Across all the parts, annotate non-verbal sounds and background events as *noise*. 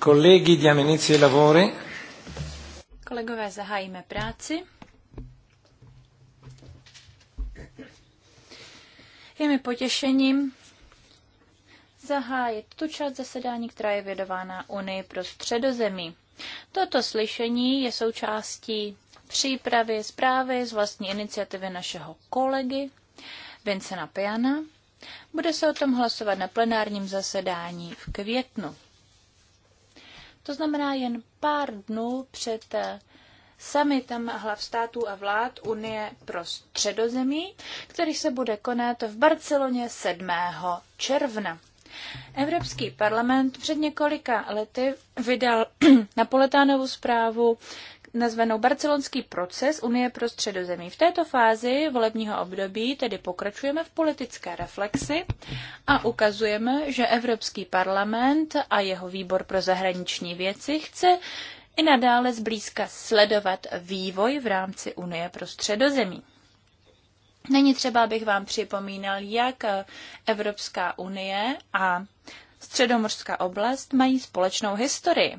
Kolegy, diamo inizio ai lavori. Kolegové, zahájíme práci. Je mi potěšením zahájit tu část zasedání, která je vědována Unii pro středozemí. Toto slyšení je součástí přípravy zprávy z vlastní iniciativy našeho kolegy Vincena Piana. Bude se o tom hlasovat na plenárním zasedání v květnu. To znamená jen pár dnů před eh, summitem hlav států a vlád Unie pro středozemí, který se bude konat v Barceloně 7. června. Evropský parlament před několika lety vydal *clears throat* Napoletánovu zprávu, nazvanou Barcelonský proces Unie pro středozemí. V této fázi volebního období tedy pokračujeme v politické reflexi a ukazujeme, že Evropský parlament a jeho výbor pro zahraniční věci chce i nadále zblízka sledovat vývoj v rámci Unie pro středozemí. Není třeba, abych vám připomínal, jak Evropská unie a středomorská oblast mají společnou historii.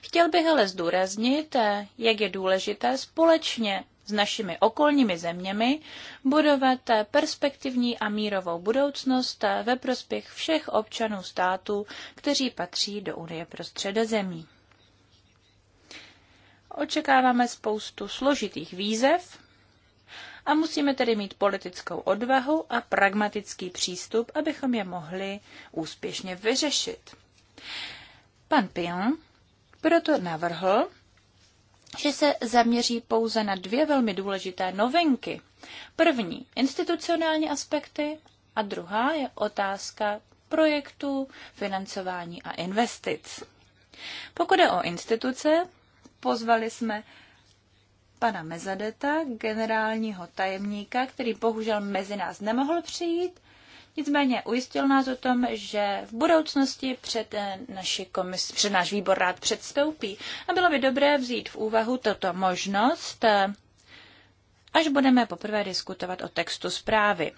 Chtěl bych ale zdůraznit, eh, jak je důležité společně s našimi okolními zeměmi budovat eh, perspektivní a mírovou budoucnost eh, ve prospěch všech občanů států, kteří patří do Unie pro středozemí. Očekáváme spoustu složitých výzev a musíme tedy mít politickou odvahu a pragmatický přístup, abychom je mohli úspěšně vyřešit. Pan Pion proto navrhl, že se zaměří pouze na dvě velmi důležité novinky. První institucionální aspekty a druhá je otázka projektů, financování a investic. Pokud je o instituce, pozvali jsme pana Mezadeta, generálního tajemníka, který bohužel mezi nás nemohl přijít, Nicméně ujistil nás o tom, že v budoucnosti před, eh, naši komis, před náš výbor rád předstoupí a bylo by dobré vzít v úvahu toto možnost, eh, až budeme poprvé diskutovat o textu zprávy.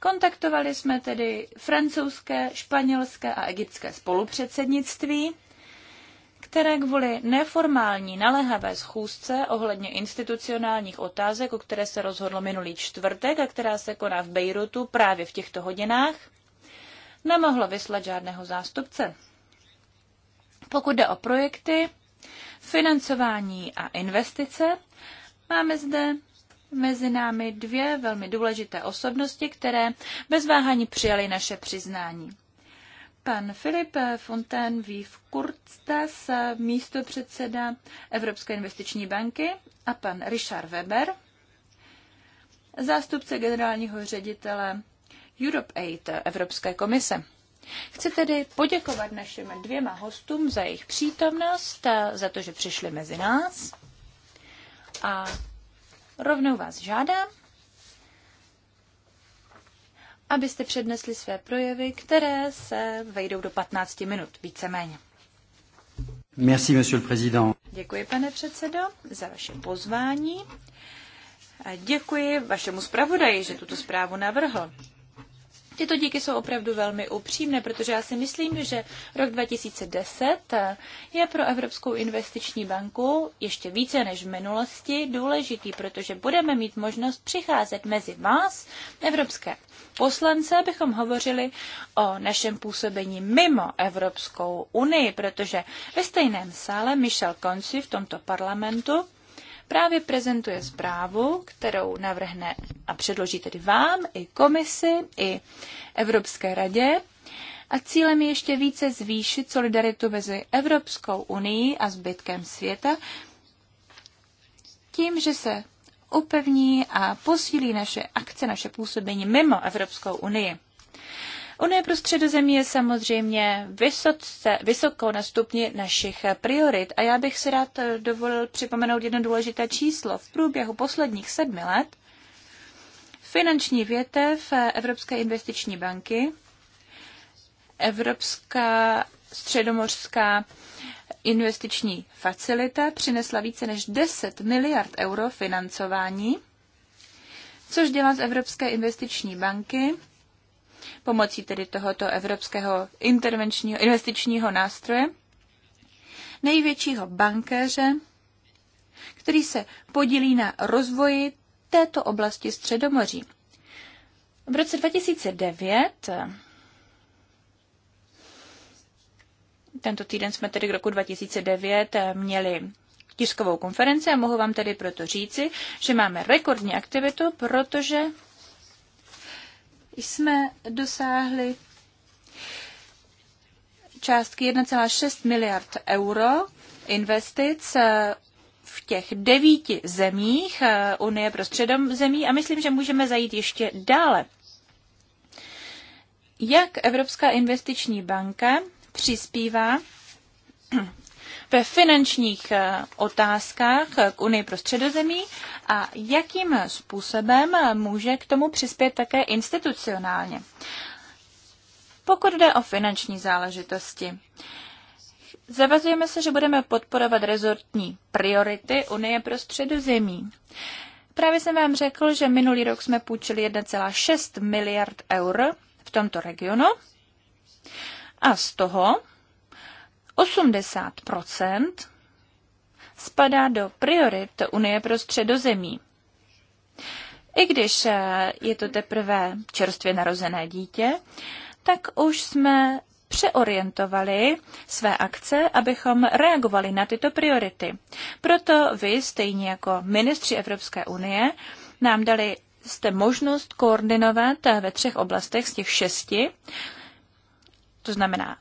Kontaktovali jsme tedy francouzské, španělské a egyptské spolupředsednictví které kvůli neformální naléhavé schůzce ohledně institucionálních otázek, o které se rozhodlo minulý čtvrtek a která se koná v Bejrutu právě v těchto hodinách, nemohlo vyslat žádného zástupce. Pokud jde o projekty, financování a investice, máme zde mezi námi dvě velmi důležité osobnosti, které bez váhání přijaly naše přiznání. Pan Filip Fontaine Viv Kurtstas, místo předseda Evropské investiční banky a pan Richard Weber, zástupce generálního ředitele Europe Aid Evropské komise. Chci tedy poděkovat našim dvěma hostům za jejich přítomnost, za to, že přišli mezi nás. A rovnou vás žádám, abyste přednesli své projevy, které se vejdou do 15 minut, víceméně. Merci, monsieur le président. Děkuji, pane předsedo, za vaše pozvání. A děkuji vašemu zpravodaji, že tuto zprávu navrhl. Tyto díky jsou opravdu velmi upřímné, protože já si myslím, že rok 2010 je pro Evropskou investiční banku ještě více než v minulosti důležitý, protože budeme mít možnost přicházet mezi vás, evropské poslance, abychom hovořili o našem působení mimo Evropskou unii, protože ve stejném sále Michel Konci v tomto parlamentu právě prezentuje zprávu, kterou navrhne a předloží tedy vám, i komisi, i Evropské radě. A cílem je ještě více zvýšit solidaritu mezi Evropskou unii a zbytkem světa tím, že se upevní a posílí naše akce, naše působení mimo Evropskou unii. Unie pro středozemí je samozřejmě vysoce, vysoko na stupni našich priorit a já bych si rád eh, dovolil připomenout jedno důležité číslo. V průběhu posledních sedmi let finanční větev Evropské investiční banky, Evropská středomořská investiční facilita přinesla více než 10 miliard euro financování, což dělá z Evropské investiční banky pomocí tedy tohoto evropského intervenčního investičního nástroje, největšího bankéře, který se podílí na rozvoji této oblasti Středomoří. V roce 2009 tento týden jsme tedy k roku 2009 měli tiskovou konferenci a mohu vám tedy proto říci, že máme rekordní aktivitu, protože jsme dosáhli částky 1,6 miliard euro investic eh, v těch devíti zemích eh, Unie pro středom zemí a myslím, že můžeme zajít ještě dále. Jak Evropská investiční banka přispívá ve finančních eh, otázkách k Unii pro středozemí a jakým způsobem může k tomu přispět také institucionálně. Pokud jde o finanční záležitosti, zavazujeme se, že budeme podporovat rezortní priority Unie pro středozemí. Právě jsem vám řekl, že minulý rok jsme půjčili 1,6 miliard eur v tomto regionu a z toho 80 spadá do priorit Unie pro středozemí. I když eh, je to teprve čerstvě narozené dítě, tak už jsme přeorientovali své akce, abychom reagovali na tyto priority. Proto vy, stejně jako ministři Evropské unie, nám dali jste možnost koordinovat eh, ve třech oblastech z těch šesti, to znamená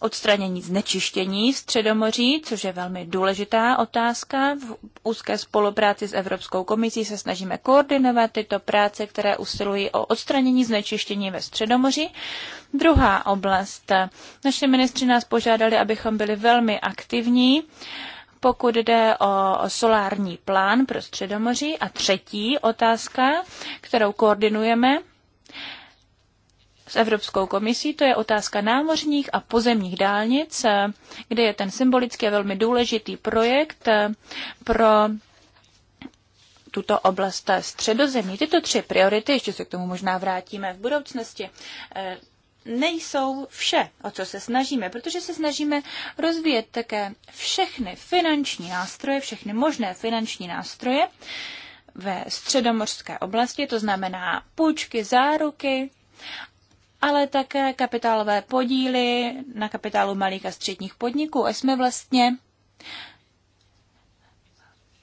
odstranění znečištění v Středomoří, což je velmi důležitá otázka. V úzké spolupráci s Evropskou komisí se snažíme koordinovat tyto práce, které usilují o odstranění znečištění ve Středomoří. Druhá oblast. naše ministři nás požádali, abychom byli velmi aktivní pokud jde o solární plán pro Středomoří. A třetí otázka, kterou koordinujeme s Evropskou komisí, to je otázka námořních a pozemních dálnic, kde je ten symbolický a velmi důležitý projekt pro tuto oblast středozemí. Tyto tři priority, ještě se k tomu možná vrátíme v budoucnosti, eh, nejsou vše, o co se snažíme, protože se snažíme rozvíjet také všechny finanční nástroje, všechny možné finanční nástroje ve středomorské oblasti, to znamená půjčky, záruky ale také kapitálové podíly na kapitálu malých a středních podniků. A jsme vlastně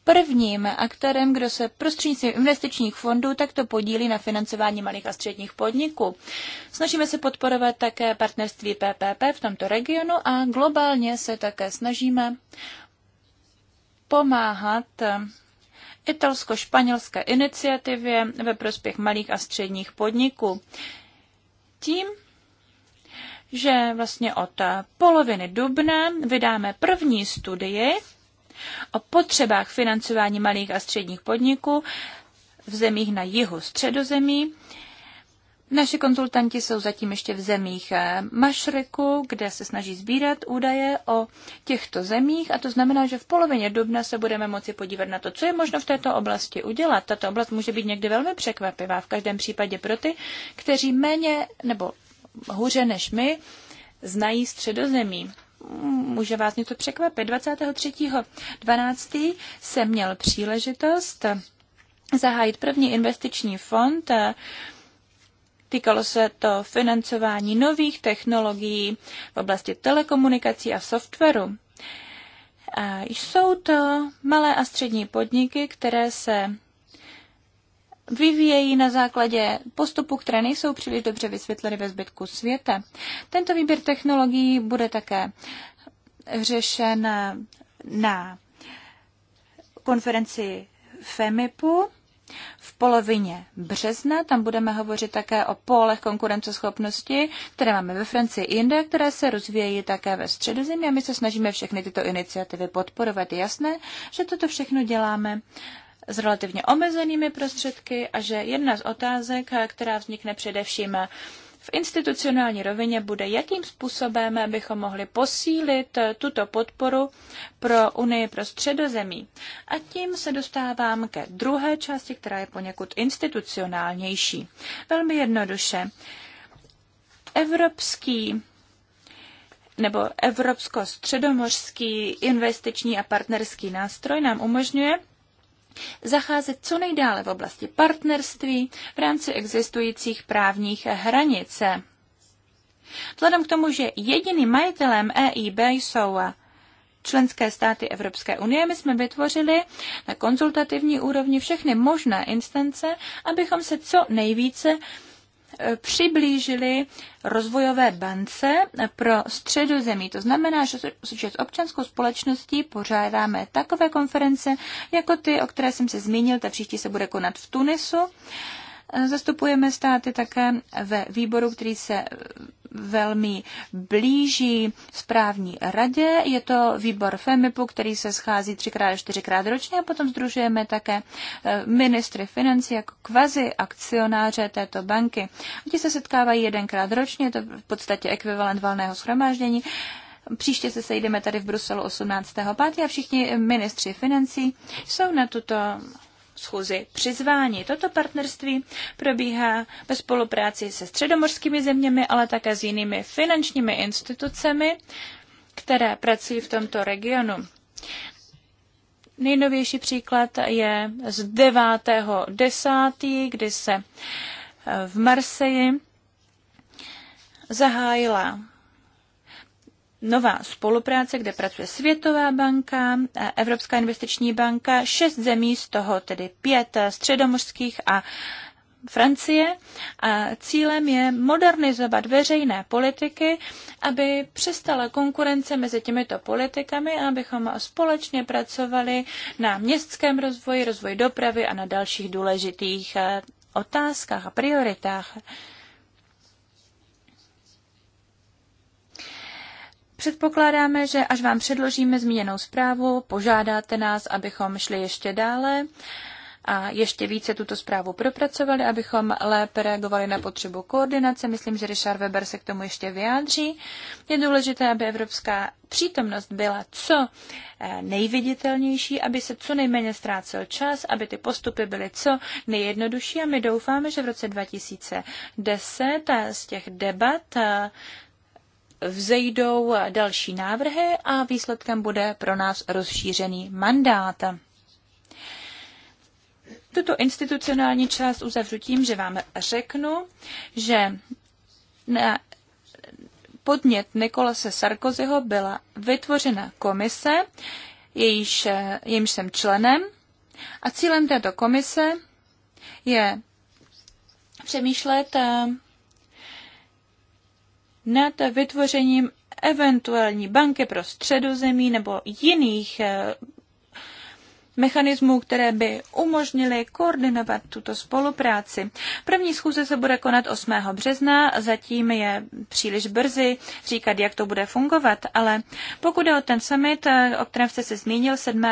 prvním aktorem, kdo se prostřednictvím investičních fondů takto podílí na financování malých a středních podniků. Snažíme se podporovat také partnerství PPP v tomto regionu a globálně se také snažíme pomáhat italsko-španělské iniciativě ve prospěch malých a středních podniků tím, že vlastně od poloviny dubna vydáme první studii o potřebách financování malých a středních podniků v zemích na jihu středozemí. Naši konzultanti jsou zatím ještě v zemích eh, Mašriku, kde se snaží sbírat údaje o těchto zemích a to znamená, že v polovině dubna se budeme moci podívat na to, co je možno v této oblasti udělat. Tato oblast může být někdy velmi překvapivá, v každém případě pro ty, kteří méně nebo hůře než my znají středozemí může vás něco překvapit. 23.12. jsem měl příležitost zahájit první investiční fond eh, Týkalo se to financování nových technologií v oblasti telekomunikací a softwaru. A jsou to malé a střední podniky, které se vyvíjejí na základě postupů, které nejsou příliš dobře vysvětleny ve zbytku světa. Tento výběr technologií bude také řešen na konferenci FEMIPu v polovině března tam budeme hovořit také o polech konkurenceschopnosti, které máme ve Francii i jinde, které se rozvíjejí také ve středozemí a my se snažíme všechny tyto iniciativy podporovat. Je jasné, že toto všechno děláme s relativně omezenými prostředky a že jedna z otázek, která vznikne především v institucionální rovině bude, jakým způsobem bychom mohli posílit tuto podporu pro Unii pro středozemí. A tím se dostávám ke druhé části, která je poněkud institucionálnější. Velmi jednoduše. Evropský nebo Evropsko-středomořský investiční a partnerský nástroj nám umožňuje zacházet co nejdále v oblasti partnerství v rámci existujících právních hranic. Vzhledem k tomu, že jediným majitelem EIB jsou členské státy Evropské unie, my jsme vytvořili na konzultativní úrovni všechny možné instance, abychom se co nejvíce přiblížili rozvojové bance pro zemí. To znamená, že s občanskou společností pořádáme takové konference, jako ty, o které jsem se zmínil, ta příští se bude konat v Tunisu. Zastupujeme státy také ve výboru, který se velmi blíží správní radě. Je to výbor FEMIPu, který se schází třikrát a čtyřikrát ročně a potom združujeme také eh, ministry financí jako kvazi akcionáře této banky. Ti se setkávají jedenkrát ročně, to je v podstatě ekvivalent valného schromáždění. Příště se sejdeme tady v Bruselu 18.5. a všichni ministři financí jsou na tuto schůzi přizváni. Toto partnerství probíhá ve spolupráci se středomorskými zeměmi, ale také s jinými finančními institucemi, které pracují v tomto regionu. Nejnovější příklad je z 9.10., kdy se v Marseji zahájila nová spolupráce, kde pracuje Světová banka, eh, Evropská investiční banka, šest zemí, z toho tedy pět eh, středomořských a Francie a cílem je modernizovat veřejné politiky, aby přestala konkurence mezi těmito politikami a abychom společně pracovali na městském rozvoji, rozvoji dopravy a na dalších důležitých eh, otázkách a prioritách. Předpokládáme, že až vám předložíme zmíněnou zprávu, požádáte nás, abychom šli ještě dále a ještě více tuto zprávu propracovali, abychom lépe reagovali na potřebu koordinace. Myslím, že Richard Weber se k tomu ještě vyjádří. Je důležité, aby evropská přítomnost byla co eh, nejviditelnější, aby se co nejméně ztrácel čas, aby ty postupy byly co nejjednodušší a my doufáme, že v roce 2010 eh, z těch debat eh, vzejdou další návrhy a výsledkem bude pro nás rozšířený mandát. Tuto institucionální část uzavřu tím, že vám řeknu, že na podnět Nikolase Sarkozyho byla vytvořena komise, jejíž, jejímž jsem členem. A cílem této komise je přemýšlet eh, nad vytvořením eventuální banky pro středozemí nebo jiných eh, mechanismů, které by umožnily koordinovat tuto spolupráci. První schůze se bude konat 8. března, zatím je příliš brzy říkat, jak to bude fungovat, ale pokud je o ten summit, o kterém jste se zmínil 7.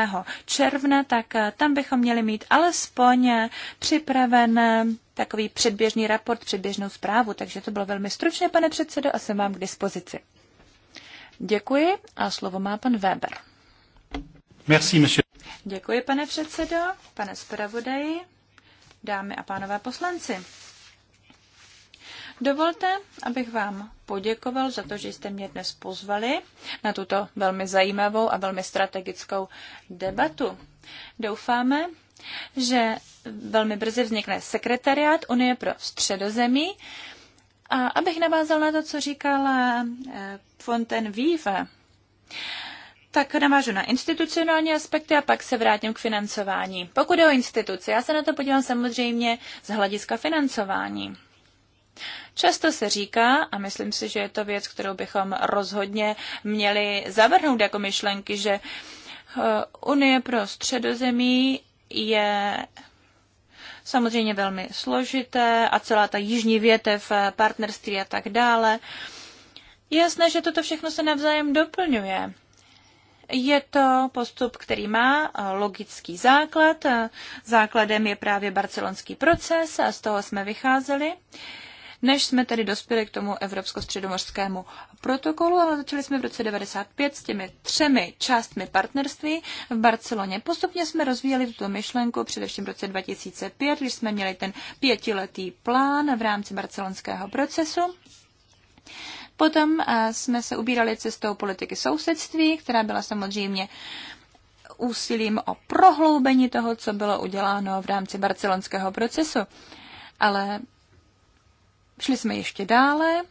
června, tak eh, tam bychom měli mít alespoň eh, připraven eh, takový předběžný raport, předběžnou zprávu, takže to bylo velmi stručně, pane předsedo, a jsem vám k dispozici. Děkuji a slovo má pan Weber. Merci, monsieur. Děkuji, pane předsedo, pane zpravodaji, dámy a pánové poslanci. Dovolte, abych vám poděkoval za to, že jste mě dnes pozvali na tuto velmi zajímavou a velmi strategickou debatu. Doufáme, že velmi brzy vznikne sekretariát Unie pro středozemí. A abych navázal na to, co říkala eh, Fontaine Vive, tak navážu na institucionální aspekty a pak se vrátím k financování. Pokud je o instituci, já se na to podívám samozřejmě z hlediska financování. Často se říká, a myslím si, že je to věc, kterou bychom rozhodně měli zavrhnout jako myšlenky, že eh, Unie pro středozemí je samozřejmě velmi složité a celá ta jižní větev eh, partnerství a tak dále. Je jasné, že toto všechno se navzájem doplňuje. Je to postup, který má eh, logický základ. Eh, základem je právě barcelonský proces a z toho jsme vycházeli než jsme tedy dospěli k tomu evropsko-středomořskému protokolu, ale začali jsme v roce 95 s těmi třemi částmi partnerství v Barceloně. Postupně jsme rozvíjeli tuto myšlenku, především v roce 2005, když jsme měli ten pětiletý plán v rámci barcelonského procesu. Potom eh, jsme se ubírali cestou politiky sousedství, která byla samozřejmě úsilím o prohloubení toho, co bylo uděláno v rámci barcelonského procesu. Ale šli jsme ještě dále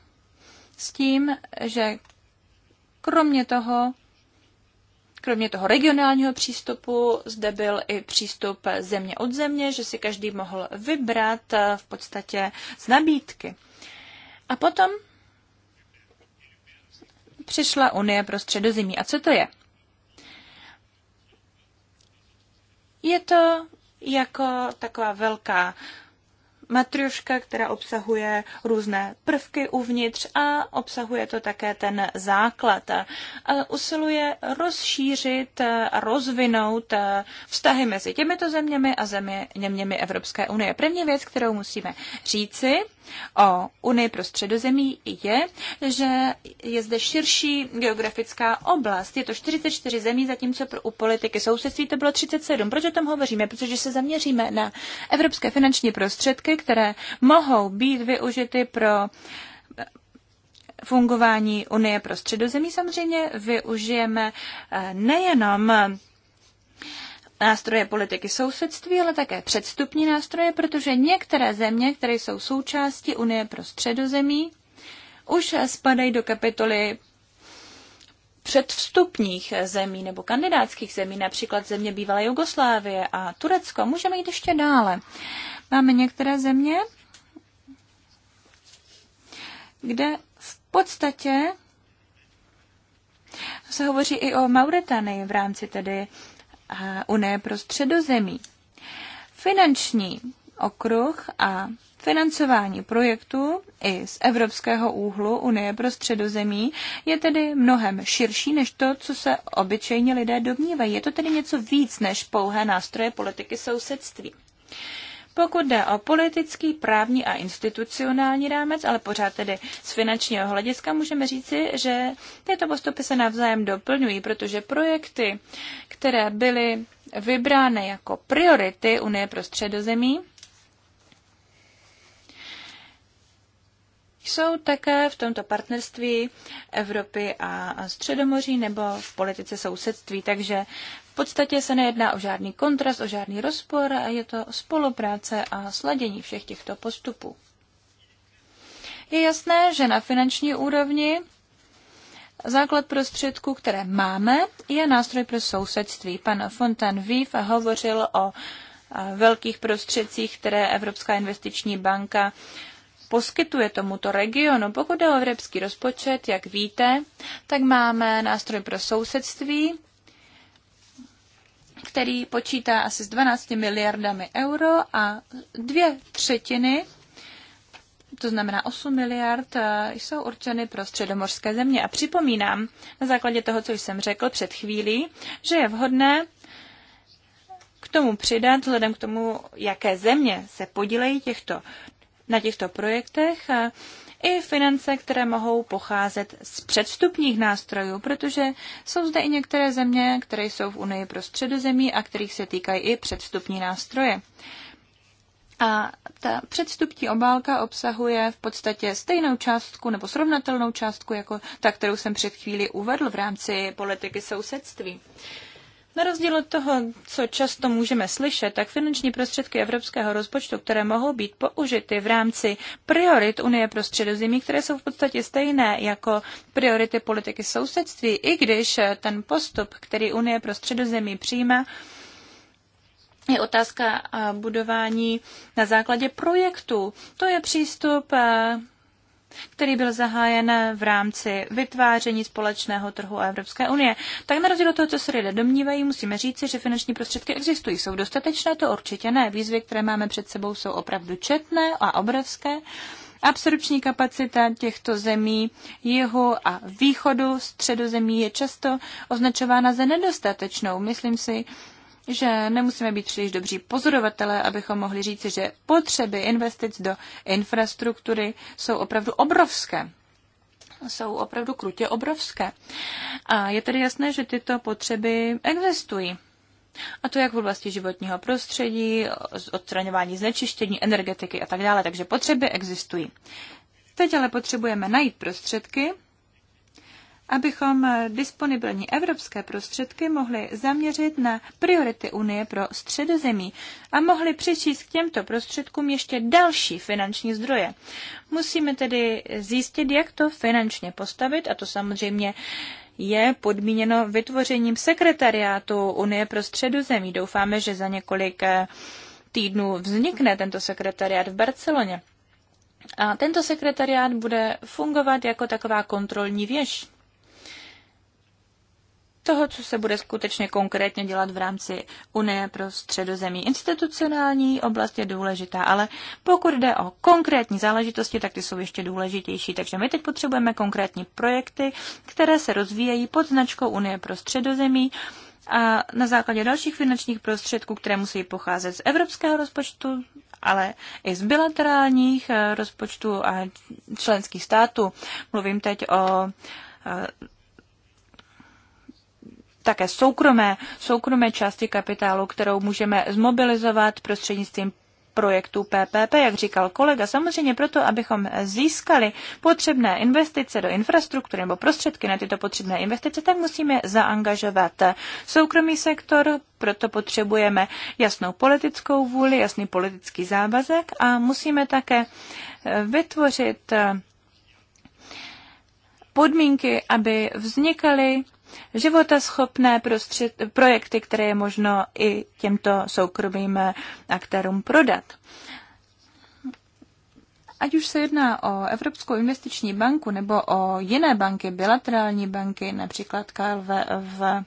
s tím, že kromě toho, kromě toho regionálního přístupu, zde byl i přístup země od země, že si každý mohl vybrat eh, v podstatě z nabídky. A potom přišla Unie pro středozemí. A co to je? Je to jako taková velká matrioška, která obsahuje různé prvky uvnitř a obsahuje to také ten základ. A usiluje rozšířit a rozvinout vztahy mezi těmito zeměmi a zeměmi Evropské unie. První věc, kterou musíme říci, o Unii pro středozemí je, že je zde širší geografická oblast. Je to 44 zemí, zatímco pro u politiky sousedství to bylo 37. Proč o tom hovoříme? Protože se zaměříme na evropské finanční prostředky, které mohou být využity pro eh, fungování Unie pro středozemí samozřejmě využijeme eh, nejenom nástroje politiky sousedství, ale také předstupní nástroje, protože některé země, které jsou součástí Unie pro středozemí, už spadají do kapitoly předvstupních zemí nebo kandidátských zemí, například země bývalé Jugoslávie a Turecko. Můžeme jít ještě dále. Máme některé země, kde v podstatě se hovoří i o Mauretanii v rámci tedy Unie pro středozemí. Finanční okruh a financování projektu i z evropského úhlu Unie pro středozemí je tedy mnohem širší než to, co se obyčejně lidé domnívají. Je to tedy něco víc než pouhé nástroje politiky sousedství. Pokud jde o politický, právní a institucionální rámec, ale pořád tedy z finančního hlediska můžeme říci, že tyto postupy se navzájem doplňují, protože projekty, které byly vybrány jako priority Unie pro středozemí, jsou také v tomto partnerství Evropy a Středomoří nebo v politice sousedství. Takže podstatě se nejedná o žádný kontrast, o žádný rozpor, je to spolupráce a sladění všech těchto postupů. Je jasné, že na finanční úrovni Základ prostředků, které máme, je nástroj pro sousedství. Pan Fontan Vief hovořil o velkých prostředcích, které Evropská investiční banka poskytuje tomuto regionu. Pokud je o evropský rozpočet, jak víte, tak máme nástroj pro sousedství který počítá asi s 12 miliardami euro a dvě třetiny, to znamená 8 miliard, eh, jsou určeny pro středomorské země. A připomínám na základě toho, co jsem řekl před chvílí, že je vhodné k tomu přidat, vzhledem k tomu, jaké země se podílejí těchto, na těchto projektech, eh, i finance, které mohou pocházet z předstupních nástrojů, protože jsou zde i některé země, které jsou v Unii pro středozemí a kterých se týkají i předstupní nástroje. A ta předstupní obálka obsahuje v podstatě stejnou částku nebo srovnatelnou částku jako ta, kterou jsem před chvíli uvedl v rámci politiky sousedství. Na rozdíl od toho, co často můžeme slyšet, tak finanční prostředky evropského rozpočtu, které mohou být použity v rámci priorit Unie pro středozemí, které jsou v podstatě stejné jako priority politiky sousedství, i když eh, ten postup, který Unie pro středozemí přijímá, je otázka eh, budování na základě projektů. To je přístup eh, který byl zahájen v rámci vytváření společného trhu a Evropské unie. Tak na rozdíl od toho, co se lidé domnívají, musíme říci, že finanční prostředky existují. Jsou dostatečné, to určitě ne. Výzvy, které máme před sebou, jsou opravdu četné a obrovské. Absorpční kapacita těchto zemí jihu a východu středozemí je často označována za nedostatečnou. Myslím si, že nemusíme být příliš dobří pozorovatelé, abychom mohli říci, že potřeby investic do infrastruktury jsou opravdu obrovské. Jsou opravdu krutě obrovské. A je tedy jasné, že tyto potřeby existují. A to jak v oblasti životního prostředí, odstraňování znečištění, energetiky a tak dále. Takže potřeby existují. Teď ale potřebujeme najít prostředky, abychom eh, disponibilní evropské prostředky mohli zaměřit na priority Unie pro středozemí a mohli přičíst k těmto prostředkům ještě další finanční zdroje. Musíme tedy zjistit, jak to finančně postavit a to samozřejmě je podmíněno vytvořením sekretariátu Unie pro středozemí. Doufáme, že za několik eh, týdnů vznikne tento sekretariát v Barceloně. A tento sekretariát bude fungovat jako taková kontrolní věž toho, co se bude skutečně konkrétně dělat v rámci Unie pro středozemí. Institucionální oblast je důležitá, ale pokud jde o konkrétní záležitosti, tak ty jsou ještě důležitější. Takže my teď potřebujeme konkrétní projekty, které se rozvíjejí pod značkou Unie pro středozemí a na základě dalších finančních prostředků, které musí pocházet z evropského rozpočtu, ale i z bilaterálních eh, rozpočtů a členských států. Mluvím teď o eh, také soukromé, soukromé části kapitálu, kterou můžeme zmobilizovat prostřednictvím projektu PPP, jak říkal kolega, samozřejmě proto, abychom získali potřebné investice do infrastruktury nebo prostředky na tyto potřebné investice, tak musíme zaangažovat soukromý sektor, proto potřebujeme jasnou politickou vůli, jasný politický závazek a musíme také eh, vytvořit eh, podmínky, aby vznikaly životaschopné prostřed, projekty, které je možno i těmto soukromým aktérům prodat. Ať už se jedná o Evropskou investiční banku nebo o jiné banky, bilaterální banky, například KLV v,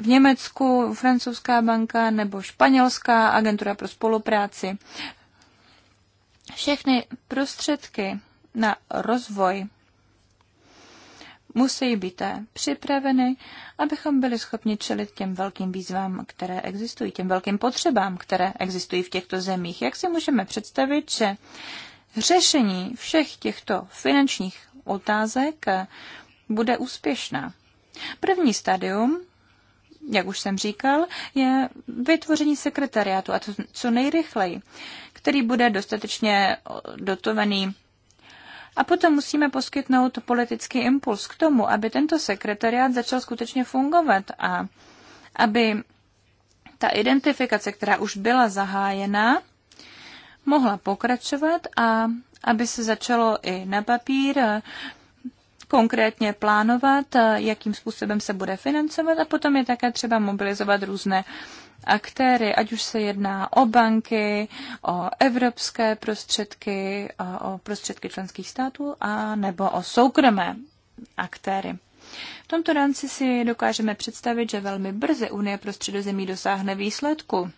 v Německu, francouzská banka nebo španělská agentura pro spolupráci, všechny prostředky na rozvoj musí být připraveny, abychom byli schopni čelit těm velkým výzvám, které existují, těm velkým potřebám, které existují v těchto zemích. Jak si můžeme představit, že řešení všech těchto finančních otázek bude úspěšná? První stadium jak už jsem říkal, je vytvoření sekretariátu a to co nejrychleji, který bude dostatečně dotovaný a potom musíme poskytnout politický impuls k tomu, aby tento sekretariát začal skutečně fungovat a aby ta identifikace, která už byla zahájena, mohla pokračovat a aby se začalo i na papír konkrétně plánovat, jakým způsobem se bude financovat a potom je také třeba mobilizovat různé aktéry, ať už se jedná o banky, o evropské prostředky, o prostředky členských států a nebo o soukromé aktéry. V tomto rámci si dokážeme představit, že velmi brzy Unie pro středozemí dosáhne výsledku.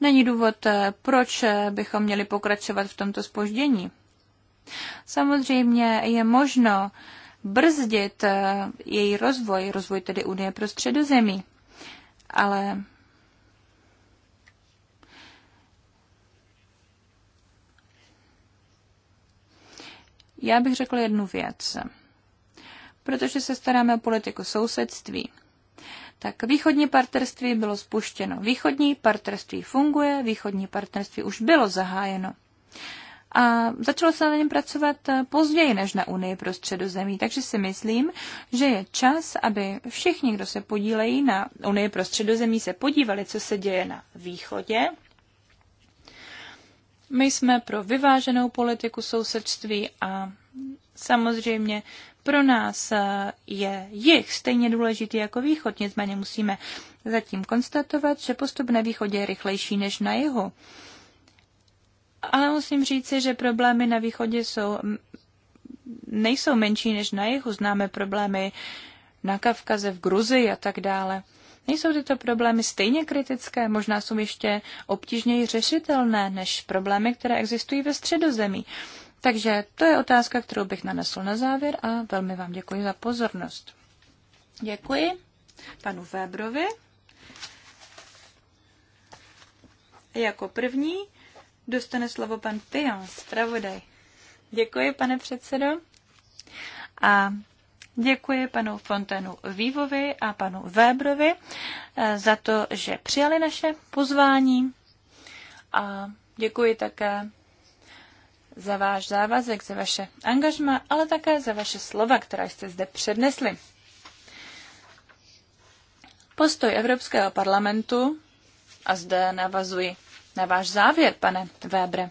Není důvod, proč bychom měli pokračovat v tomto spoždění. Samozřejmě je možno brzdit eh, její rozvoj, rozvoj tedy Unie pro středozemí ale já bych řekl jednu věc. Protože se staráme o politiku sousedství, tak východní partnerství bylo spuštěno. Východní partnerství funguje, východní partnerství už bylo zahájeno a začalo se na něm pracovat eh, později než na Unii pro středozemí. Takže si myslím, že je čas, aby všichni, kdo se podílejí na Unii pro středozemí, se podívali, co se děje na východě. My jsme pro vyváženou politiku sousedství a samozřejmě pro nás eh, je jich stejně důležitý jako východ, nicméně musíme zatím konstatovat, že postup na východě je rychlejší než na jihu. Ale musím říci, že problémy na východě jsou, nejsou menší než na jihu. Známe problémy na Kavkaze, v Gruzii a tak dále. Nejsou tyto problémy stejně kritické, možná jsou ještě obtížněji řešitelné než problémy, které existují ve středozemí. Takže to je otázka, kterou bych nanesl na závěr a velmi vám děkuji za pozornost. Děkuji panu Vébrovi. Jako první dostane slovo pan Pion, zpravodaj. Děkuji, pane předsedo. A děkuji panu Fontenu Vývovi a panu Vébrovi eh, za to, že přijali naše pozvání. A děkuji také za váš závazek, za vaše angažma, ale také za vaše slova, která jste zde přednesli. Postoj Evropského parlamentu, a zde navazuji na váš závěr, pane Webre,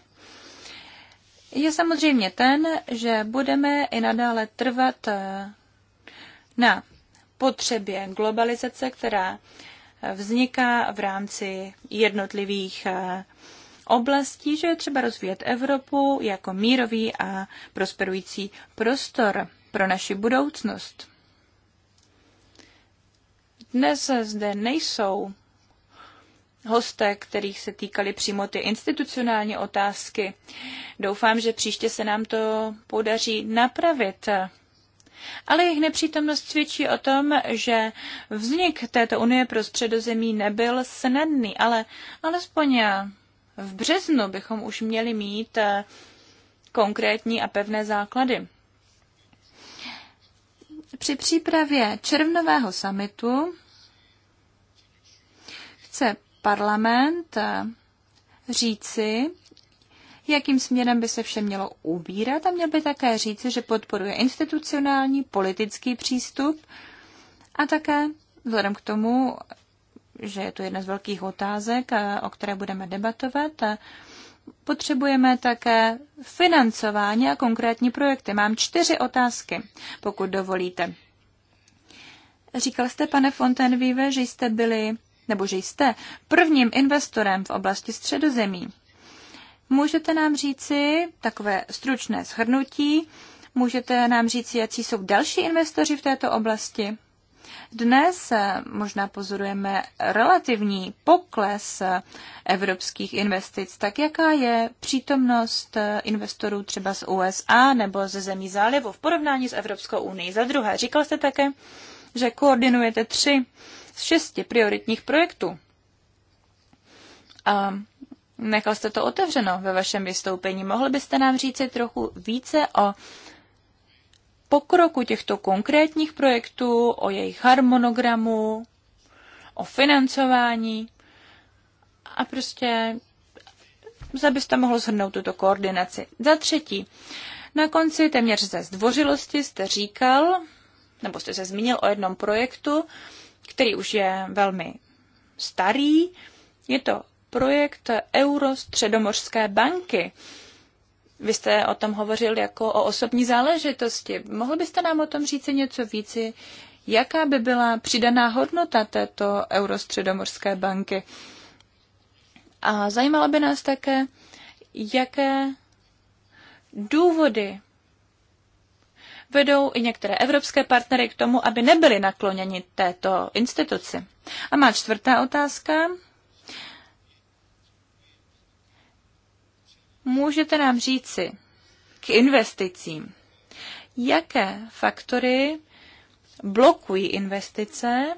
je samozřejmě ten, že budeme i nadále trvat eh, na potřebě globalizace, která vzniká v rámci jednotlivých eh, oblastí, že je třeba rozvíjet Evropu jako mírový a prosperující prostor pro naši budoucnost. Dnes zde nejsou hosté, kterých se týkaly přímo ty institucionální otázky. Doufám, že příště se nám to podaří napravit. Ale jejich nepřítomnost svědčí o tom, že vznik této unie pro středozemí nebyl snadný, ale alespoň v březnu bychom už měli mít eh, konkrétní a pevné základy. Při přípravě červnového samitu chce parlament eh, říci, jakým směrem by se vše mělo ubírat a měl by také říci, že podporuje institucionální politický přístup a také vzhledem k tomu, že je to jedna z velkých otázek, eh, o které budeme debatovat, eh, potřebujeme také financování a konkrétní projekty. Mám čtyři otázky, pokud dovolíte. Říkal jste, pane Fontenvive, že jste byli nebo že jste prvním investorem v oblasti středozemí. Můžete nám říci takové stručné shrnutí, můžete nám říci, jaký jsou další investoři v této oblasti? Dnes eh, možná pozorujeme relativní pokles eh, evropských investic. Tak jaká je přítomnost eh, investorů třeba z USA nebo ze zemí zálivu v porovnání s Evropskou unii? Za druhé, říkal jste také, že koordinujete tři z šesti prioritních projektů. A nechal jste to otevřeno ve vašem vystoupení. Mohl byste nám říci trochu více o pokroku těchto konkrétních projektů, o jejich harmonogramu, o financování a prostě zda byste mohl shrnout tuto koordinaci. Za třetí, na konci téměř ze zdvořilosti jste říkal, nebo jste se zmínil o jednom projektu, který už je velmi starý. Je to projekt Euro-středomořské banky. Vy jste o tom hovořil jako o osobní záležitosti. Mohl byste nám o tom říci něco víci? Jaká by byla přidaná hodnota této Eurostředomorské banky? A zajímalo by nás také, jaké důvody vedou i některé evropské partnery k tomu, aby nebyli nakloněni této instituci. A má čtvrtá otázka. Můžete nám říci k investicím, jaké faktory blokují investice,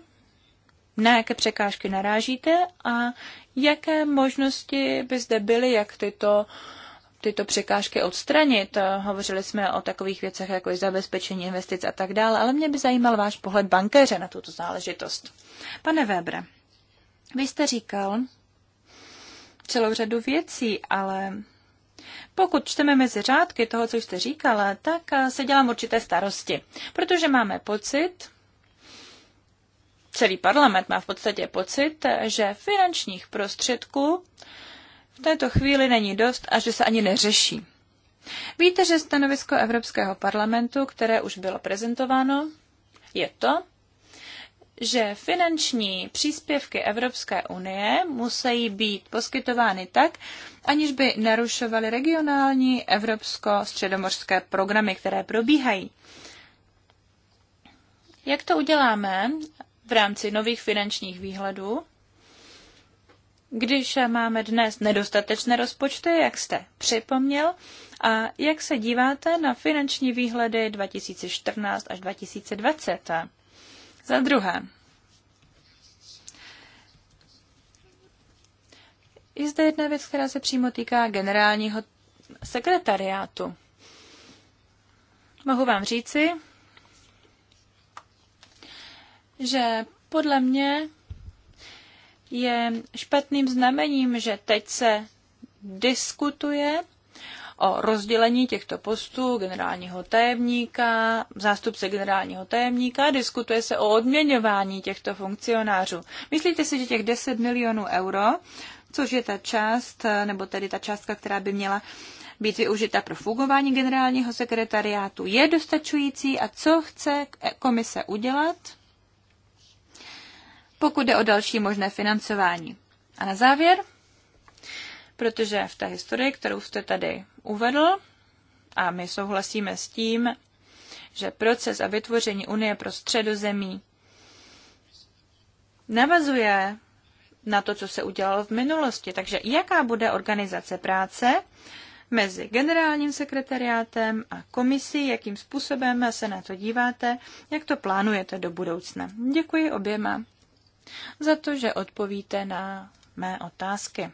na jaké překážky narážíte a jaké možnosti by zde byly, jak tyto uh, tyto překážky odstranit. Hovořili jsme o takových věcech, jako je zabezpečení investic a tak dále, ale mě by zajímal váš pohled bankéře na tuto záležitost. Pane Webre, vy jste říkal celou řadu věcí, ale pokud čteme mezi řádky toho, co jste říkala, tak se dělám určité starosti, protože máme pocit, celý parlament má v podstatě pocit, že finančních prostředků v této chvíli není dost a že se ani neřeší. Víte, že stanovisko Evropského parlamentu, které už bylo prezentováno, je to, že finanční příspěvky Evropské unie musí být poskytovány tak, aniž by narušovaly regionální evropsko-středomořské programy, které probíhají. Jak to uděláme v rámci nových finančních výhledů? když máme dnes nedostatečné rozpočty, jak jste připomněl, a jak se díváte na finanční výhledy 2014 až 2020? Za druhé, je zde jedna věc, která se přímo týká generálního sekretariátu. Mohu vám říci, že podle mě je špatným znamením, že teď se diskutuje o rozdělení těchto postů generálního tajemníka, zástupce generálního tajemníka, diskutuje se o odměňování těchto funkcionářů. Myslíte si, že těch 10 milionů euro, což je ta část, nebo tedy ta částka, která by měla být využita pro fungování generálního sekretariátu, je dostačující a co chce komise udělat? pokud jde o další možné financování. A na závěr, protože v té historii, kterou jste tady uvedl, a my souhlasíme s tím, že proces a vytvoření Unie pro středozemí navazuje na to, co se udělalo v minulosti. Takže jaká bude organizace práce mezi generálním sekretariátem a komisí, jakým způsobem se na to díváte, jak to plánujete do budoucna. Děkuji oběma za to, že odpovíte na mé otázky.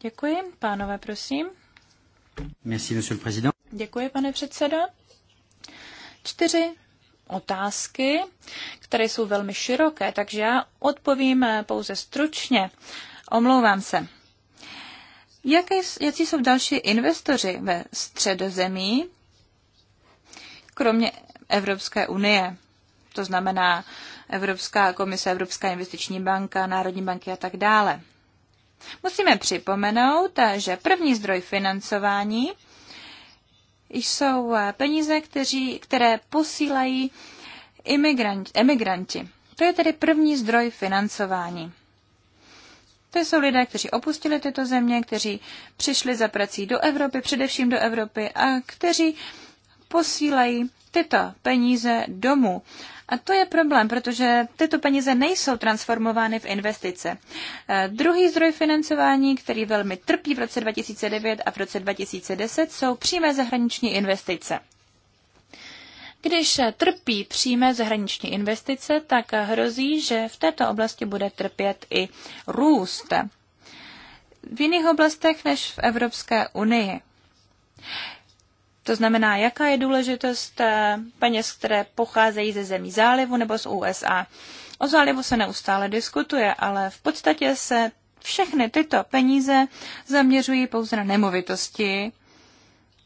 Děkuji. Pánové, prosím. Merci, monsieur le président. Děkuji, pane předsedo. Čtyři otázky, které jsou velmi široké, takže já odpovím eh, pouze stručně. Omlouvám se. Jaké, jaký jsou další investoři ve středozemí, kromě Evropské unie? To znamená Evropská komise, Evropská investiční banka, Národní banky a tak dále. Musíme připomenout, že první zdroj financování jsou peníze, kteří, které posílají imigranti, emigranti. To je tedy první zdroj financování. To jsou lidé, kteří opustili tyto země, kteří přišli za prací do Evropy, především do Evropy, a kteří posílají tyto peníze domů. A to je problém, protože tyto peníze nejsou transformovány v investice. E, druhý zdroj financování, který velmi trpí v roce 2009 a v roce 2010, jsou přímé zahraniční investice. Když trpí přímé zahraniční investice, tak hrozí, že v této oblasti bude trpět i růst. V jiných oblastech než v Evropské unii. To znamená, jaká je důležitost eh, peněz, které pocházejí ze zemí zálivu nebo z USA. O zálivu se neustále diskutuje, ale v podstatě se všechny tyto peníze zaměřují pouze na nemovitosti,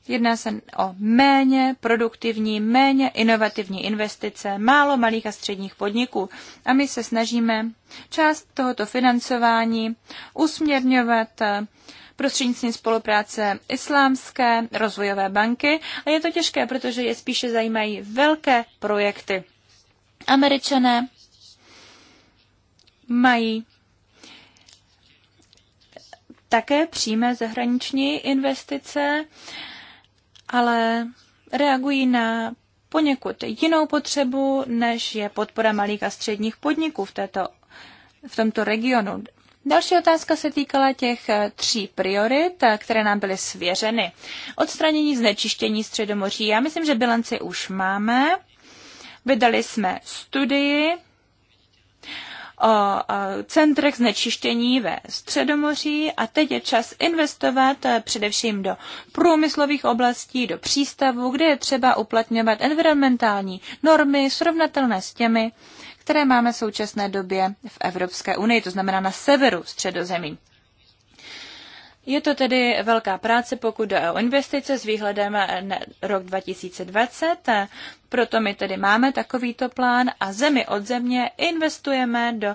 Jedná se o méně produktivní, méně inovativní investice, málo malých a středních podniků. A my se snažíme část tohoto financování usměrňovat eh, prostřednictvím spolupráce Islámské rozvojové banky. A je to těžké, protože je spíše zajímají velké projekty. Američané mají také přímé zahraniční investice ale reagují na poněkud jinou potřebu, než je podpora malých a středních podniků v, této, v tomto regionu. Další otázka se týkala těch tří priorit, které nám byly svěřeny. Odstranění znečištění středomoří. Já myslím, že bilanci už máme. Vydali jsme studii o centrech znečištění ve Středomoří a teď je čas investovat eh, především do průmyslových oblastí, do přístavů, kde je třeba uplatňovat environmentální normy srovnatelné s těmi, které máme v současné době v Evropské unii, to znamená na severu středozemí. Je to tedy velká práce, pokud jde o investice s výhledem na rok 2020, proto my tedy máme takovýto plán a zemi od země investujeme do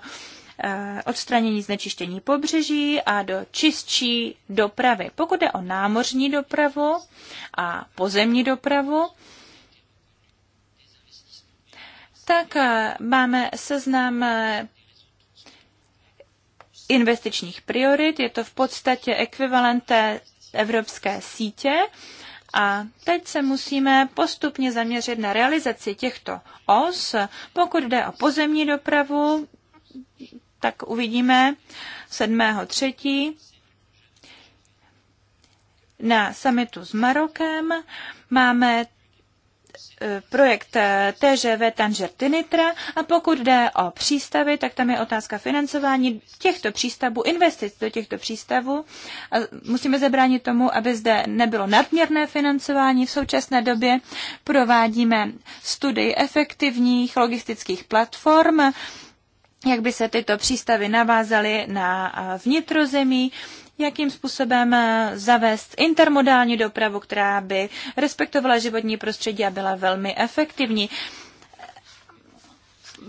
eh, odstranění znečištění pobřeží a do čistší dopravy. Pokud jde o námořní dopravu a pozemní dopravu, tak eh, máme seznam eh, investičních priorit. Je to v podstatě ekvivalent evropské sítě. A teď se musíme postupně zaměřit na realizaci těchto os. Pokud jde o pozemní dopravu, tak uvidíme 7.3. na samitu s Marokem. Máme projekt eh, TŽV Tanger Tinitra a pokud jde o přístavy, tak tam je otázka financování těchto přístavů, investic do těchto přístavů. A musíme zabránit tomu, aby zde nebylo nadměrné financování. V současné době provádíme studii efektivních logistických platform, jak by se tyto přístavy navázaly na eh, vnitrozemí jakým způsobem eh, zavést intermodální dopravu, která by respektovala životní prostředí a byla velmi efektivní.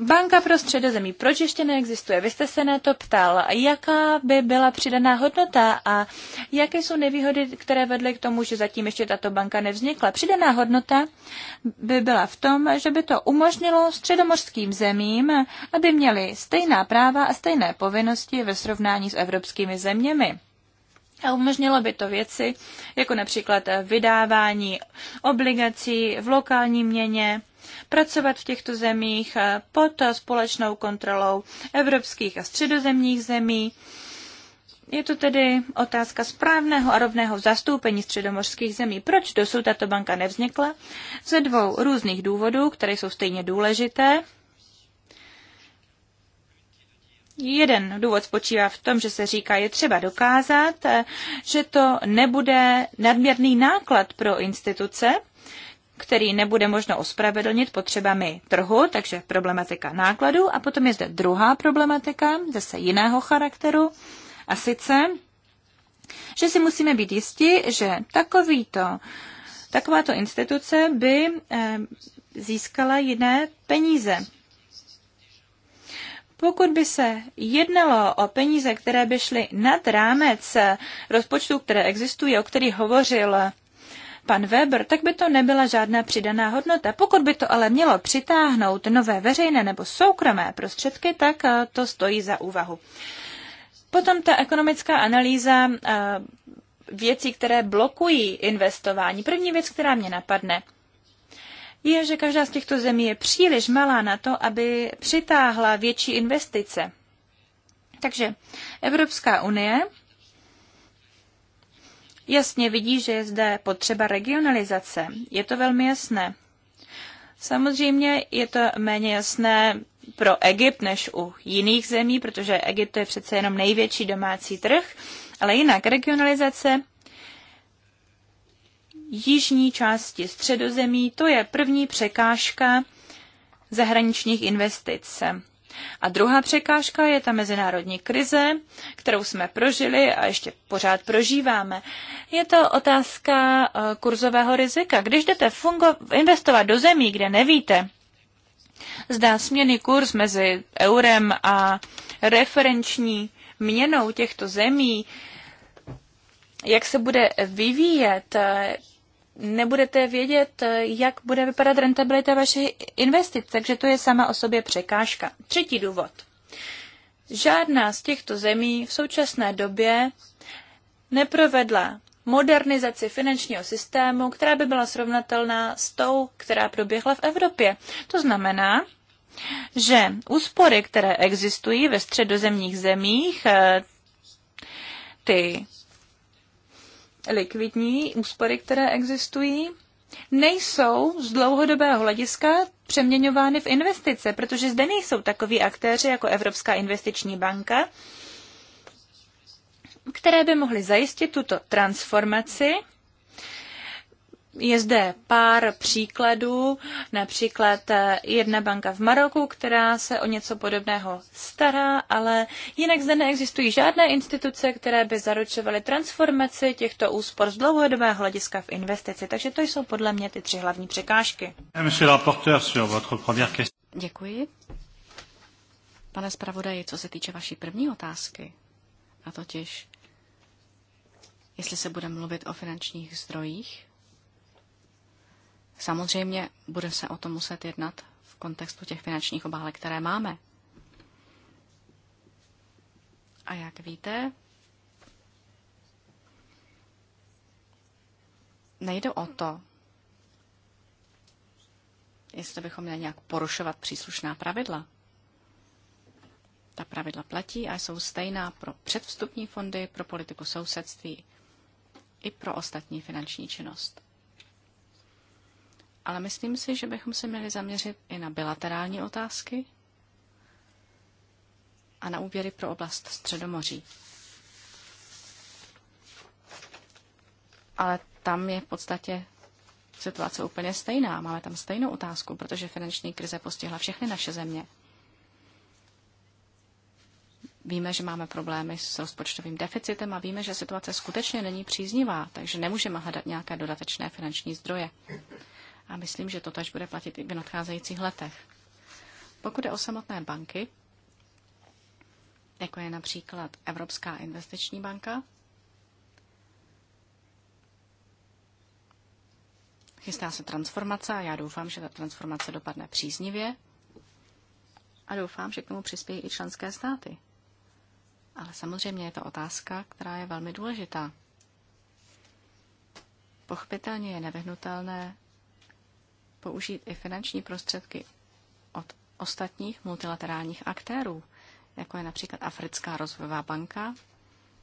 Banka pro středozemí, proč ještě neexistuje? Vy jste se na to ptal, jaká by byla přidaná hodnota a jaké jsou nevýhody, které vedly k tomu, že zatím ještě tato banka nevznikla. Přidaná hodnota by byla v tom, že by to umožnilo středomořským zemím, aby měli stejná práva a stejné povinnosti ve srovnání s evropskými zeměmi. A umožnilo by to věci, jako například vydávání obligací v lokální měně, pracovat v těchto zemích pod společnou kontrolou evropských a středozemních zemí. Je to tedy otázka správného a rovného zastoupení středomořských zemí. Proč dosud tato banka nevznikla? Ze dvou různých důvodů, které jsou stejně důležité. Jeden důvod spočívá v tom, že se říká, je třeba dokázat, eh, že to nebude nadměrný náklad pro instituce, který nebude možno ospravedlnit potřebami trhu, takže problematika nákladů. A potom je zde druhá problematika, zase jiného charakteru, a sice, že si musíme být jisti, že takovýto, takováto instituce by eh, získala jiné peníze. Pokud by se jednalo o peníze, které by šly nad rámec rozpočtu, které existují, o který hovořil pan Weber, tak by to nebyla žádná přidaná hodnota. Pokud by to ale mělo přitáhnout nové veřejné nebo soukromé prostředky, tak eh, to stojí za úvahu. Potom ta ekonomická analýza eh, věcí, které blokují investování. První věc, která mě napadne je, že každá z těchto zemí je příliš malá na to, aby přitáhla větší investice. Takže Evropská unie jasně vidí, že je zde potřeba regionalizace. Je to velmi jasné. Samozřejmě je to méně jasné pro Egypt než u jiných zemí, protože Egypt je přece jenom největší domácí trh, ale jinak regionalizace jižní části středozemí, to je první překážka zahraničních investic. A druhá překážka je ta mezinárodní krize, kterou jsme prožili a ještě pořád prožíváme. Je to otázka eh, kurzového rizika. Když jdete fungo- investovat do zemí, kde nevíte, zda směny kurz mezi eurem a referenční měnou těchto zemí, jak se bude vyvíjet, nebudete vědět, jak bude vypadat rentabilita vašich investic, takže to je sama o sobě překážka. Třetí důvod. Žádná z těchto zemí v současné době neprovedla modernizaci finančního systému, která by byla srovnatelná s tou, která proběhla v Evropě. To znamená, že úspory, které existují ve středozemních zemích, ty likvidní úspory, které existují, nejsou z dlouhodobého hlediska přeměňovány v investice, protože zde nejsou takoví aktéři jako Evropská investiční banka, které by mohly zajistit tuto transformaci je zde pár příkladů, například eh, jedna banka v Maroku, která se o něco podobného stará, ale jinak zde neexistují žádné instituce, které by zaručovaly transformaci těchto úspor z dlouhodobého hlediska v investici. Takže to jsou podle mě ty tři hlavní překážky. Děkuji. Pane zpravodaji, co se týče vaší první otázky, a totiž, jestli se bude mluvit o finančních zdrojích, Samozřejmě bude se o tom muset jednat v kontextu těch finančních obálek, které máme. A jak víte, nejde o to, jestli bychom měli nějak porušovat příslušná pravidla. Ta pravidla platí a jsou stejná pro předvstupní fondy, pro politiku sousedství i pro ostatní finanční činnost. Ale myslím si, že bychom se měli zaměřit i na bilaterální otázky a na úvěry pro oblast Středomoří. Ale tam je v podstatě situace úplně stejná. Máme tam stejnou otázku, protože finanční krize postihla všechny naše země. Víme, že máme problémy s rozpočtovým deficitem a víme, že situace skutečně není příznivá, takže nemůžeme hledat nějaké dodatečné finanční zdroje. A myslím, že to tež bude platit i v nadcházejících letech. Pokud je o samotné banky, jako je například Evropská investiční banka, Chystá se transformace a já doufám, že ta transformace dopadne příznivě a doufám, že k tomu přispějí i členské státy. Ale samozřejmě je to otázka, která je velmi důležitá. Pochopitelně je nevyhnutelné, použít i finanční prostředky od ostatních multilaterálních aktérů, jako je například Africká rozvojová banka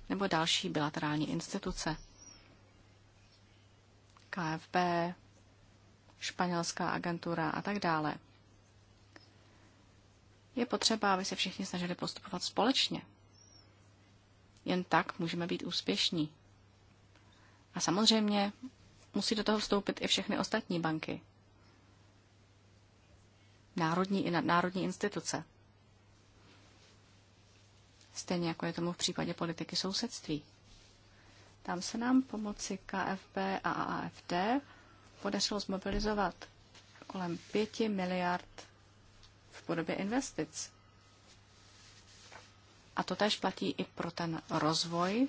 nebo další bilaterální instituce. KFB, španělská agentura a tak dále. Je potřeba, aby se všichni snažili postupovat společně. Jen tak můžeme být úspěšní. A samozřejmě musí do toho vstoupit i všechny ostatní banky národní i nadnárodní instituce. Stejně jako je tomu v případě politiky sousedství. Tam se nám pomoci KFP a AFD podařilo zmobilizovat kolem 5 miliard v podobě investic. A to tež platí i pro ten rozvoj,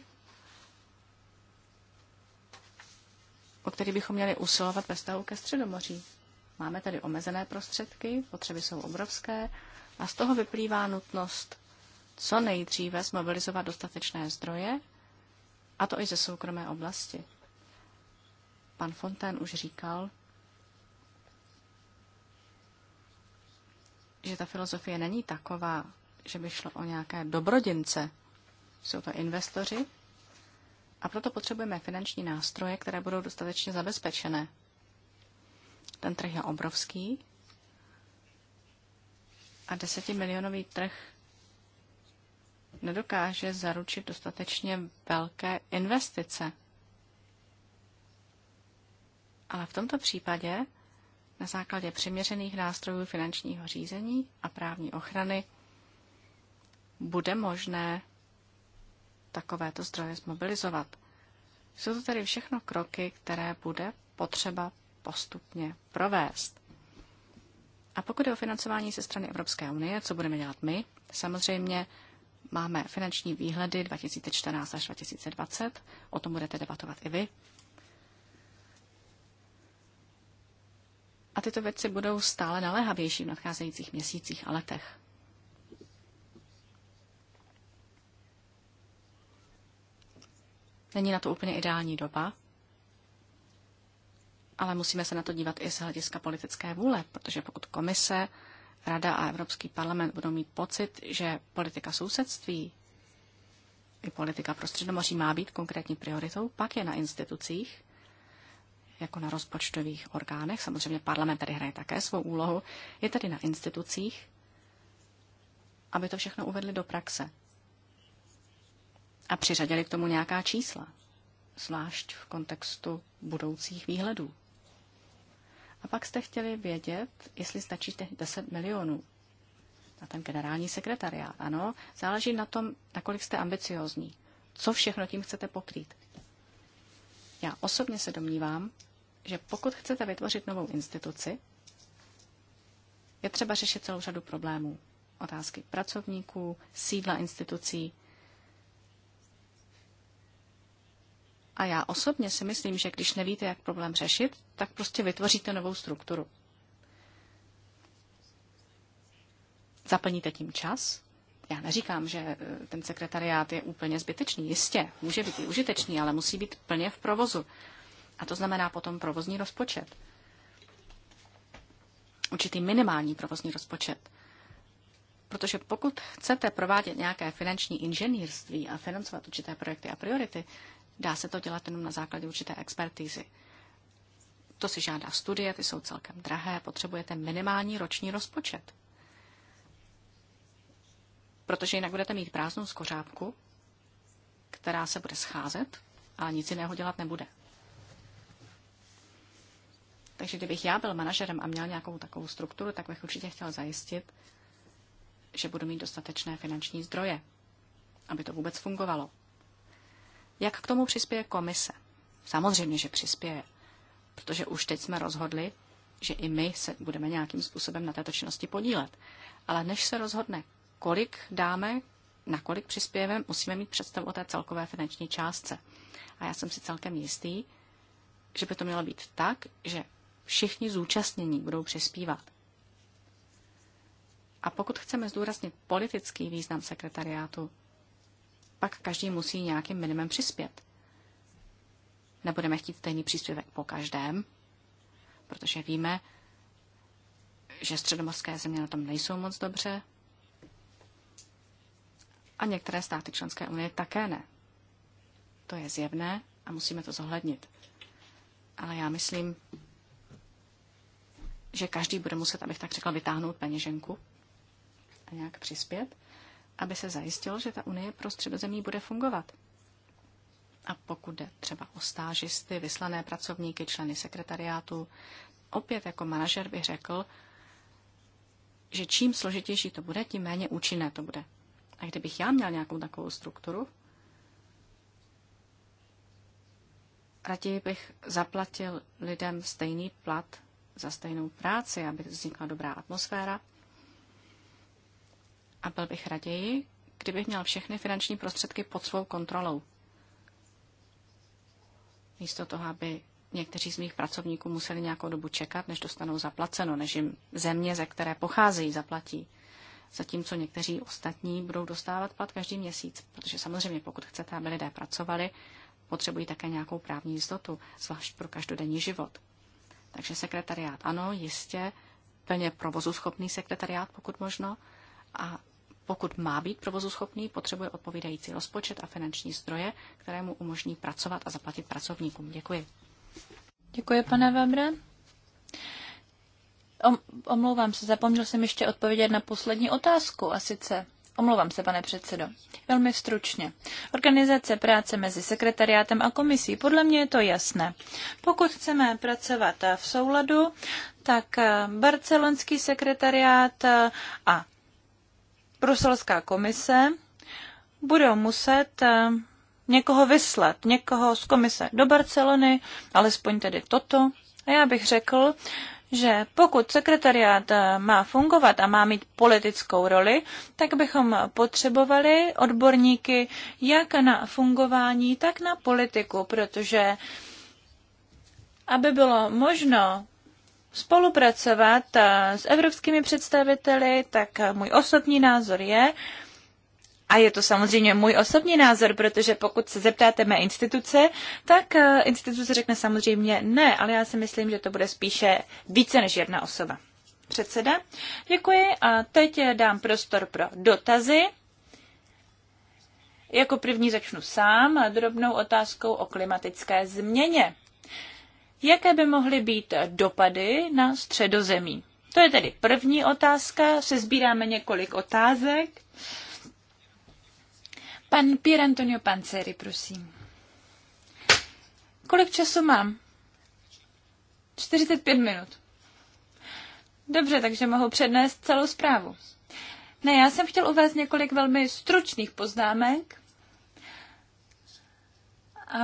o který bychom měli usilovat ve vztahu ke Středomoří. Máme tady omezené prostředky, potřeby jsou obrovské a z toho vyplývá nutnost co nejdříve zmobilizovat dostatečné zdroje, a to i ze soukromé oblasti. Pan Fontén už říkal, že ta filozofie není taková, že by šlo o nějaké dobrodince. Jsou to investoři a proto potřebujeme finanční nástroje, které budou dostatečně zabezpečené. Ten trh je obrovský a desetimilionový trh nedokáže zaručit dostatečně velké investice. Ale v tomto případě na základě přiměřených nástrojů finančního řízení a právní ochrany bude možné takovéto zdroje zmobilizovat. Jsou to tedy všechno kroky, které bude potřeba postupně provést. A pokud je o financování ze strany Evropské unie, co budeme dělat my? Samozřejmě máme finanční výhledy 2014 až 2020, o tom budete debatovat i vy. A tyto věci budou stále naléhavější v nadcházejících měsících a letech. Není na to úplně ideální doba, ale musíme se na to dívat i z hlediska politické vůle, protože pokud komise, Rada a Evropský parlament budou mít pocit, že politika sousedství i politika pro Středomoří má být konkrétní prioritou, pak je na institucích, jako na rozpočtových orgánech, samozřejmě parlament tady hraje také svou úlohu, je tady na institucích, aby to všechno uvedli do praxe. A přiřadili k tomu nějaká čísla, zvlášť v kontextu budoucích výhledů. A pak jste chtěli vědět, jestli stačí 10 milionů na ten generální sekretariát. Ano, záleží na tom, nakolik jste ambiciozní. Co všechno tím chcete pokrýt. Já osobně se domnívám, že pokud chcete vytvořit novou instituci, je třeba řešit celou řadu problémů. Otázky pracovníků, sídla institucí, A já osobně si myslím, že když nevíte, jak problém řešit, tak prostě vytvoříte novou strukturu. Zaplníte tím čas. Já neříkám, že eh, ten sekretariát je úplně zbytečný. Jistě, může být i užitečný, ale musí být plně v provozu. A to znamená potom provozní rozpočet. Určitý minimální provozní rozpočet. Protože pokud chcete provádět nějaké finanční inženýrství a financovat určité projekty a priority, Dá se to dělat jenom na základě určité expertízy. To si žádá studie, ty jsou celkem drahé, potřebujete minimální roční rozpočet. Protože jinak budete mít prázdnou skořápku, která se bude scházet a nic jiného dělat nebude. Takže kdybych já byl manažerem a měl nějakou takovou strukturu, tak bych určitě chtěl zajistit, že budu mít dostatečné finanční zdroje, aby to vůbec fungovalo. Jak k tomu přispěje komise? Samozřejmě, že přispěje, protože už teď jsme rozhodli, že i my se budeme nějakým způsobem na této činnosti podílet. Ale než se rozhodne, kolik dáme, na kolik přispějeme, musíme mít představu o té celkové finanční částce. A já jsem si celkem jistý, že by to mělo být tak, že všichni zúčastnění budou přispívat. A pokud chceme zdůraznit politický význam sekretariátu, pak každý musí nějakým minimem přispět. Nebudeme chtít stejný příspěvek po každém, protože víme, že středomorské země na tom nejsou moc dobře a některé státy členské unie také ne. To je zjevné a musíme to zohlednit. Ale já myslím, že každý bude muset, abych tak řekla, vytáhnout peněženku a nějak přispět aby se zajistilo, že ta Unie pro středozemí bude fungovat. A pokud jde třeba o stážisty, vyslané pracovníky, členy sekretariátu, opět jako manažer bych řekl, že čím složitější to bude, tím méně účinné to bude. A kdybych já měl nějakou takovou strukturu, raději bych zaplatil lidem stejný plat za stejnou práci, aby vznikla dobrá atmosféra, a byl bych raději, kdybych měl všechny finanční prostředky pod svou kontrolou. Místo toho, aby někteří z mých pracovníků museli nějakou dobu čekat, než dostanou zaplaceno, než jim země, ze které pocházejí, zaplatí. Zatímco někteří ostatní budou dostávat plat každý měsíc, protože samozřejmě pokud chcete, aby lidé pracovali, potřebují také nějakou právní jistotu, zvlášť pro každodenní život. Takže sekretariát ano, jistě, plně provozu schopný sekretariát, pokud možno, a pokud má být provozuschopný, potřebuje odpovídající rozpočet a finanční zdroje, které mu umožní pracovat a zaplatit pracovníkům. Děkuji. Děkuji, pane Webre. Omlouvám se, zapomněl jsem ještě odpovědět na poslední otázku, a sice Omlouvám se, pane předsedo. Velmi stručně. Organizace práce mezi sekretariátem a komisí, podle mě je to jasné. Pokud chceme pracovat v souladu, tak eh, barcelonský sekretariát eh, a bruselská komise budou muset eh, někoho vyslat, někoho z komise do Barcelony, alespoň tedy toto. A já bych řekl, že pokud sekretariát eh, má fungovat a má mít politickou roli, tak bychom potřebovali odborníky jak na fungování, tak na politiku, protože aby bylo možno spolupracovat eh, s evropskými představiteli, tak eh, můj osobní názor je, a je to samozřejmě můj osobní názor, protože pokud se zeptáte mé instituce, tak eh, instituce řekne samozřejmě ne, ale já si myslím, že to bude spíše více než jedna osoba. Předseda, děkuji a teď dám prostor pro dotazy. Jako první začnu sám drobnou otázkou o klimatické změně jaké by mohly být dopady na středozemí. To je tedy první otázka, se sbíráme několik otázek. Pan Pier Antonio Panceri, prosím. Kolik času mám? 45 minut. Dobře, takže mohu přednést celou zprávu. Ne, já jsem chtěl uvést několik velmi stručných poznámek. A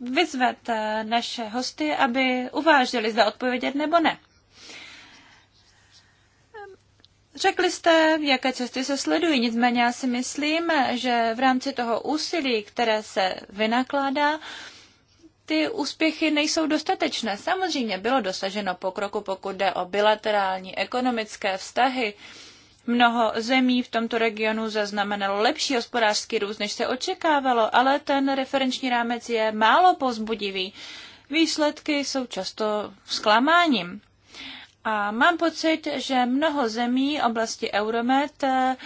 vyzvat eh, naše hosty, aby uvážili, zda odpovědět nebo ne. Řekli jste, jaké cesty se sledují, nicméně já si myslím, že v rámci toho úsilí, které se vynakládá, ty úspěchy nejsou dostatečné. Samozřejmě bylo dosaženo pokroku, pokud jde o bilaterální ekonomické vztahy, Mnoho zemí v tomto regionu zaznamenalo lepší hospodářský růst, než se očekávalo, ale ten referenční rámec je málo pozbudivý. Výsledky jsou často zklamáním. A mám pocit, že mnoho zemí oblasti Euromed eh,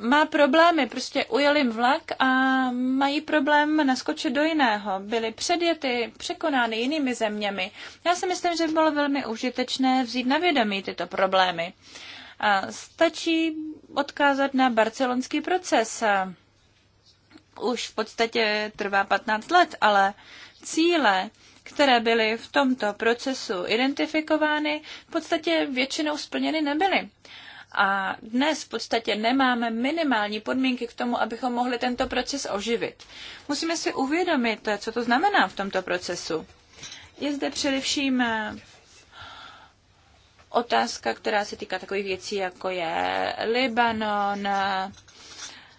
má problémy, prostě ujeli vlak a mají problém naskočit do jiného. Byly předjety, překonány jinými zeměmi. Já si myslím, že by bylo velmi užitečné vzít na vědomí tyto problémy. Stačí odkázat na barcelonský proces. Už v podstatě trvá 15 let, ale cíle, které byly v tomto procesu identifikovány, v podstatě většinou splněny nebyly. A dnes v podstatě nemáme minimální podmínky k tomu, abychom mohli tento proces oživit. Musíme si uvědomit, co to znamená v tomto procesu. Je zde především otázka, která se týká takových věcí, jako je Libanon,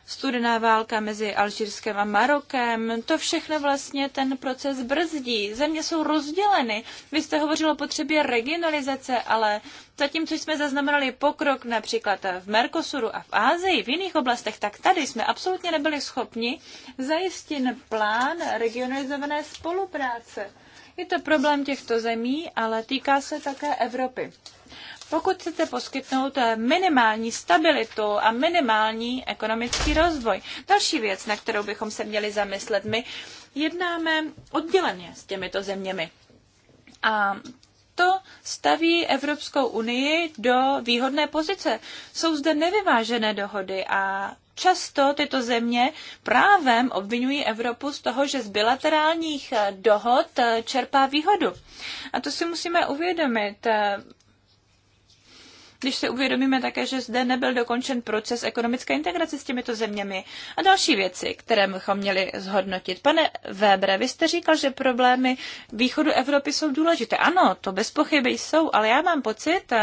studená válka mezi Alžírskem a Marokem. To všechno vlastně ten proces brzdí. Země jsou rozděleny. Vy jste hovořil o potřebě regionalizace, ale zatímco jsme zaznamenali pokrok například v Mercosuru a v Ázii, v jiných oblastech, tak tady jsme absolutně nebyli schopni zajistit plán regionalizované spolupráce. Je to problém těchto zemí, ale týká se také Evropy pokud chcete poskytnout eh, minimální stabilitu a minimální ekonomický rozvoj. Další věc, na kterou bychom se měli zamyslet, my jednáme odděleně s těmito zeměmi. A to staví Evropskou unii do výhodné pozice. Jsou zde nevyvážené dohody a často tyto země právem obvinují Evropu z toho, že z bilaterálních eh, dohod eh, čerpá výhodu. A to si musíme uvědomit když se uvědomíme také, že zde nebyl dokončen proces ekonomické integrace s těmito zeměmi a další věci, které bychom měli zhodnotit. Pane Webre, vy jste říkal, že problémy východu Evropy jsou důležité. Ano, to bez pochyby jsou, ale já mám pocit,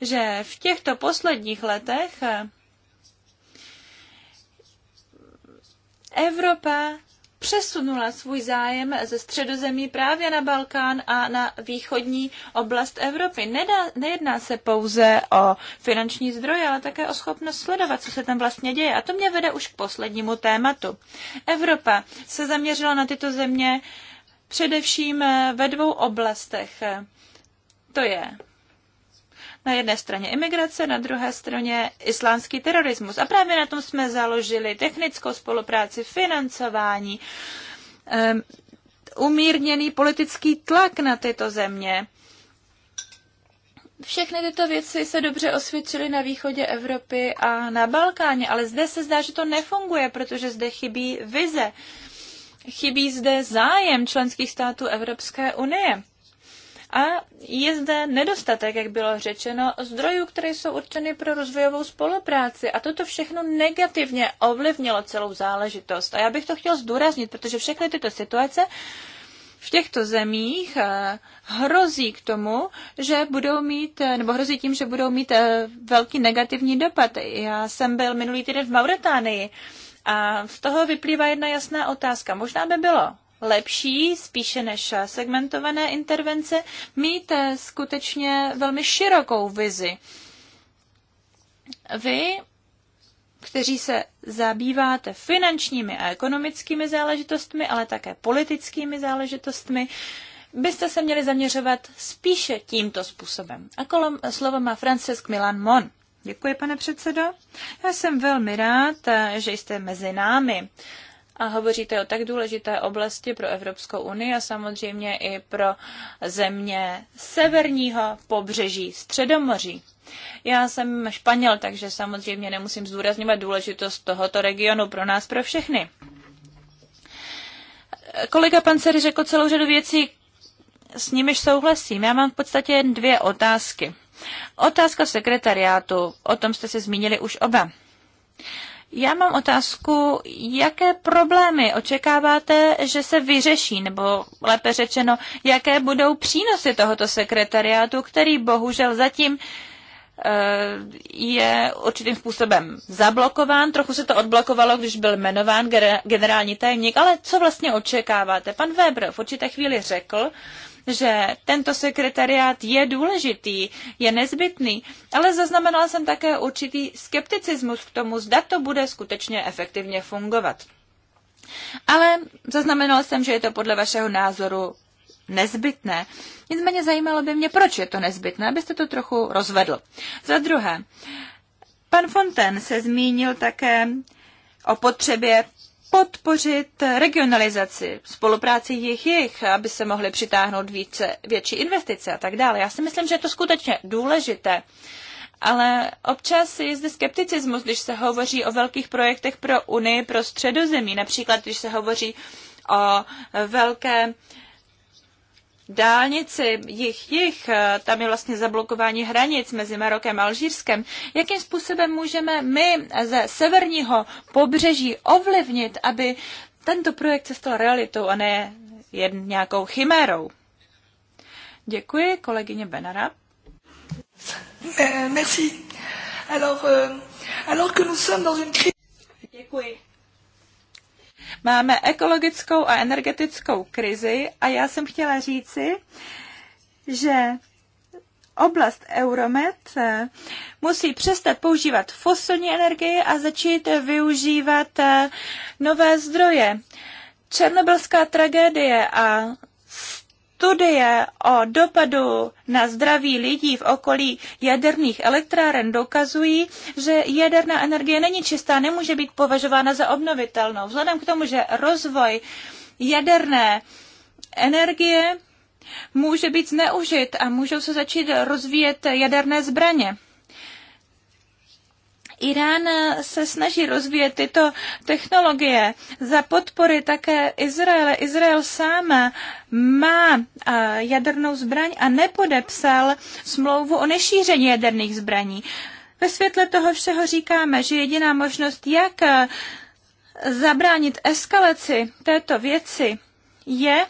že v těchto posledních letech Evropa přesunula svůj zájem ze středozemí právě na Balkán a na východní oblast Evropy. Nedá, nejedná se pouze o finanční zdroje, ale také o schopnost sledovat, co se tam vlastně děje. A to mě vede už k poslednímu tématu. Evropa se zaměřila na tyto země především ve dvou oblastech. To je na jedné straně imigrace, na druhé straně islánský terorismus. A právě na tom jsme založili technickou spolupráci, financování, umírněný politický tlak na tyto země. Všechny tyto věci se dobře osvědčily na východě Evropy a na Balkáně, ale zde se zdá, že to nefunguje, protože zde chybí vize. Chybí zde zájem členských států Evropské unie. A je zde nedostatek, jak bylo řečeno, zdrojů, které jsou určeny pro rozvojovou spolupráci. A toto všechno negativně ovlivnilo celou záležitost. A já bych to chtěl zdůraznit, protože všechny tyto situace v těchto zemích eh, hrozí k tomu, že budou mít, eh, nebo hrozí tím, že budou mít eh, velký negativní dopad. Já jsem byl minulý týden v Mauretánii a z toho vyplývá jedna jasná otázka. Možná by bylo lepší, spíše než segmentované intervence, mít eh, skutečně velmi širokou vizi. Vy, kteří se zabýváte finančními a ekonomickými záležitostmi, ale také politickými záležitostmi, byste se měli zaměřovat spíše tímto způsobem. A kolom slovo má Francesc Milan Mon. Děkuji, pane předsedo. Já jsem velmi rád, eh, že jste mezi námi a hovoříte o tak důležité oblasti pro Evropskou unii a samozřejmě i pro země severního pobřeží Středomoří. Já jsem Španěl, takže samozřejmě nemusím zdůrazňovat důležitost tohoto regionu pro nás, pro všechny. Kolega Panceri řekl celou řadu věcí, s nimiž souhlasím. Já mám v podstatě jen dvě otázky. Otázka sekretariátu, o tom jste se zmínili už oba. Já mám otázku, jaké problémy očekáváte, že se vyřeší, nebo lépe řečeno, jaké budou přínosy tohoto sekretariátu, který bohužel zatím eh, je určitým způsobem zablokován. Trochu se to odblokovalo, když byl jmenován generální tajemník, ale co vlastně očekáváte? Pan Weber v určité chvíli řekl, že tento sekretariát je důležitý, je nezbytný, ale zaznamenala jsem také určitý skepticismus k tomu, zda to bude skutečně efektivně fungovat. Ale zaznamenala jsem, že je to podle vašeho názoru nezbytné. Nicméně zajímalo by mě, proč je to nezbytné, abyste to trochu rozvedl. Za druhé, pan Fonten se zmínil také o potřebě podpořit regionalizaci, spolupráci jejich, jich, aby se mohly přitáhnout více, větší investice a tak dále. Já si myslím, že je to skutečně důležité. Ale občas je zde skepticismus, když se hovoří o velkých projektech pro Unii, pro středozemí. Například, když se hovoří o velké uh, dálnici jich-jich, eh, tam je vlastně zablokování hranic mezi Marokem a Alžírskem. Jakým způsobem můžeme my ze severního pobřeží ovlivnit, aby tento projekt se stal realitou a ne jen nějakou chimérou? Děkuji, kolegyně Benara. Eh, eh, merci. Alors, euh, alors que nous sommes dans une crise... Děkuji. Máme ekologickou a energetickou krizi a já jsem chtěla říci, že oblast Euromed eh, musí přestat používat fosilní energie a začít využívat eh, nové zdroje. Černobylská tragédie a Studie o dopadu na zdraví lidí v okolí jaderných elektráren dokazují, že jaderná energie není čistá, nemůže být považována za obnovitelnou. Vzhledem k tomu, že rozvoj jaderné energie může být zneužit a můžou se začít rozvíjet jaderné zbraně. Irán eh, se snaží rozvíjet tyto technologie za podpory také Izraele. Izrael sám eh, má eh, jadernou zbraň a nepodepsal smlouvu o nešíření jaderných zbraní. Ve světle toho všeho říkáme, že jediná možnost, jak zabránit eskalaci této věci, je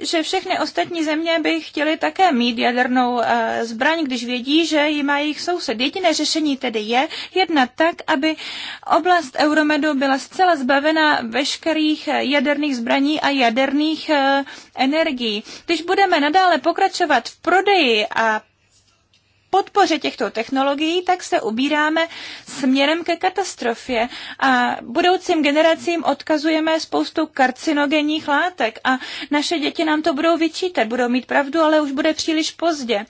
že všechny ostatní země by chtěly také mít jadernou eh, zbraň, když vědí, že ji má jejich soused. Jediné řešení tedy je jednat tak, aby oblast Euromedu byla zcela zbavena veškerých eh, jaderných zbraní a jaderných eh, energií. Když budeme nadále pokračovat v prodeji a podpoře těchto technologií, tak se ubíráme směrem ke katastrofě a budoucím generacím odkazujeme spoustu karcinogenních látek a naše děti nám to budou vyčítat, budou mít pravdu, ale už bude příliš pozdě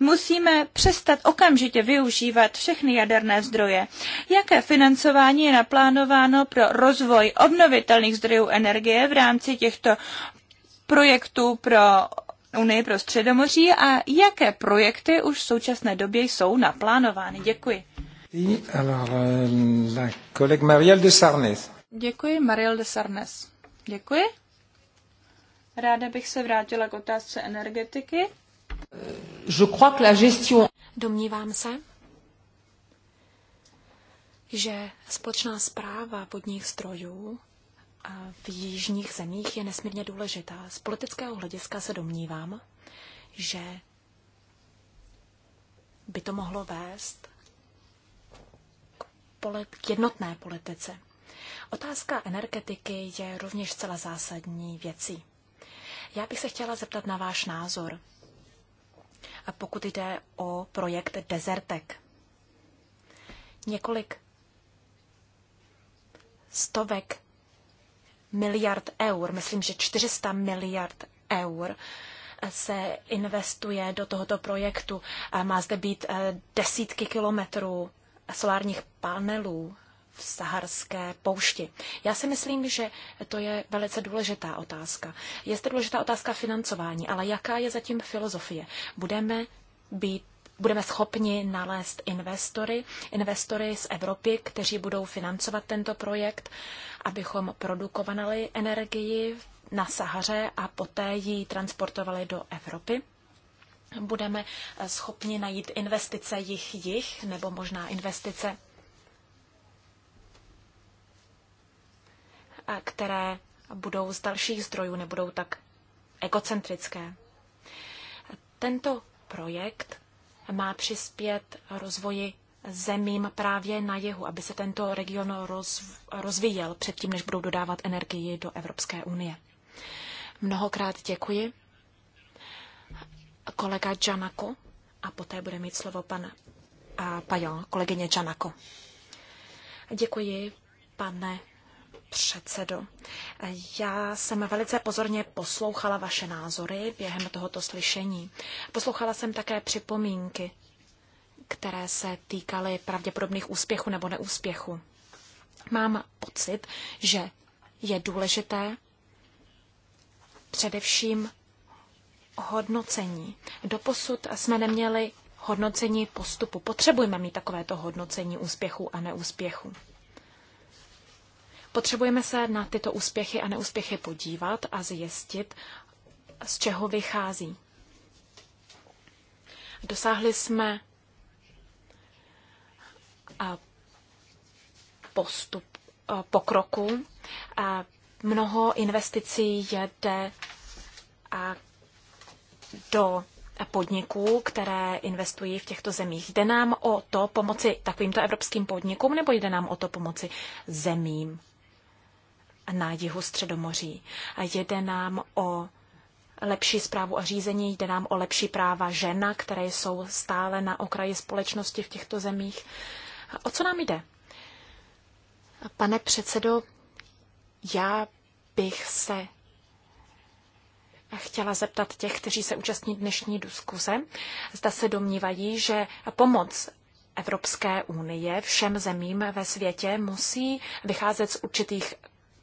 musíme přestat okamžitě využívat všechny jaderné zdroje. Jaké financování je naplánováno pro rozvoj obnovitelných zdrojů energie v rámci těchto projektů pro Unii pro Středomoří a jaké projekty už v současné době jsou naplánovány? Děkuji. Euh, Děkuji, Mariel de Sarnes. Děkuji. Ráda bych se vrátila k otázce energetiky. Je crois que la gestion... Domnívám se, že společná zpráva vodních strojů v jižních zemích je nesmírně důležitá. Z politického hlediska se domnívám, že by to mohlo vést k jednotné politice. Otázka energetiky je rovněž celá zásadní věcí. Já bych se chtěla zeptat na váš názor, a pokud jde o projekt Desertek. Několik stovek miliard eur, myslím, že 400 miliard eur eh, se investuje do tohoto projektu. Eh, má zde být eh, desítky kilometrů solárních panelů v saharské poušti. Já si myslím, že to je velice důležitá otázka. Je zde důležitá otázka financování, ale jaká je zatím filozofie? Budeme být budeme schopni nalézt investory, investory z Evropy, kteří budou financovat tento projekt, abychom produkovali energii na Sahaře a poté ji transportovali do Evropy. Budeme eh, schopni najít investice jich jich, nebo možná investice, eh, které budou z dalších zdrojů, nebudou tak egocentrické. Tento projekt má přispět rozvoji zemím právě na jihu, aby se tento region roz, rozvíjel předtím, než budou dodávat energii do Evropské unie. Mnohokrát děkuji. Kolega Janako a poté bude mít slovo pan a, pajo, kolegyně Janako. Děkuji, pane předsedo. Já jsem velice pozorně poslouchala vaše názory během tohoto slyšení. Poslouchala jsem také připomínky, které se týkaly pravděpodobných úspěchů nebo neúspěchů. Mám pocit, že je důležité především hodnocení. Doposud jsme neměli hodnocení postupu. Potřebujeme mít takovéto hodnocení úspěchu a neúspěchu. Potřebujeme se na tyto úspěchy a neúspěchy podívat a zjistit, z čeho vychází. Dosáhli jsme postup, pokroku. Mnoho investicí jede do podniků, které investují v těchto zemích. Jde nám o to pomoci takovýmto evropským podnikům nebo jde nám o to pomoci zemím? na jihu Středomoří. Jede nám o lepší zprávu a řízení, jde nám o lepší práva žena, které jsou stále na okraji společnosti v těchto zemích. O co nám jde? Pane předsedo, já bych se chtěla zeptat těch, kteří se účastní dnešní diskuze, zda se domnívají, že pomoc Evropské unie všem zemím ve světě musí vycházet z určitých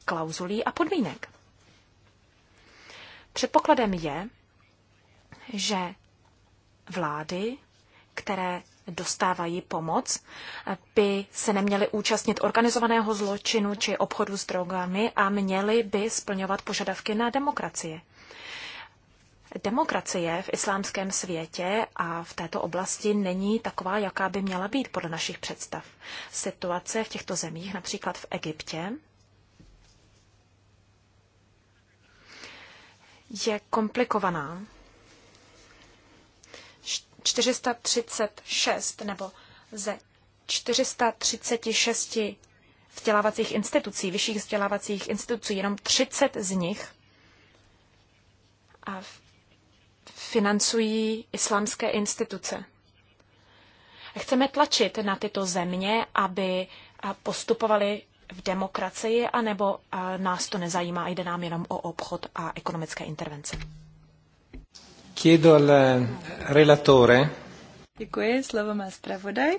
klauzulí a podmínek. Předpokladem je, že vlády, které dostávají pomoc, by se neměly účastnit organizovaného zločinu či obchodu s drogami a měly by splňovat požadavky na demokracii. Demokracie v islámském světě a v této oblasti není taková, jaká by měla být podle našich představ. Situace v těchto zemích, například v Egyptě, je komplikovaná. 436 nebo ze 436 vzdělávacích institucí, vyšších vzdělávacích institucí, jenom 30 z nich a financují islámské instituce. Chceme tlačit na tyto země, aby postupovali v demokracii, anebo eh, nás to nezajímá, jde nám jenom o obchod a ekonomické intervence. Chiedo al eh, relatore. Děkuji, slovo má zpravodaj.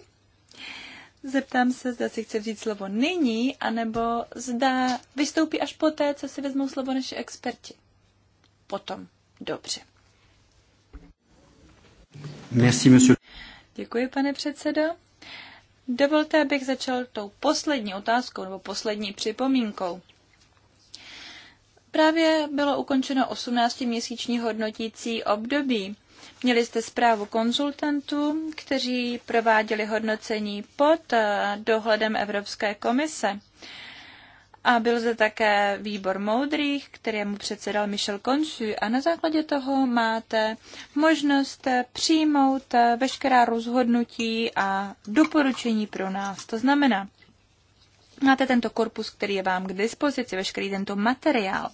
Zeptám se, zda si chce vzít slovo nyní, anebo zda vystoupí až poté, co si vezmou slovo naši experti. Potom. Dobře. Merci, monsieur. Děkuji, pane předsedo. Dovolte, abych začal tou poslední otázkou nebo poslední připomínkou. Právě bylo ukončeno 18-měsíční hodnotící období. Měli jste zprávu konzultantů, kteří prováděli hodnocení pod eh, dohledem Evropské komise. A byl zde také výbor moudrých, kterému předsedal Michel Konsu a na základě toho máte možnost přijmout veškerá rozhodnutí a doporučení pro nás. To znamená, máte tento korpus, který je vám k dispozici, veškerý tento materiál.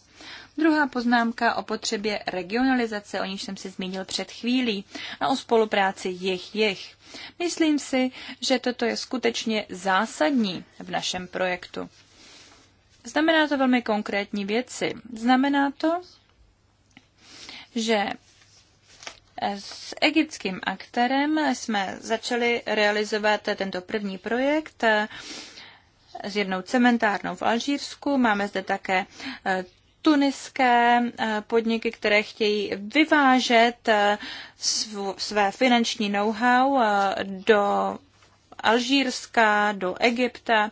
Druhá poznámka o potřebě regionalizace, o níž jsem se zmínil před chvílí, a o spolupráci jich-jich. Myslím si, že toto je skutečně zásadní v našem projektu. Znamená to velmi konkrétní věci. Znamená to, že s egyptským aktérem jsme začali realizovat tento první projekt eh, s jednou cementárnou v Alžírsku. Máme zde také eh, tuniské eh, podniky, které chtějí vyvážet své finanční know-how do Alžírska, do Egypta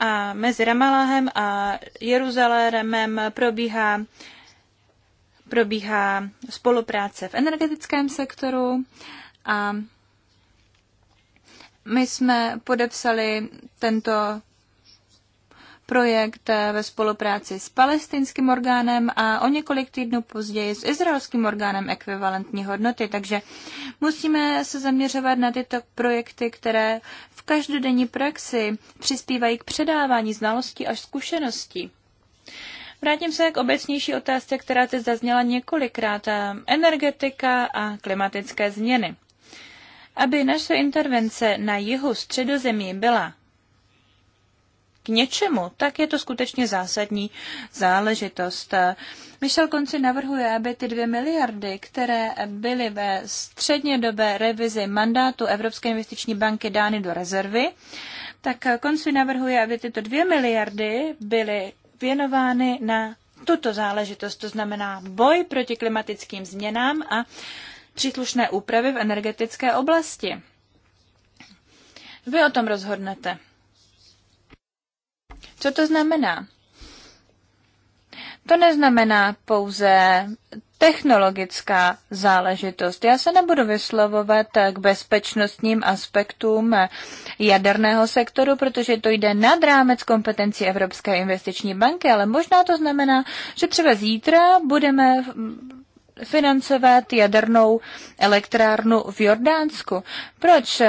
a mezi Ramaláhem a Jeruzalémem probíhá, probíhá spolupráce v energetickém sektoru a my jsme podepsali tento projekt ve spolupráci s palestinským orgánem a o několik týdnů později s izraelským orgánem ekvivalentní hodnoty. Takže musíme se zaměřovat na tyto projekty, které v každodenní praxi přispívají k předávání znalostí až zkušeností. Vrátím se k obecnější otázce, která teď zazněla několikrát, energetika a klimatické změny. Aby naše intervence na jihu středozemí byla k něčemu, tak je to skutečně zásadní záležitost. Michel Konci navrhuje, aby ty dvě miliardy, které byly ve střednědobé revizi mandátu Evropské investiční banky dány do rezervy, tak Konci navrhuje, aby tyto dvě miliardy byly věnovány na tuto záležitost, to znamená boj proti klimatickým změnám a příslušné úpravy v energetické oblasti. Vy o tom rozhodnete. Co to znamená? To neznamená pouze technologická záležitost. Já se nebudu vyslovovat k bezpečnostním aspektům jaderného sektoru, protože to jde nad rámec kompetencí Evropské investiční banky, ale možná to znamená, že třeba zítra budeme financovat jadernou elektrárnu v Jordánsku. Proč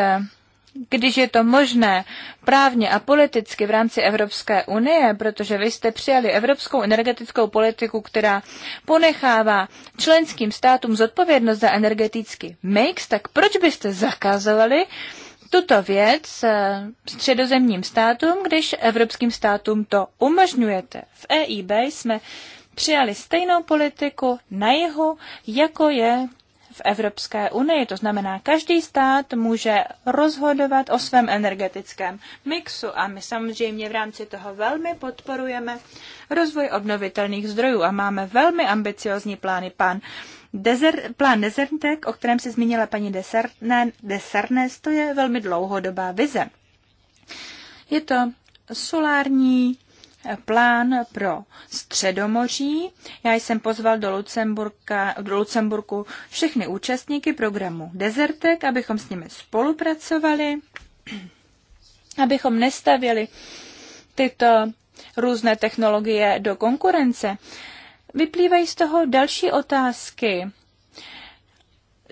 když je to možné právně a politicky v rámci Evropské unie, protože vy jste přijali evropskou energetickou politiku, která ponechává členským státům zodpovědnost za energetický mix, tak proč byste zakazovali tuto věc eh, středozemním státům, když evropským státům to umožňujete? V EIB jsme přijali stejnou politiku na jihu, jako je v Evropské unii. To znamená, každý stát může rozhodovat o svém energetickém mixu a my samozřejmě v rámci toho velmi podporujeme rozvoj obnovitelných zdrojů a máme velmi ambiciozní plány. Pán Dezer, plán Desertek, o kterém se zmínila paní Desernes, to je velmi dlouhodobá vize. Je to solární plán pro Středomoří. Já jsem pozval do, Lucemburka, do Lucemburku všechny účastníky programu Desertek, abychom s nimi spolupracovali, abychom nestavili tyto různé technologie do konkurence. Vyplývají z toho další otázky.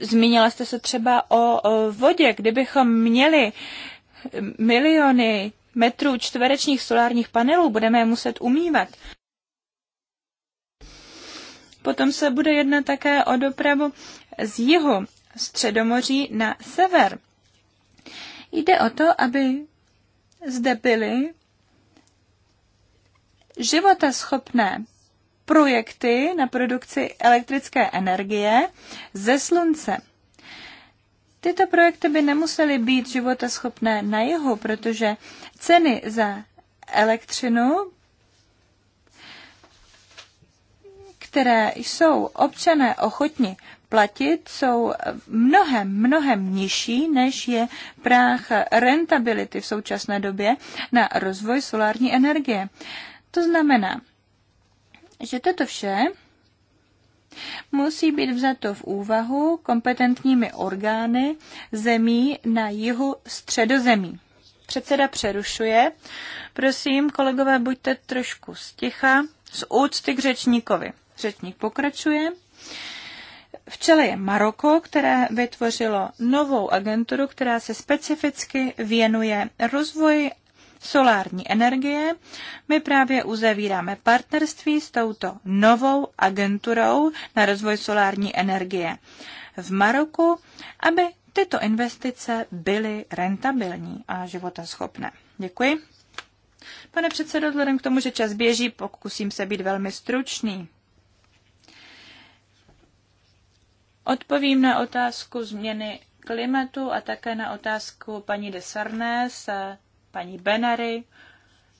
Zmínila jste se třeba o, o vodě. Kdybychom měli miliony metrů čtverečních solárních panelů budeme muset umývat. Potom se bude jednat také o dopravu z jihu středomoří na sever. Jde o to, aby zde byly životaschopné projekty na produkci elektrické energie ze slunce. Tyto projekty by nemusely být životaschopné na jihu, protože ceny za elektřinu, které jsou občané ochotni platit, jsou mnohem, mnohem nižší, než je práh rentability v současné době na rozvoj solární energie. To znamená, že toto vše musí být vzato v úvahu kompetentními orgány zemí na jihu středozemí. Předseda přerušuje. Prosím, kolegové, buďte trošku sticha. Z úcty k řečníkovi. Řečník pokračuje. V čele je Maroko, které vytvořilo novou agenturu, která se specificky věnuje rozvoji solární energie. My právě uzavíráme partnerství s touto novou agenturou na rozvoj solární energie v Maroku, aby tyto investice byly rentabilní a životaschopné. Děkuji. Pane předsedo, vzhledem k tomu, že čas běží, pokusím se být velmi stručný. Odpovím na otázku změny klimatu a také na otázku paní de Sarnes, paní Benary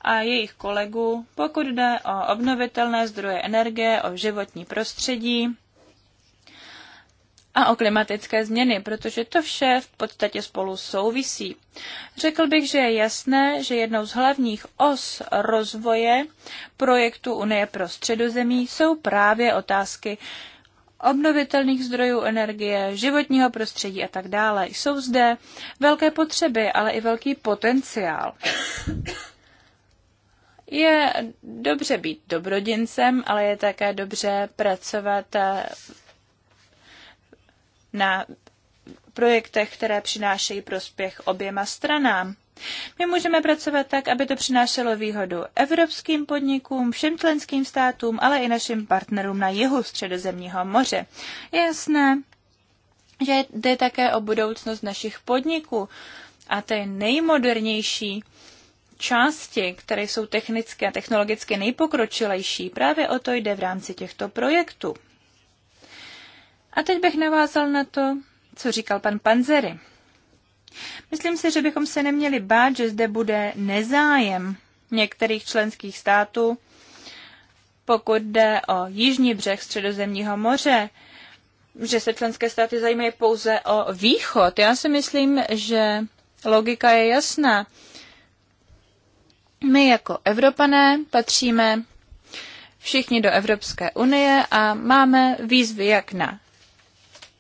a jejich kolegů, pokud jde o obnovitelné zdroje energie, o životní prostředí a o klimatické změny, protože to vše v podstatě spolu souvisí. Řekl bych, že je jasné, že jednou z hlavních os rozvoje projektu Unie pro středozemí jsou právě otázky obnovitelných zdrojů energie, životního prostředí a tak dále. Jsou zde velké potřeby, ale i velký potenciál. Je dobře být dobrodincem, ale je také dobře pracovat na projektech, které přinášejí prospěch oběma stranám. My můžeme pracovat tak, aby to přinášelo výhodu evropským podnikům, všem členským státům, ale i našim partnerům na jihu středozemního moře. Je jasné, že jde také o budoucnost našich podniků a té nejmodernější části, které jsou technicky a technologicky nejpokročilejší, právě o to jde v rámci těchto projektů. A teď bych navázal na to, co říkal pan Panzery. Myslím si, že bychom se neměli bát, že zde bude nezájem některých členských států, pokud jde o jižní břeh Středozemního moře, že se členské státy zajímají pouze o východ. Já si myslím, že logika je jasná. My jako Evropané patříme všichni do Evropské unie a máme výzvy jak na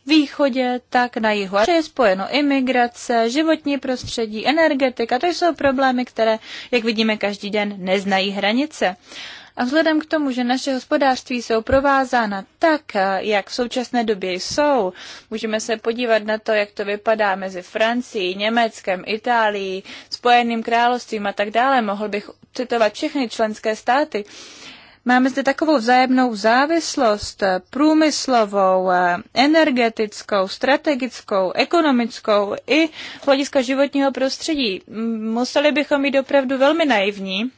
východě, tak na jihu. A je spojeno imigrace, životní prostředí, energetika. To jsou problémy, které, jak vidíme každý den, neznají hranice. A vzhledem k tomu, že naše hospodářství jsou provázána tak, jak v současné době jsou, můžeme se podívat na to, jak to vypadá mezi Francií, Německem, Itálií, Spojeným královstvím a tak dále. Mohl bych citovat všechny členské státy. Máme zde takovou vzájemnou závislost eh, průmyslovou, eh, energetickou, strategickou, ekonomickou i hlediska životního prostředí. Museli bychom být opravdu velmi naivní,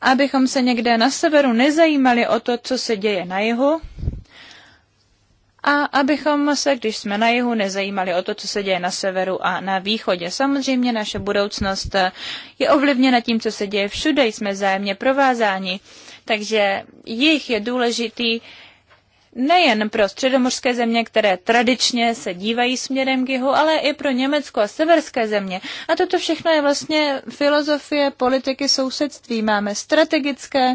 abychom se někde na severu nezajímali o to, co se děje na jihu, a abychom se, když jsme na jihu, nezajímali o to, co se děje na severu a na východě. Samozřejmě naše budoucnost eh, je ovlivněna tím, co se děje všude, jsme zájemně provázáni, takže jich je důležitý nejen pro středomořské země, které tradičně se dívají směrem k jihu, ale i pro Německo a severské země. A toto všechno je vlastně filozofie politiky sousedství. Máme strategické uh,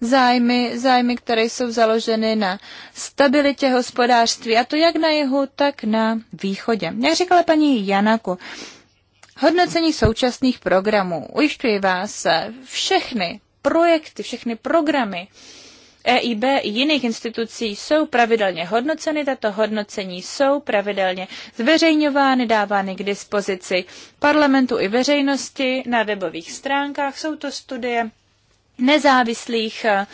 zájmy, zájmy, které jsou založeny na stabilitě hospodářství, a to jak na jihu, tak na východě. Jak říkala paní Janaku, hodnocení současných programů. Ujišťuji vás, všechny projekty, všechny programy, EIB i jiných institucí jsou pravidelně hodnoceny, tato hodnocení jsou pravidelně zveřejňovány, dávány k dispozici parlamentu i veřejnosti na webových stránkách. Jsou to studie nezávislých eh,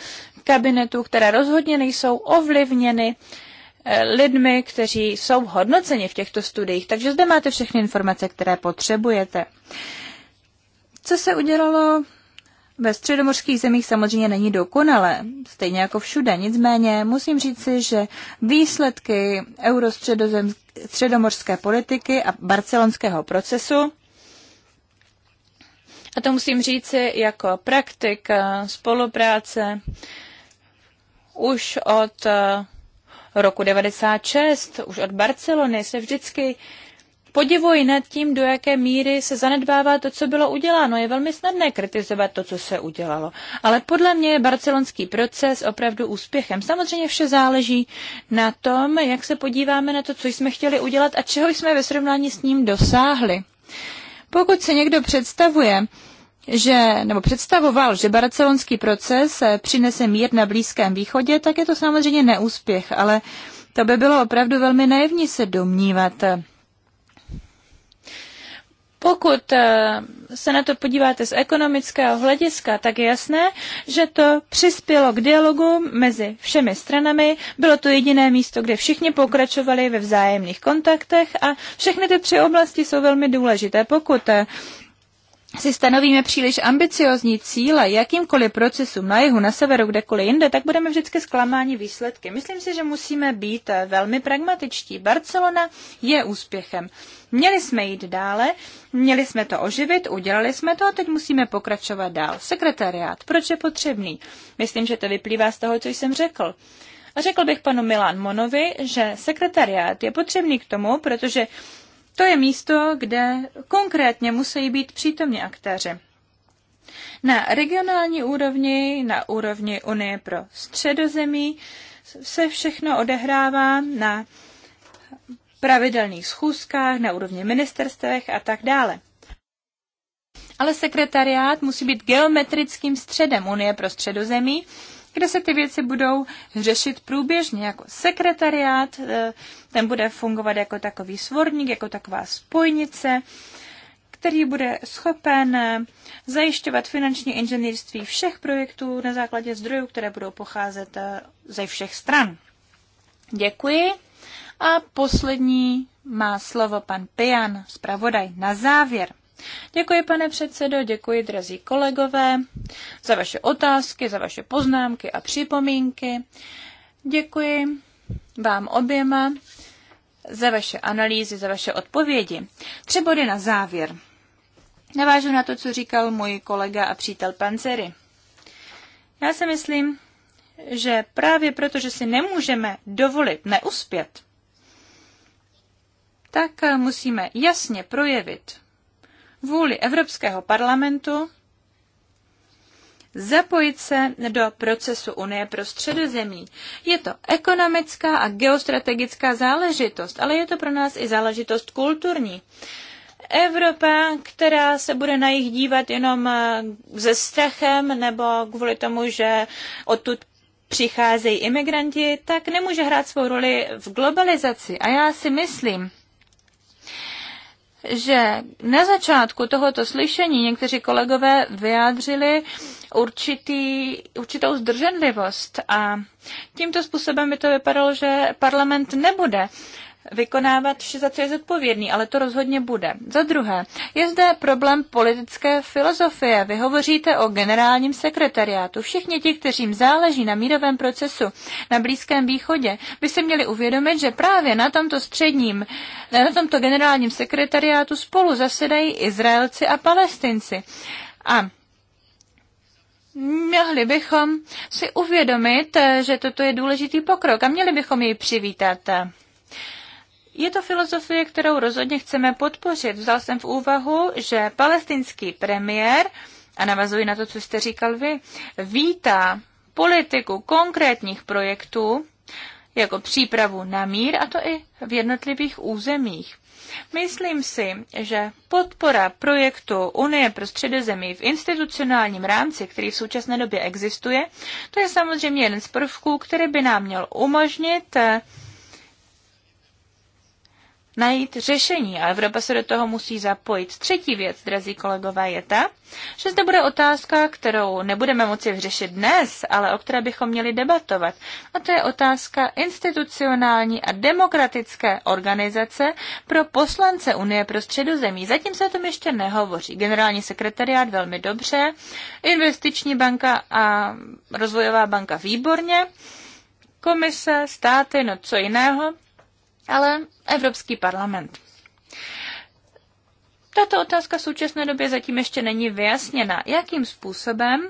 kabinetů, které rozhodně nejsou ovlivněny eh, lidmi, kteří jsou hodnoceni v těchto studiích. Takže zde máte všechny informace, které potřebujete. Co se udělalo ve středomorských zemích samozřejmě není dokonalé, stejně jako všude. Nicméně musím říci, že výsledky eurostředomořské politiky a barcelonského procesu a to musím říci jako praktik eh, spolupráce už od eh, roku 96, už od Barcelony se vždycky podivuji nad tím, do jaké míry se zanedbává to, co bylo uděláno. Je velmi snadné kritizovat to, co se udělalo. Ale podle mě je barcelonský proces opravdu úspěchem. Samozřejmě vše záleží na tom, jak se podíváme na to, co jsme chtěli udělat a čeho jsme ve srovnání s ním dosáhli. Pokud se někdo představuje, že, nebo představoval, že barcelonský proces eh, přinese mír na Blízkém východě, tak je to samozřejmě neúspěch, ale to by bylo opravdu velmi naivní se domnívat, eh, pokud eh, se na to podíváte z ekonomického hlediska, tak je jasné, že to přispělo k dialogu mezi všemi stranami. Bylo to jediné místo, kde všichni pokračovali ve vzájemných kontaktech a všechny ty tři oblasti jsou velmi důležité. Pokud eh, si stanovíme příliš ambiciozní cíle jakýmkoliv procesům na jihu, na severu, kdekoliv jinde, tak budeme vždycky zklamáni výsledky. Myslím si, že musíme být eh, velmi pragmatičtí. Barcelona je úspěchem. Měli jsme jít dále, měli jsme to oživit, udělali jsme to a teď musíme pokračovat dál. Sekretariát, proč je potřebný? Myslím, že to vyplývá z toho, co jsem řekl. A řekl bych panu Milan Monovi, že sekretariát je potřebný k tomu, protože to je místo, kde konkrétně musí být přítomní aktéři. Na regionální úrovni, na úrovni Unie pro středozemí, se všechno odehrává na pravidelných schůzkách, na úrovni ministerstvech a tak dále. Ale sekretariát musí být geometrickým středem Unie pro středozemí, kde se ty věci budou řešit průběžně jako sekretariát eh, ten bude fungovat jako takový svorník, jako taková spojnice, který bude schopen zajišťovat finanční inženýrství všech projektů na základě zdrojů, které budou pocházet eh, ze všech stran. Děkuji. A poslední má slovo pan Pian, zpravodaj, na závěr. Děkuji, pane předsedo, děkuji, drazí kolegové, za vaše otázky, za vaše poznámky a připomínky. Děkuji vám oběma za vaše analýzy, za vaše odpovědi. Tři body na závěr. Navážu na to, co říkal můj kolega a přítel Panzeri. Já si myslím, že právě proto, že si nemůžeme dovolit neuspět, tak musíme jasně projevit vůli Evropského parlamentu zapojit se do procesu Unie pro středozemí. Je to ekonomická a geostrategická záležitost, ale je to pro nás i záležitost kulturní. Evropa, která se bude na jich dívat jenom ze eh, strachem nebo kvůli tomu, že odtud přicházejí imigranti, tak nemůže hrát svou roli v globalizaci. A já si myslím, že na začátku tohoto slyšení někteří kolegové vyjádřili určitý, určitou zdrženlivost a tímto způsobem by to vypadalo, že parlament nebude vykonávat vše, za co je zodpovědný, ale to rozhodně bude. Za druhé, je zde problém politické filozofie. Vy hovoříte o generálním sekretariátu. Všichni ti, kteřím záleží na mírovém procesu na Blízkém východě, by se měli uvědomit, že právě na tomto středním, eh, na tomto generálním sekretariátu spolu zasedají Izraelci a Palestinci. A Měli bychom si uvědomit, eh, že toto je důležitý pokrok a měli bychom jej přivítat. Je to filozofie, kterou rozhodně chceme podpořit. Vzal jsem v úvahu, že palestinský premiér, a navazuji na to, co jste říkal vy, vítá politiku konkrétních projektů jako přípravu na mír, a to i v jednotlivých územích. Myslím si, že podpora projektu Unie pro středozemí v institucionálním rámci, který v současné době existuje, to je samozřejmě jeden z prvků, který by nám měl umožnit najít řešení a Evropa se do toho musí zapojit. Třetí věc, drazí kolegové, je ta, že zde bude otázka, kterou nebudeme moci vyřešit dnes, ale o které bychom měli debatovat. A to je otázka institucionální a demokratické organizace pro poslance Unie pro středozemí. Zatím se o tom ještě nehovoří. Generální sekretariát velmi dobře, investiční banka a rozvojová banka výborně komise, státy, no co jiného ale Evropský parlament. Tato otázka v současné době zatím ještě není vyjasněna, jakým způsobem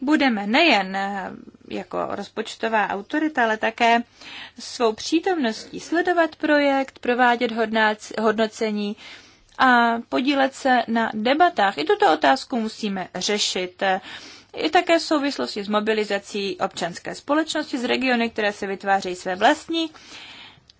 budeme nejen eh, jako rozpočtová autorita, ale také svou přítomností sledovat projekt, provádět hodnocení a podílet se na debatách. I tuto otázku musíme řešit. Eh, I také v souvislosti s mobilizací občanské společnosti z regiony, které se vytvářejí své vlastní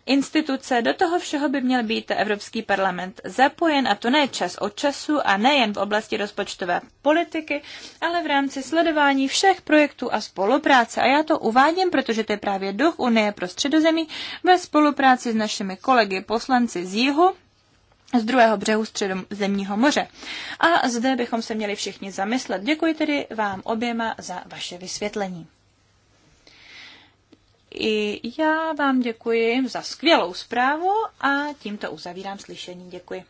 instituce, do toho všeho by měl být Evropský parlament zapojen a to ne čas od času a nejen v oblasti rozpočtové politiky, ale v rámci sledování všech projektů a spolupráce. A já to uvádím, protože to je právě duch Unie pro středozemí ve spolupráci s našimi kolegy poslanci z jihu, z druhého břehu středozemního moře. A zde bychom se měli všichni zamyslet. Děkuji tedy vám oběma za vaše vysvětlení. I já vám děkuji za skvělou zprávu a tímto uzavírám slyšení. Děkuji.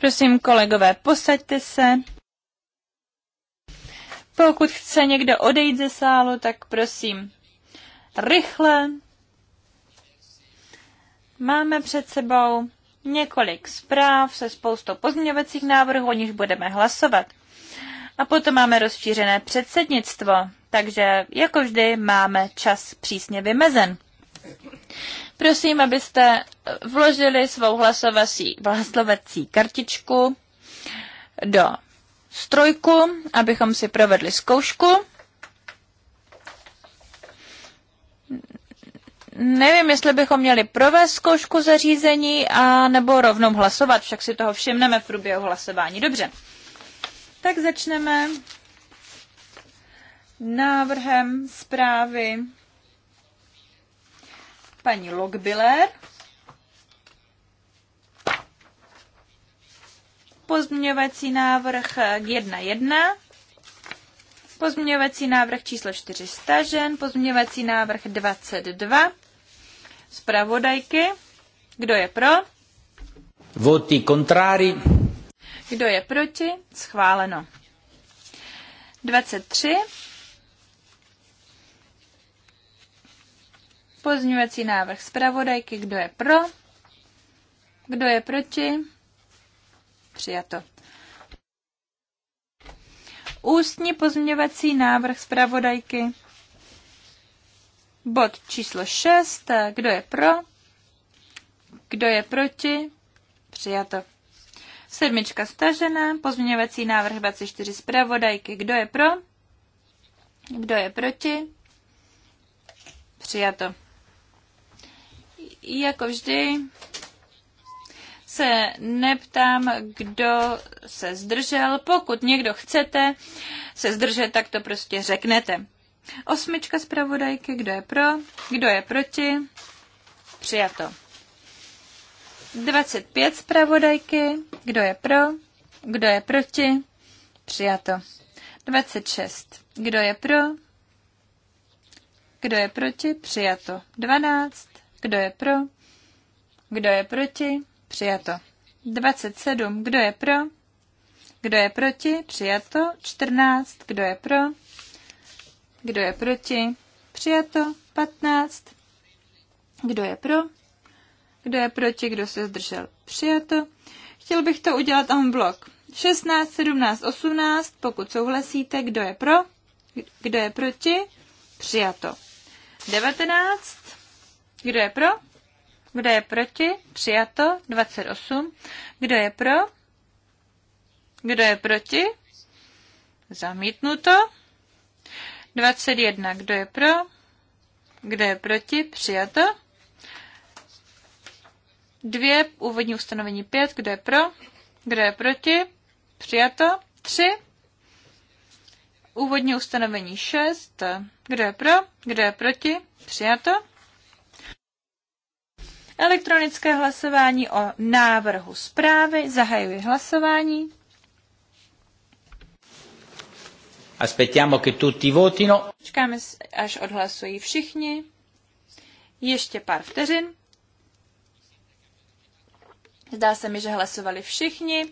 Prosím, kolegové, posaďte se. Pokud chce někdo odejít ze sálu, tak prosím, rychle. Máme před sebou několik zpráv se spoustou pozměňovacích návrhů, o nich budeme hlasovat. A potom máme rozšířené předsednictvo, takže jako vždy máme čas přísně vymezen. Prosím, abyste vložili svou hlasovací, hlasovací kartičku do strojku, abychom si provedli zkoušku. Nevím, jestli bychom měli provést zkoušku zařízení a nebo rovnou hlasovat, však si toho všimneme v průběhu hlasování. Dobře, tak začneme návrhem zprávy paní Lockbiller. Pozměňovací návrh k 1.1. Pozměňovací návrh číslo 4 stažen. Pozměňovací návrh 22. Zpravodajky. Kdo je pro? Voti kontrári. Kdo je proti? Schváleno. 23. Pozměňovací návrh zpravodajky, kdo je pro, kdo je proti, přijato. Ústní pozměňovací návrh zpravodajky. Bod číslo 6. Kdo je pro? Kdo je proti? Přijato. Sedmička stažena. Pozměňovací návrh 24 zpravodajky. Kdo je pro? Kdo je proti? Přijato. Jako vždy se neptám, kdo se zdržel. Pokud někdo chcete se zdržet, tak to prostě řeknete. Osmička zpravodajky, kdo je pro, kdo je proti, přijato. 25 zpravodajky, kdo je pro, kdo je proti, přijato. 26, kdo je pro, kdo je proti, přijato. 12, kdo je pro? Kdo je proti? Přijato. 27. Kdo je pro? Kdo je proti? Přijato. 14. Kdo je pro? Kdo je proti? Přijato. 15. Kdo je pro? Kdo je proti? Kdo se zdržel? Přijato. Chtěl bych to udělat en blok. 16, 17, 18, pokud souhlasíte, kdo je pro, kdo je proti, přijato. 19, kdo je pro? Kdo je proti? Přijato. 28. Kdo je pro? Kdo je proti? Zamítnuto. 21. Kdo je pro? Kdo je proti? Přijato. Dvě úvodní ustanovení pět. Kdo je pro? Kdo je proti? Přijato. Tři. Úvodní ustanovení šest. Kdo je pro? Kdo je proti? Přijato. Elektronické hlasování o návrhu zprávy. Zahajuji hlasování. Aspettiamo che tutti votino. Čekáme, až odhlasují všichni. Ještě pár vteřin. Zdá se mi, že hlasovali všichni.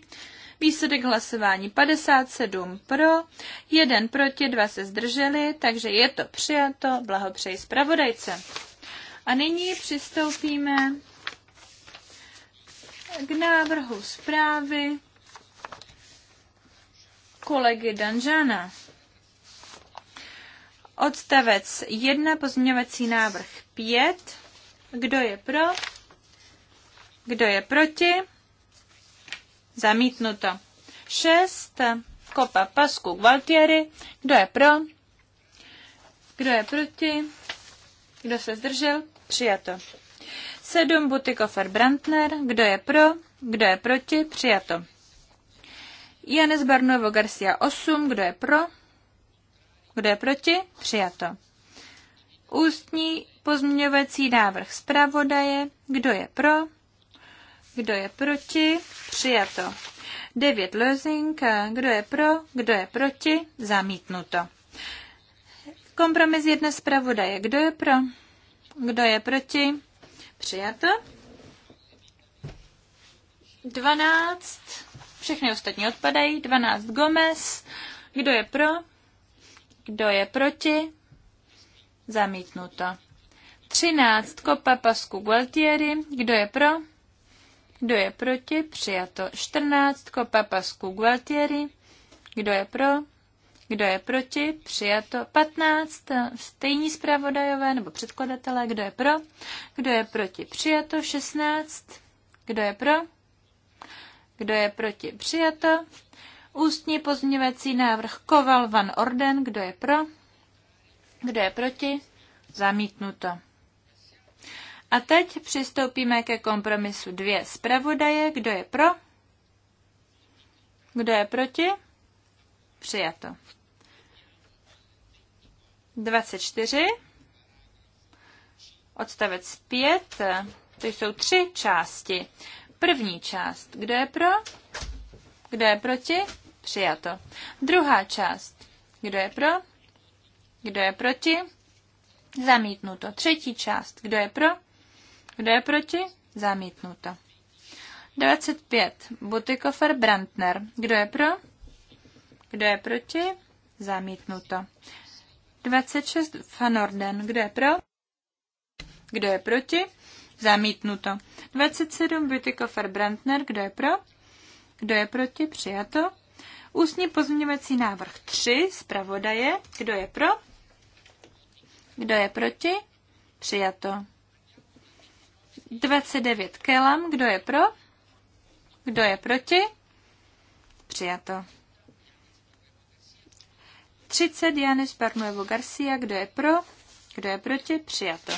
Výsledek hlasování 57 pro, 1 proti, 2 se zdrželi, takže je to přijato. Blahopřeji zpravodajce. A nyní přistoupíme k návrhu zprávy kolegy Danžana. Odstavec 1, pozměňovací návrh 5. Kdo je pro? Kdo je proti? Zamítnuto. 6. Kopa pasku Gualtieri. Kdo je pro? Kdo je proti? Kdo se zdržel? Přijato. Sedm Butikofer Brandner. Kdo je pro? Kdo je proti? Přijato. Janes Barnovo Garcia 8. Kdo je pro? Kdo je proti? Přijato. Ústní pozměňovací návrh zpravodaje. Kdo je pro? Kdo je proti? Přijato. 9 Lozing. Kdo je pro? Kdo je proti? Zamítnuto. Kompromis jedna zpravodaje. Kdo je pro? Kdo je proti? Přijato. 12. Všechny ostatní odpadají. 12 Gomez. Kdo je pro? Kdo je proti? Zamítnuto. 13. Kopa Pasku Gualtieri. Kdo je pro? Kdo je proti? Přijato. 14. Kopa Pasku Gualtieri. Kdo je pro? Kdo je proti? Přijato 15. Stejní zpravodajové nebo předkladatelé. Kdo je pro? Kdo je proti? Přijato 16. Kdo je pro? Kdo je proti? Přijato. Ústní pozměňovací návrh Koval van Orden. Kdo je pro? Kdo je proti? Zamítnuto. A teď přistoupíme ke kompromisu dvě zpravodaje. Kdo je pro? Kdo je proti? Přijato. 24, odstavec 5, to jsou tři části. První část, kdo je pro, kdo je proti, přijato. Druhá část, kdo je pro, kdo je proti, zamítnuto. Třetí část, kdo je pro, kdo je proti, zamítnuto. 25. Butikofer Brandner. Kdo je pro? Kdo je proti? Zamítnuto. 26 Van Orden. Kdo je pro? Kdo je proti? Zamítnuto. 27 Butikofer Brandner. Kdo je pro? Kdo je proti? Přijato. Ústní pozměňovací návrh 3 zpravodaje. Kdo je pro? Kdo je proti? Přijato. 29 Kelam. Kdo je pro? Kdo je proti? Přijato. 30 Janes Barnuevo Garcia, kdo je pro, kdo je proti, přijato.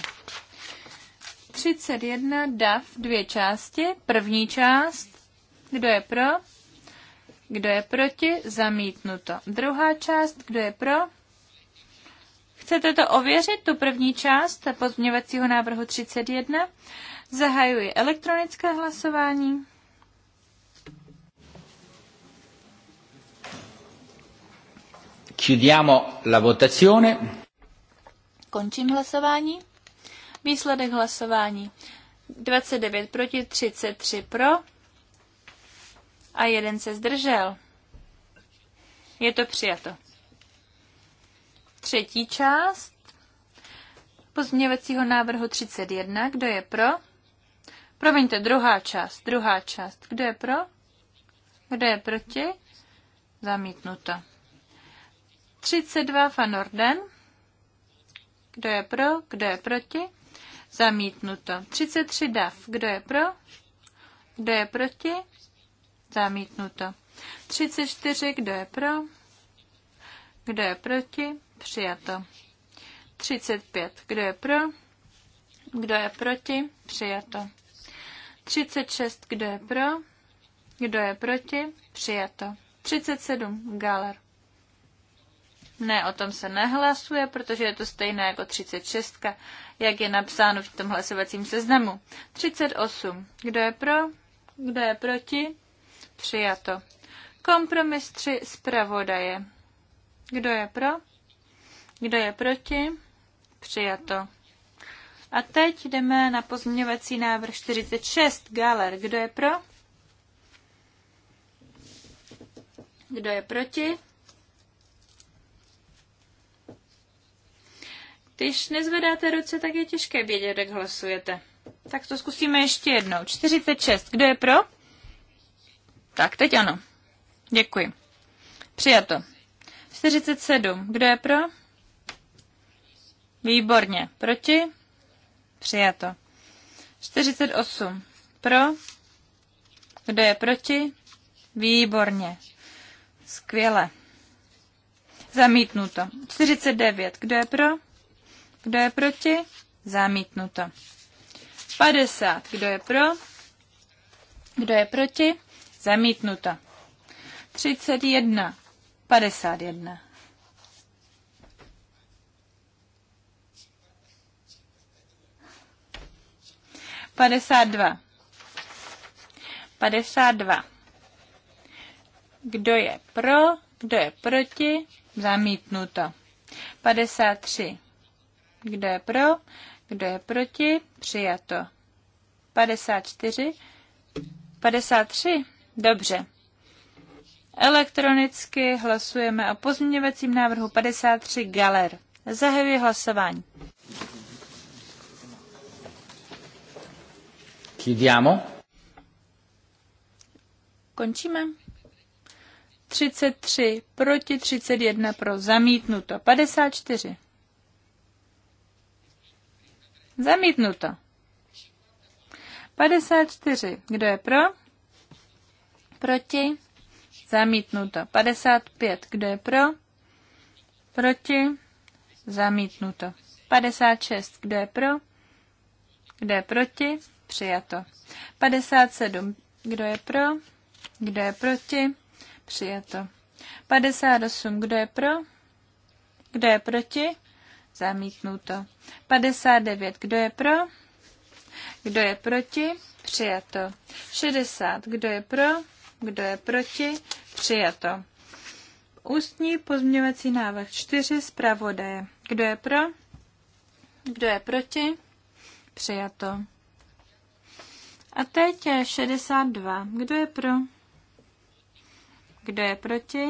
31 DAF, dvě části, první část, kdo je pro, kdo je proti, zamítnuto. Druhá část, kdo je pro, Chcete to ověřit, tu první část pozměňovacího návrhu 31? Zahajuji elektronické hlasování. Chiudiamo la votazione. Končím hlasování. Výsledek hlasování 29 proti 33 pro a jeden se zdržel. Je to přijato. Třetí část pozměňovacího návrhu 31. Kdo je pro? Promiňte, druhá část. Druhá část. Kdo je pro? Kdo je proti? Zamítnuto. 32 Van Orden. Kdo je pro? Kdo je proti? Zamítnuto. 33 DAF. Kdo je pro? Kdo je proti? Zamítnuto. 34. Kdo je pro? Kdo je proti? Přijato. 35. Kdo je pro? Kdo je proti? Přijato. 36. Kdo je pro? Kdo je proti? Přijato. 37. Galer. Ne, o tom se nehlasuje, protože je to stejné jako 36, jak je napsáno v tom hlasovacím seznamu. 38. Kdo je pro? Kdo je proti? Přijato. Kompromis 3 zpravodaje. Kdo je pro? Kdo je proti? Přijato. A teď jdeme na pozměňovací návrh 46. Galer, kdo je pro? Kdo je proti? Když nezvedáte ruce, tak je těžké vědět, jak hlasujete. Tak to zkusíme ještě jednou. 46. Kdo je pro? Tak, teď ano. Děkuji. Přijato. 47. Kdo je pro? Výborně. Proti? Přijato. 48. Pro? Kdo je proti? Výborně. Skvěle. Zamítnuto. 49. Kdo je pro? Kdo je proti? Zamítnuto. 50. Kdo je pro? Kdo je proti? Zamítnuto. 31. 51. Padesát dva. Padesát dva. Kdo je pro, kdo je proti, zamítnuto. Padesát tři. Kdo je pro? Kdo je proti? Přijato. 54. 53. Dobře. Elektronicky hlasujeme o pozměňovacím návrhu 53 Galer. Zahajuji hlasování. Chidiamo. Končíme. 33 proti 31 pro zamítnuto. 54. Zamítnuto. 54. Kdo je pro? Proti? Zamítnuto. 55. Kdo je pro? Proti? Zamítnuto. 56. Kdo je pro? Kdo je proti? Přijato. 57. Kdo je pro? Kdo je proti? Přijato. 58. Kdo je pro? Kdo je proti? Zamíchnuto. 59. Kdo je pro? Kdo je proti? Přijato. 60. Kdo je pro? Kdo je proti? Přijato. Ústní pozměňovací návrh 4 zpravodaje. Kdo je pro? Kdo je proti? Přijato. A teď je 62. Kdo je pro? Kdo je proti?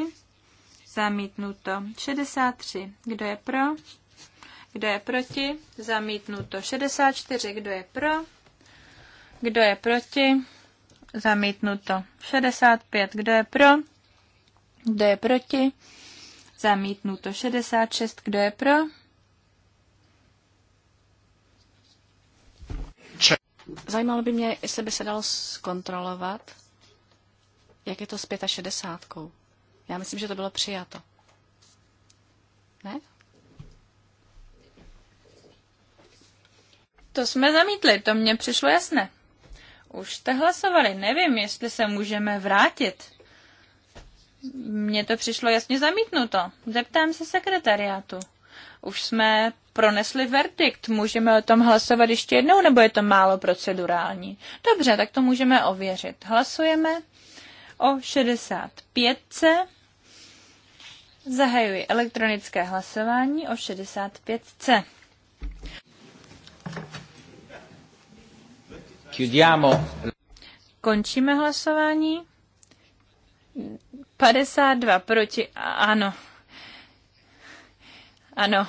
Zamítnuto. 63. Kdo je pro? Kdo je proti? Zamítnuto. 64. Kdo je pro? Kdo je proti? Zamítnuto. 65. Kdo je pro? Kdo je proti? Zamítnuto. 66. Kdo je pro? Zajímalo by mě, jestli by se dalo zkontrolovat, jak je to s 65. Já myslím, že to bylo přijato. Ne? To jsme zamítli, to mně přišlo jasné. Už jste hlasovali, nevím, jestli se můžeme vrátit. Mně to přišlo jasně zamítnuto. Zeptám se sekretariátu. Už jsme pronesli verdikt, můžeme o tom hlasovat ještě jednou, nebo je to málo procedurální? Dobře, tak to můžeme ověřit. Hlasujeme o 65. Zahajuji elektronické hlasování o 65. Končíme hlasování. 52 proti. Ano. Ano.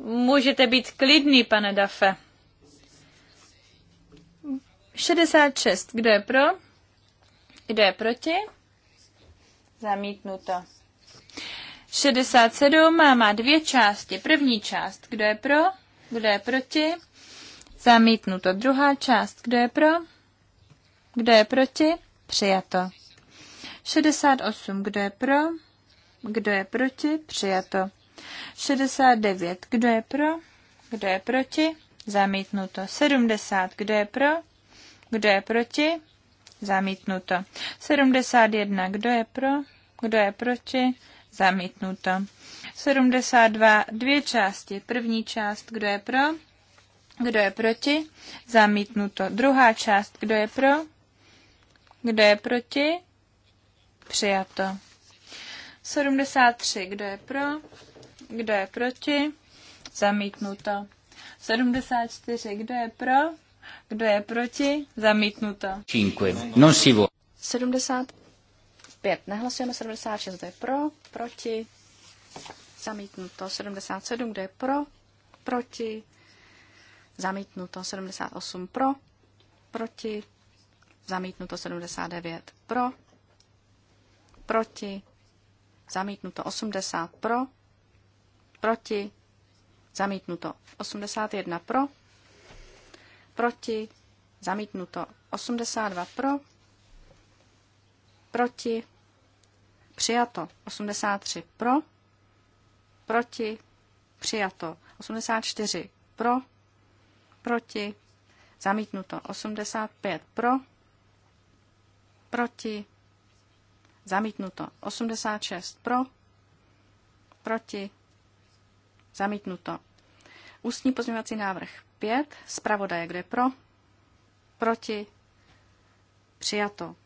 Můžete být klidný, pane Dafe. 66. Kdo je pro? Kdo je proti? Zamítnuto. 67 má dvě části. První část. Kdo je pro? Kdo je proti? Zamítnuto. Druhá část. Kdo je pro? Kdo je proti? Přijato. 68. Kdo je pro? Kdo je proti? Přijato. 69. Kdo je pro? Kdo je proti? Zamítnuto. 70. Kdo je pro? Kdo je proti? Zamítnuto. 71. Kdo je pro? Kdo je proti? Zamítnuto. 72, dvě části. První část, kdo je pro, kdo je proti, zamítnuto. Druhá část, kdo je pro, kdo je proti, přijato. 73, kdo je pro, kdo je proti, zamítnuto. 74, kdo je pro, kdo je proti, zamítnuto. Cinque, non si vuole. 75, nehlasujeme 76, kdo je pro, proti, zamítnuto 77, kde je pro, proti, zamítnuto 78 pro, proti, zamítnuto 79 pro, proti, zamítnuto 80 pro, proti, zamítnuto 81 pro, proti, zamítnuto 82 pro, proti, přijato 83 pro, proti, přijato. 84 pro, proti, zamítnuto. 85 pro, proti, zamítnuto. 86 pro, proti, zamítnuto. Ústní pozměňovací návrh 5, zpravodaje, kde pro, proti, přijato.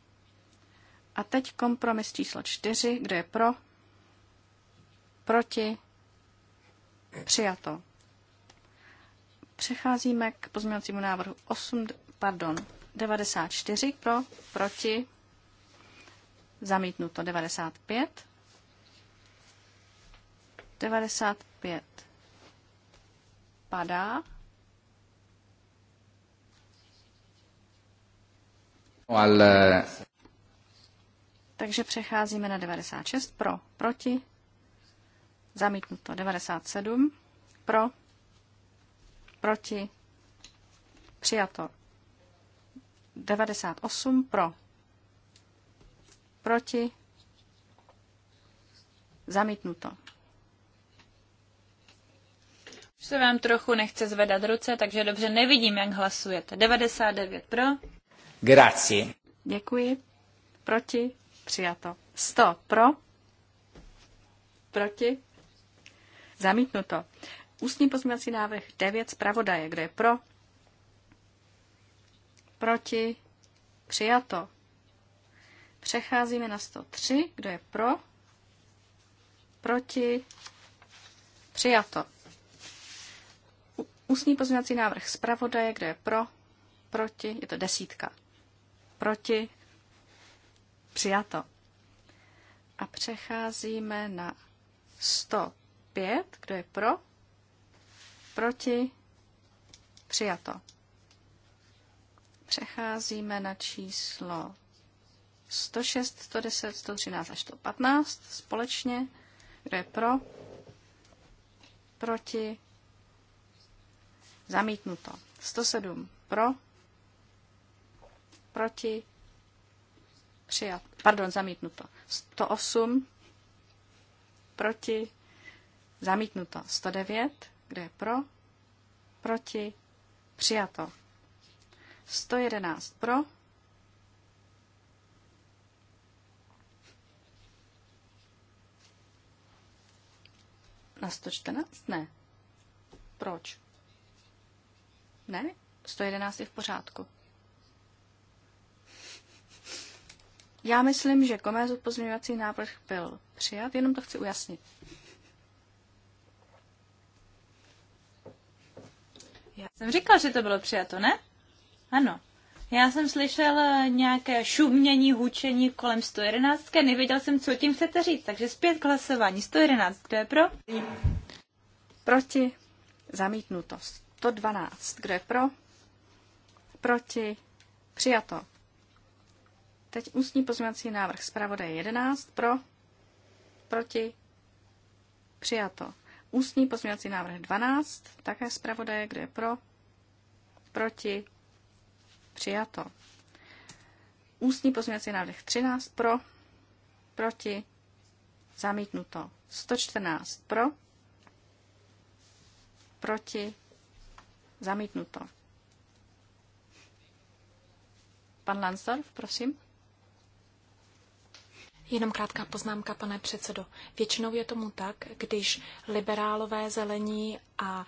A teď kompromis číslo 4, kde je pro, proti, Přijato. Přecházíme k pozměňovacímu návrhu 8, pardon, 94 pro, proti, zamítnuto 95. 95 padá. Ale... Eh, Takže přecházíme na 96 pro, proti, Zamítnuto. 97. Pro. Proti. Přijato. 98. Pro. Proti. Zamítnuto. Už se vám trochu nechce zvedat ruce, takže dobře nevidím, jak hlasujete. 99 pro. Grazie. Děkuji. Proti. Přijato. 100 pro. Proti. Zamítnuto. Ústní pozměňovací návrh 9 zpravodaje. Kdo je pro? Proti? Přijato. Přecházíme na 103. Kdo je pro? Proti? Přijato. Ústní pozměňovací návrh zpravodaje. Kdo je pro? Proti? Je to desítka. Proti? Přijato. A přecházíme na 100. 5. Kdo je pro? Proti? Přijato. Přecházíme na číslo 106, 110, 113 až 115 společně. Kdo je pro? Proti? Zamítnuto. 107 pro? Proti? Přijato. Pardon, zamítnuto. 108 proti? Zamítnuto 109, kde je pro, proti, přijato. 111 pro, Na 114? Ne. Proč? Ne, 111 je v pořádku. Já myslím, že komézu pozměňovací návrh byl přijat, jenom to chci ujasnit. Já jsem říkal, že to bylo přijato, ne? Ano. Já jsem slyšel eh, nějaké šumění, hučení kolem 111, nevěděl jsem, co tím chcete říct, takže zpět k hlasování. 111, kdo je pro? Proti. Zamítnuto. 112, kdo je pro? Proti. Přijato. Teď ústní pozměňovací návrh zpravodaje 11, pro? Proti. Přijato. Ústní pozměňovací návrh 12, také zpravodaje, kde je pro, proti, přijato. Ústní pozměňovací návrh 13 pro, proti, zamítnuto. 114 pro, proti, zamítnuto. Pan Lansdorf, prosím. Jenom krátká poznámka, pane předsedo. Většinou je tomu tak, když liberálové, zelení a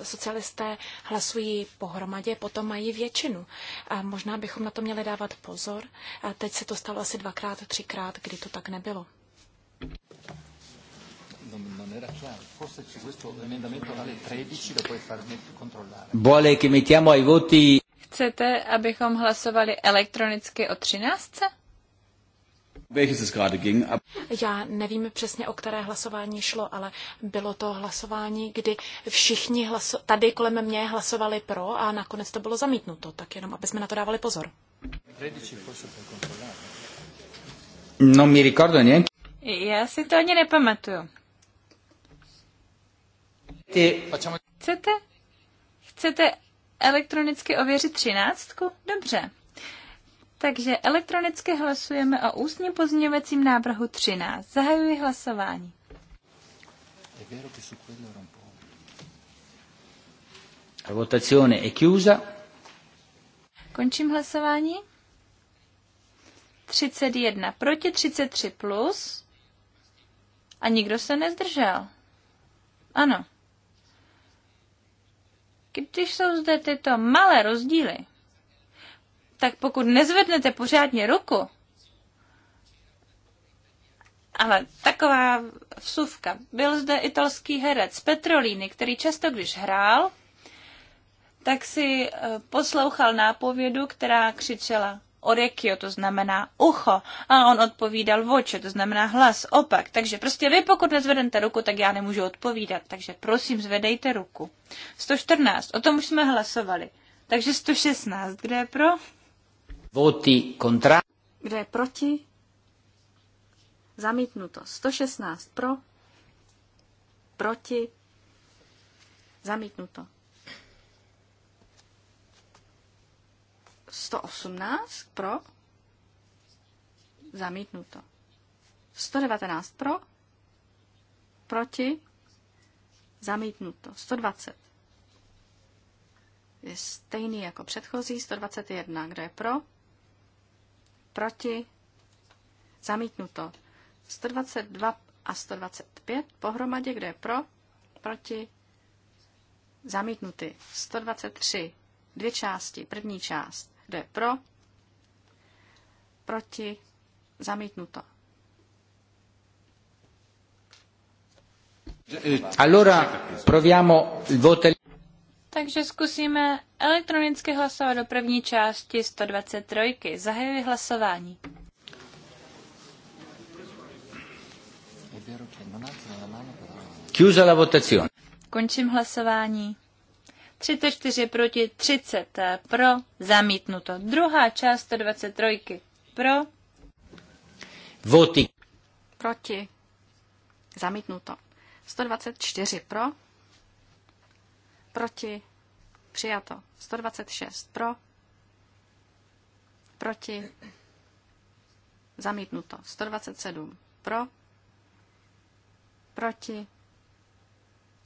e, socialisté hlasují pohromadě, potom mají většinu. E, možná bychom na to měli dávat pozor. E, teď se to stalo asi dvakrát, třikrát, kdy to tak nebylo. Chcete, abychom hlasovali elektronicky o 13? Já nevím přesně, o které hlasování šlo, ale bylo to hlasování, kdy všichni hlaso- tady kolem mě hlasovali pro a nakonec to bylo zamítnuto. Tak jenom, aby jsme na to dávali pozor. No, mi ricordo niente. Já si to ani nepamatuju. Ty... Chcete? Chcete elektronicky ověřit třináctku? Dobře. Takže elektronicky hlasujeme o ústním pozměňovacím návrhu 13. Zahajuji hlasování. votazione è chiusa. Končím hlasování. 31 proti 33 plus. A nikdo se nezdržel. Ano. Když jsou zde tyto malé rozdíly, tak pokud nezvednete pořádně ruku, ale taková vsuvka. Byl zde italský herec Petrolini, který často, když hrál, tak si e, poslouchal nápovědu, která křičela orecchio, to znamená ucho, a on odpovídal voče, to znamená hlas, opak. Takže prostě vy, pokud nezvednete ruku, tak já nemůžu odpovídat. Takže prosím, zvedejte ruku. 114, o tom už jsme hlasovali. Takže 116, kde je pro? Voti Kdo je proti? Zamítnuto. 116 pro. Proti. Zamítnuto. 118 pro. Zamítnuto. 119 pro. Proti. Zamítnuto. 120. Je stejný jako předchozí. 121. Kdo je pro? proti, zamítnuto. 122 a 125 pohromadě, kde je pro, proti, zamítnuty. 123, dvě části, první část, kde je pro, proti, zamítnuto. Allora proviamo il voto takže zkusíme elektronicky hlasovat do první části 123. Zahajuji hlasování. Chiusa la votazione. Končím hlasování. 34 proti 30 pro, zamítnuto. Druhá část 123 pro. Voty. Proti. Zamítnuto. 124 pro proti, přijato 126 pro, proti, zamítnuto 127 pro, proti,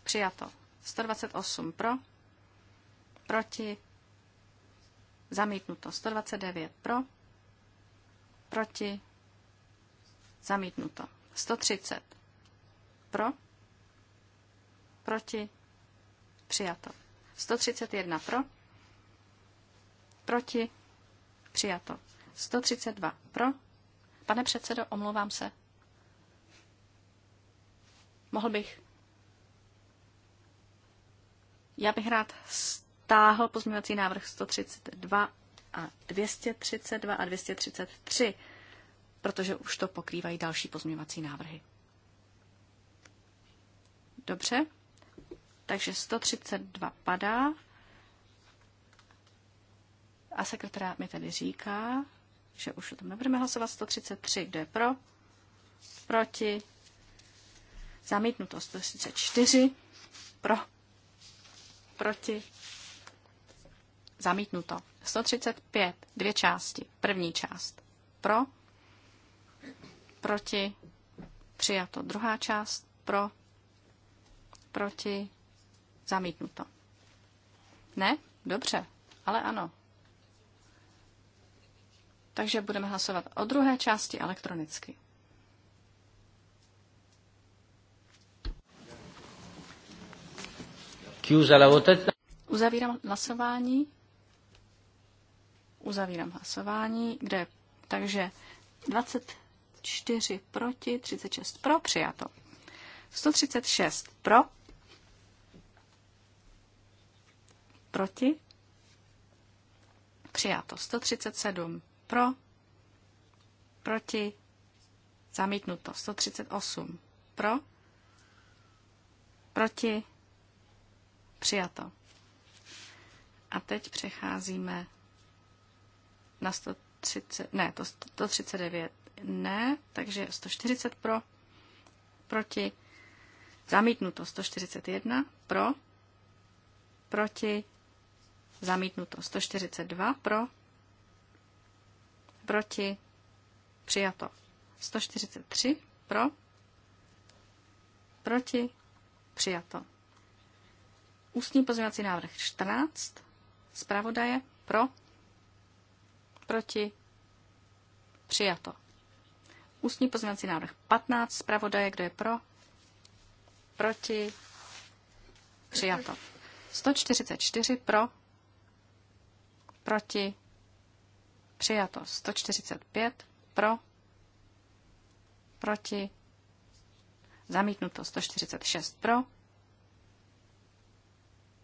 přijato 128 pro, proti, zamítnuto 129 pro, proti, zamítnuto 130 pro, proti, Přijato. 131 pro. Proti. Přijato. 132 pro. Pane předsedo, omlouvám se. Mohl bych. Já bych rád stáhl pozměňovací návrh 132 a 232 a 233, protože už to pokrývají další pozměňovací návrhy. Dobře, takže 132 padá. A sekretariát mi tedy říká, že už o tom nebudeme hlasovat. 133, kdo je pro? Proti? Zamítnuto 134. Pro? Proti? Zamítnuto. 135, dvě části. První část pro, proti, přijato. Druhá část pro, proti, Zamítnuto. Ne? Dobře, ale ano. Takže budeme hlasovat o druhé části elektronicky. Uzavírám hlasování. Uzavírám hlasování, kde takže 24 proti, 36 pro, přijato. 136 pro, Proti? Přijato. 137 pro. Proti? Zamítnuto. 138 pro. Proti? Přijato. A teď přecházíme na 130, ne, to 139 ne, takže 140 pro, proti, zamítnuto 141 pro, proti, Zamítnuto. 142 pro. Proti. Přijato. 143 pro. Proti. Přijato. Ústní pozměňovací návrh 14. Zpravodaje pro. Proti. Přijato. Ústní pozměňovací návrh 15. Zpravodaje, kdo je pro. Proti. Přijato. 144 pro proti, přijato 145, pro, proti, zamítnuto 146, pro,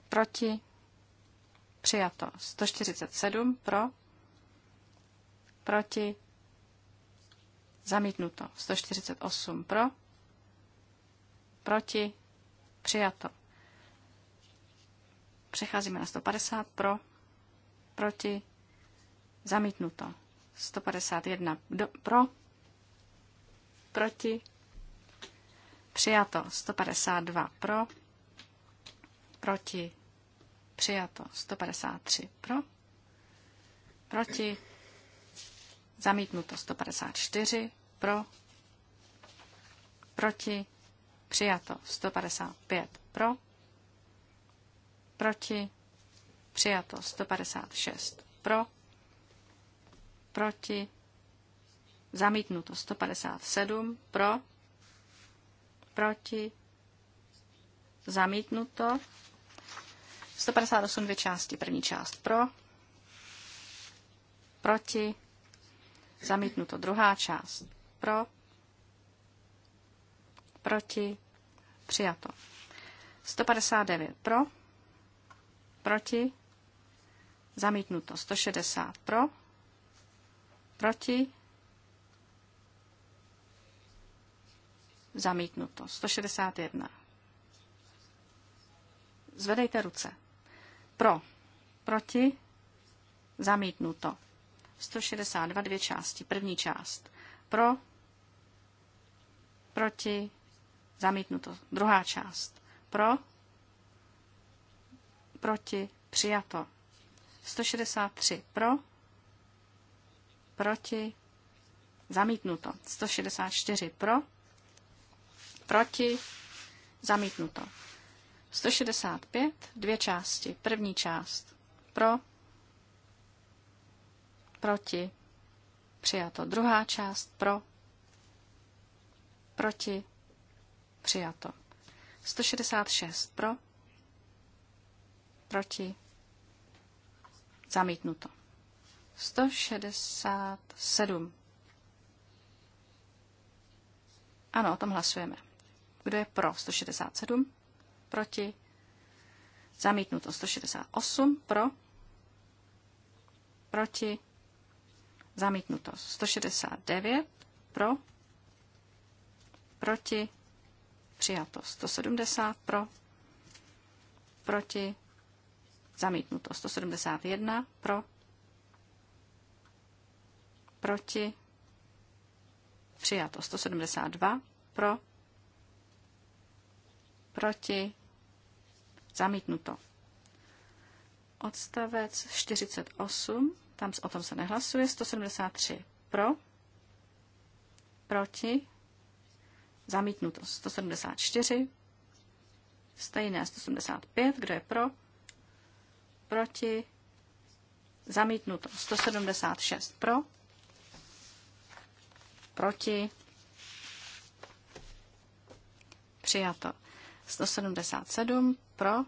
proti, přijato 147, pro, proti, zamítnuto 148, pro, proti, přijato. Přecházíme na 150, pro, proti, zamítnuto. 151 do, pro, proti, přijato. 152 pro, proti, přijato. 153 pro, proti, zamítnuto. 154 pro, proti, přijato. 155 pro, proti, Přijato 156 pro, proti, zamítnuto 157 pro, proti, zamítnuto 158 dvě části, první část pro, proti, zamítnuto druhá část pro, proti, přijato. 159 pro, proti, Zamítnuto 160 pro, proti, zamítnuto 161. Zvedejte ruce. Pro, proti, zamítnuto 162 dvě části. První část pro, proti, zamítnuto. Druhá část pro, proti, přijato. 163 pro, proti, zamítnuto. 164 pro, proti, zamítnuto. 165, dvě části. První část pro, proti, přijato. Druhá část pro, proti, přijato. 166 pro, proti, Zamítnuto. 167. Ano, o tom hlasujeme. Kdo je pro 167? Proti? Zamítnuto 168. Pro? Proti? Zamítnuto 169. Pro? Proti? Přijato 170. Pro? Proti? Zamítnuto. 171 pro. Proti. Přijato. 172 pro. Proti. Zamítnuto. Odstavec 48, tam o tom se nehlasuje, 173 pro, proti, zamítnuto 174, stejné 175, kdo je pro, proti, zamítnuto. 176 pro, proti, přijato. 177 pro,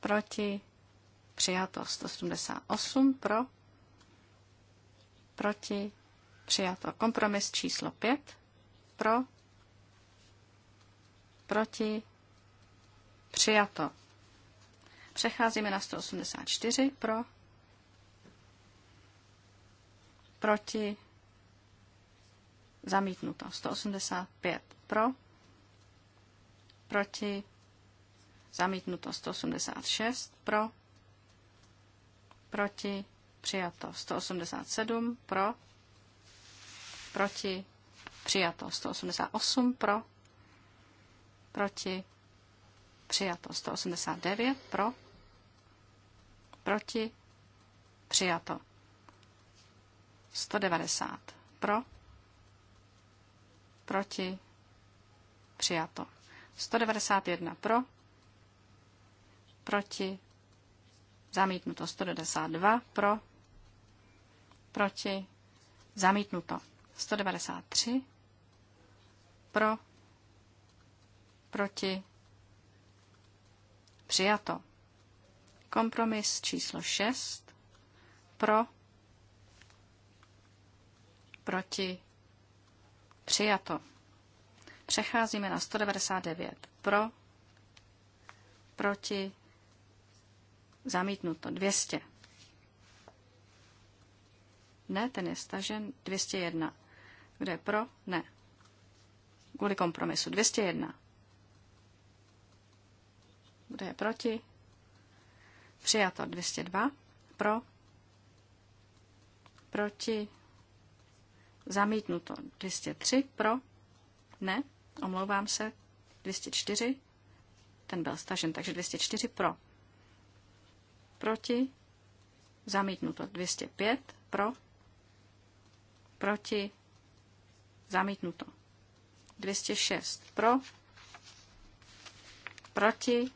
proti, přijato. 178 pro, proti, přijato. Kompromis číslo 5 pro, proti, přijato. Přecházíme na 184 pro, proti, zamítnuto. 185 pro, proti, zamítnuto. 186 pro, proti, přijato. 187 pro, proti, přijato. 188 pro, proti, přijato. 189 pro, proti, přijato. 190 pro, proti, přijato. 191 pro, proti, zamítnuto. 192 pro, proti, zamítnuto. 193 pro, proti, přijato. Kompromis číslo 6. Pro. Proti. Přijato. Přecházíme na 199. Pro. Proti. Zamítnuto. 200. Ne, ten je stažen. 201. Kde je pro? Ne. Kvůli kompromisu. 201. Kde je proti? Přijato 202 pro, proti, zamítnuto 203 pro, ne, omlouvám se, 204, ten byl stažen, takže 204 pro, proti, zamítnuto 205 pro, proti, zamítnuto 206 pro, proti,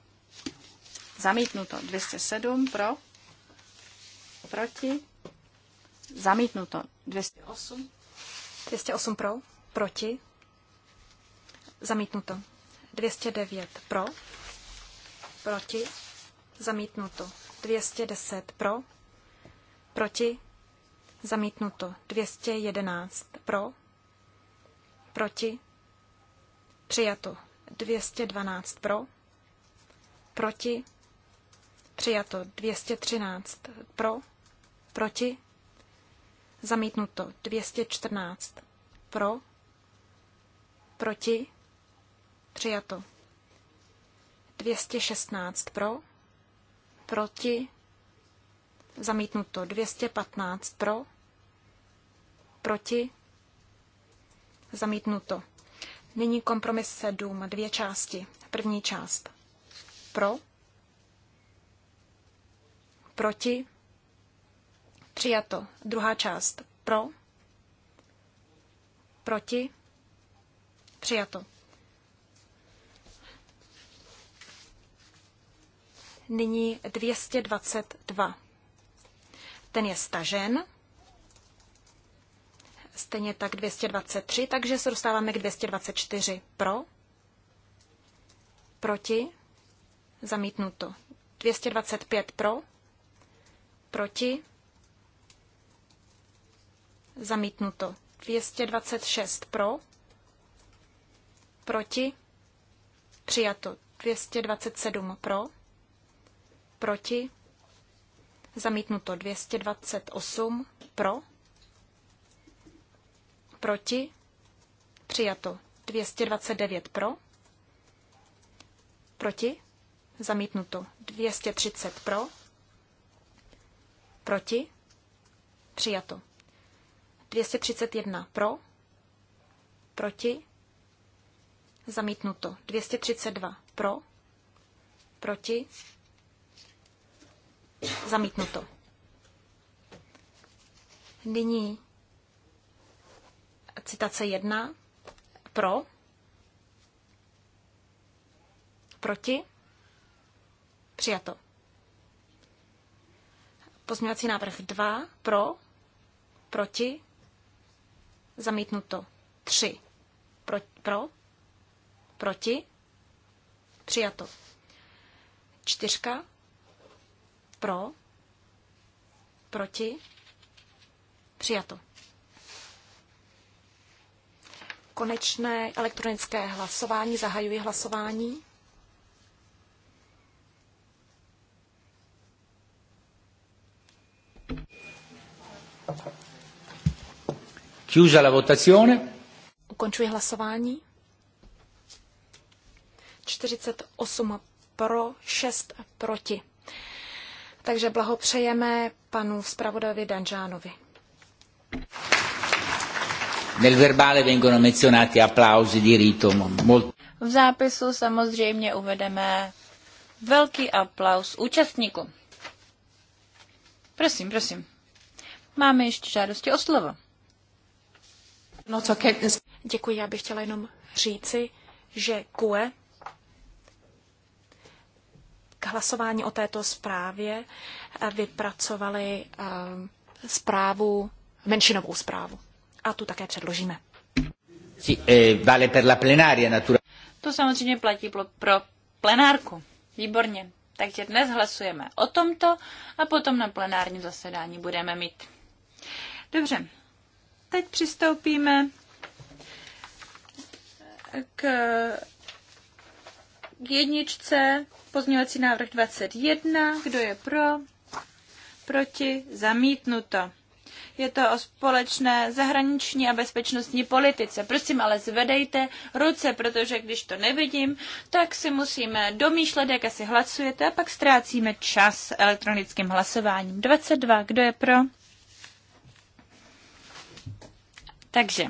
Zamítnuto 207 pro, proti, zamítnuto 208. 208 pro, proti, zamítnuto 209 pro, proti, zamítnuto 210 pro, proti, zamítnuto 211 pro, proti, přijato 212 pro, proti, Přijato 213 pro, proti, zamítnuto 214 pro, proti, přijato 216 pro, proti, zamítnuto 215 pro, proti, zamítnuto. Nyní kompromis 7, dvě části. První část pro, proti, přijato. Druhá část pro, proti, přijato. Nyní 222. Ten je stažen. Stejně tak 223, takže se dostáváme k 224. Pro, proti, zamítnuto. 225 pro, Proti? Zamítnuto. 226 pro. Proti? Přijato. 227 pro. Proti? Zamítnuto. 228 pro. Proti? Přijato. 229 pro. Proti? Zamítnuto. 230 pro Proti? Přijato. 231 pro? Proti? Zamítnuto. 232 pro? Proti? Zamítnuto. Nyní citace 1 pro? Proti? Přijato. Pozměňovací návrh 2 pro, proti, zamítnuto 3 pro, pro proti, přijato. 4, pro, proti, přijato. Konečné elektronické hlasování, zahajuji hlasování. Chiusa la votazione. Ukončuji hlasování. 48 pro, 6 proti. Takže blahopřejeme panu zpravodajovi Danžánovi. Nel verbale vengono menzionati applausi di rito. Molto... V zápisu samozřejmě uvedeme velký aplaus účastníkům. Prosím, prosím. Máme ještě žádosti o slovo. No co Děkuji, já bych chtěla jenom říci, že KUE k hlasování o této zprávě eh, vypracovali eh, zprávu, menšinovou zprávu. A tu také předložíme. Eh, to samozřejmě platí pro plenárku. Výborně. Takže dnes hlasujeme o tomto a potom na plenárním zasedání budeme mít. Dobře, Teď přistoupíme k jedničce, pozměňovací návrh 21. Kdo je pro? Proti? Zamítnuto. Je to o společné zahraniční a bezpečnostní politice. Prosím, ale zvedejte ruce, protože když to nevidím, tak si musíme domýšlet, jak asi hlasujete a pak ztrácíme čas elektronickým hlasováním. 22. Kdo je pro? Takže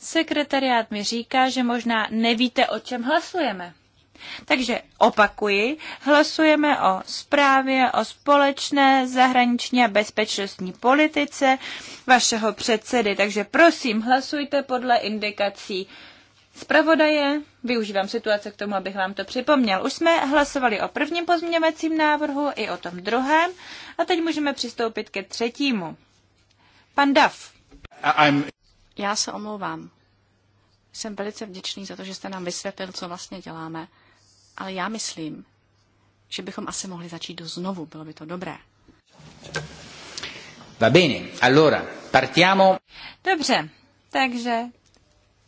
sekretariát mi říká, že možná nevíte, o čem hlasujeme. Takže opakuji, hlasujeme o zprávě o společné zahraniční a bezpečnostní politice vašeho předsedy. Takže prosím, hlasujte podle indikací zpravodaje. Využívám situace k tomu, abych vám to připomněl. Už jsme hlasovali o prvním pozměňovacím návrhu i o tom druhém a teď můžeme přistoupit ke třetímu. Pan Dav. I'm... Já se omlouvám. Jsem velice vděčný za to, že jste nám vysvětlil, co vlastně děláme, ale já myslím, že bychom asi mohli začít znovu, bylo by to dobré. Va bene, allora, partiamo. Dobře, takže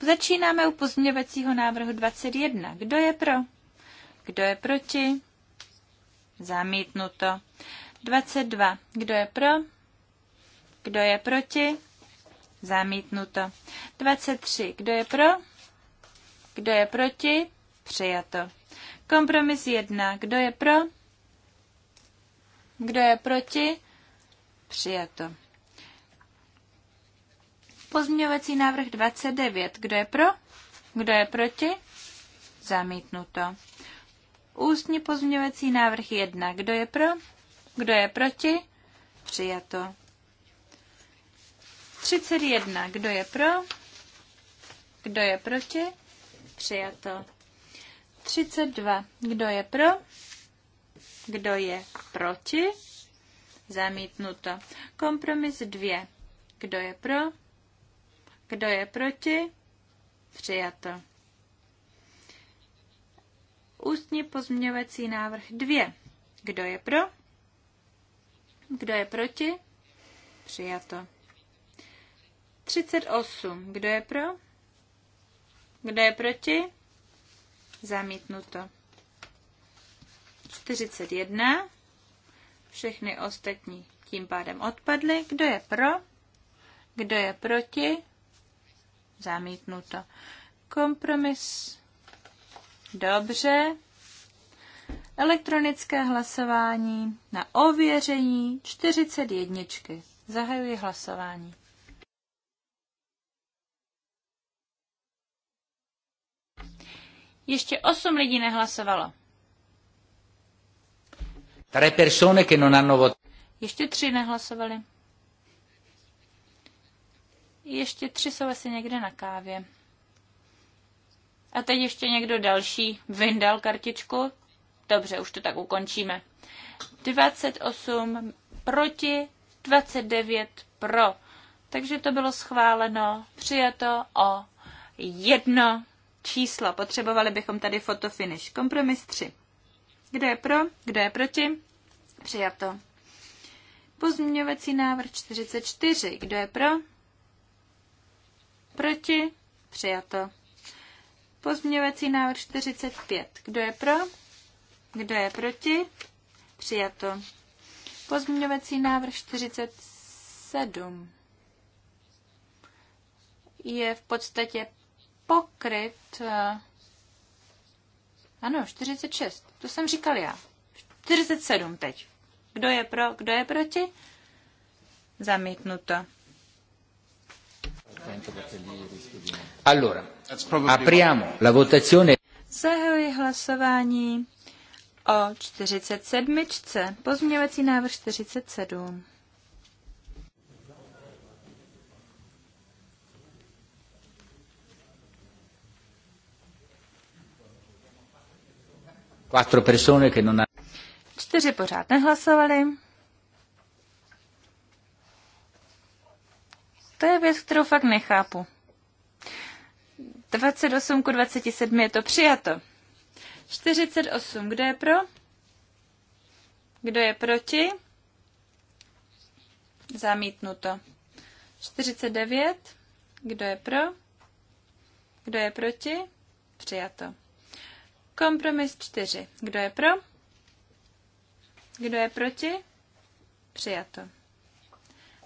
začínáme u pozměňovacího návrhu 21. Kdo je pro? Kdo je proti? Zamítnuto. 22. Kdo je pro? Kdo je proti? Zamítnuto. 23. Kdo je pro? Kdo je proti? Přijato. Kompromis 1. Kdo je pro? Kdo je proti? Přijato. Pozměňovací návrh 29. Kdo je pro? Kdo je proti? Zamítnuto. Ústní pozměňovací návrh 1. Kdo je pro? Kdo je proti? Přijato. 31. Kdo je pro? Kdo je proti? Přijato. 32. Kdo je pro? Kdo je proti? Zamítnuto. Kompromis 2. Kdo je pro? Kdo je proti? Přijato. Ústní pozměňovací návrh 2. Kdo je pro? Kdo je proti? Přijato. 38. Kdo je pro? Kdo je proti? Zamítnuto. 41. Všechny ostatní tím pádem odpadly. Kdo je pro? Kdo je proti? Zamítnuto. Kompromis. Dobře. Elektronické hlasování na ověření 41. Zahajuji hlasování. ještě osm lidí nehlasovalo. Tre persone che non hanno votato. Ještě tři nehlasovali. Ještě tři jsou asi někde na kávě. A teď ještě někdo další vyndal kartičku. Dobře, už to tak ukončíme. 28 proti, 29 pro. Takže to bylo schváleno, přijato o jedno čísla. Potřebovali bychom tady fotofinish. Kompromis 3. Kdo je pro? Kdo je proti? Přijato. Pozměňovací návrh 44. Kdo je pro? Proti? Přijato. Pozměňovací návrh 45. Kdo je pro? Kdo je proti? Přijato. Pozměňovací návrh 47 je v podstatě pokryt. Eh, ano, 46. To jsem říkal já. 47 teď. Kdo je pro, kdo je proti? Zamítnuto. Allora, apriamo la votazione. Zahajuji hlasování o 47. Pozměňovací návrh 47. Čtyři pořád nehlasovali. To je věc, kterou fakt nechápu. 28 ku 27 je to přijato. 48, kdo je pro? Kdo je proti? Zamítnuto. 49, kdo je pro? Kdo je proti? Přijato. Kompromis 4. Kdo je pro? Kdo je proti? Přijato.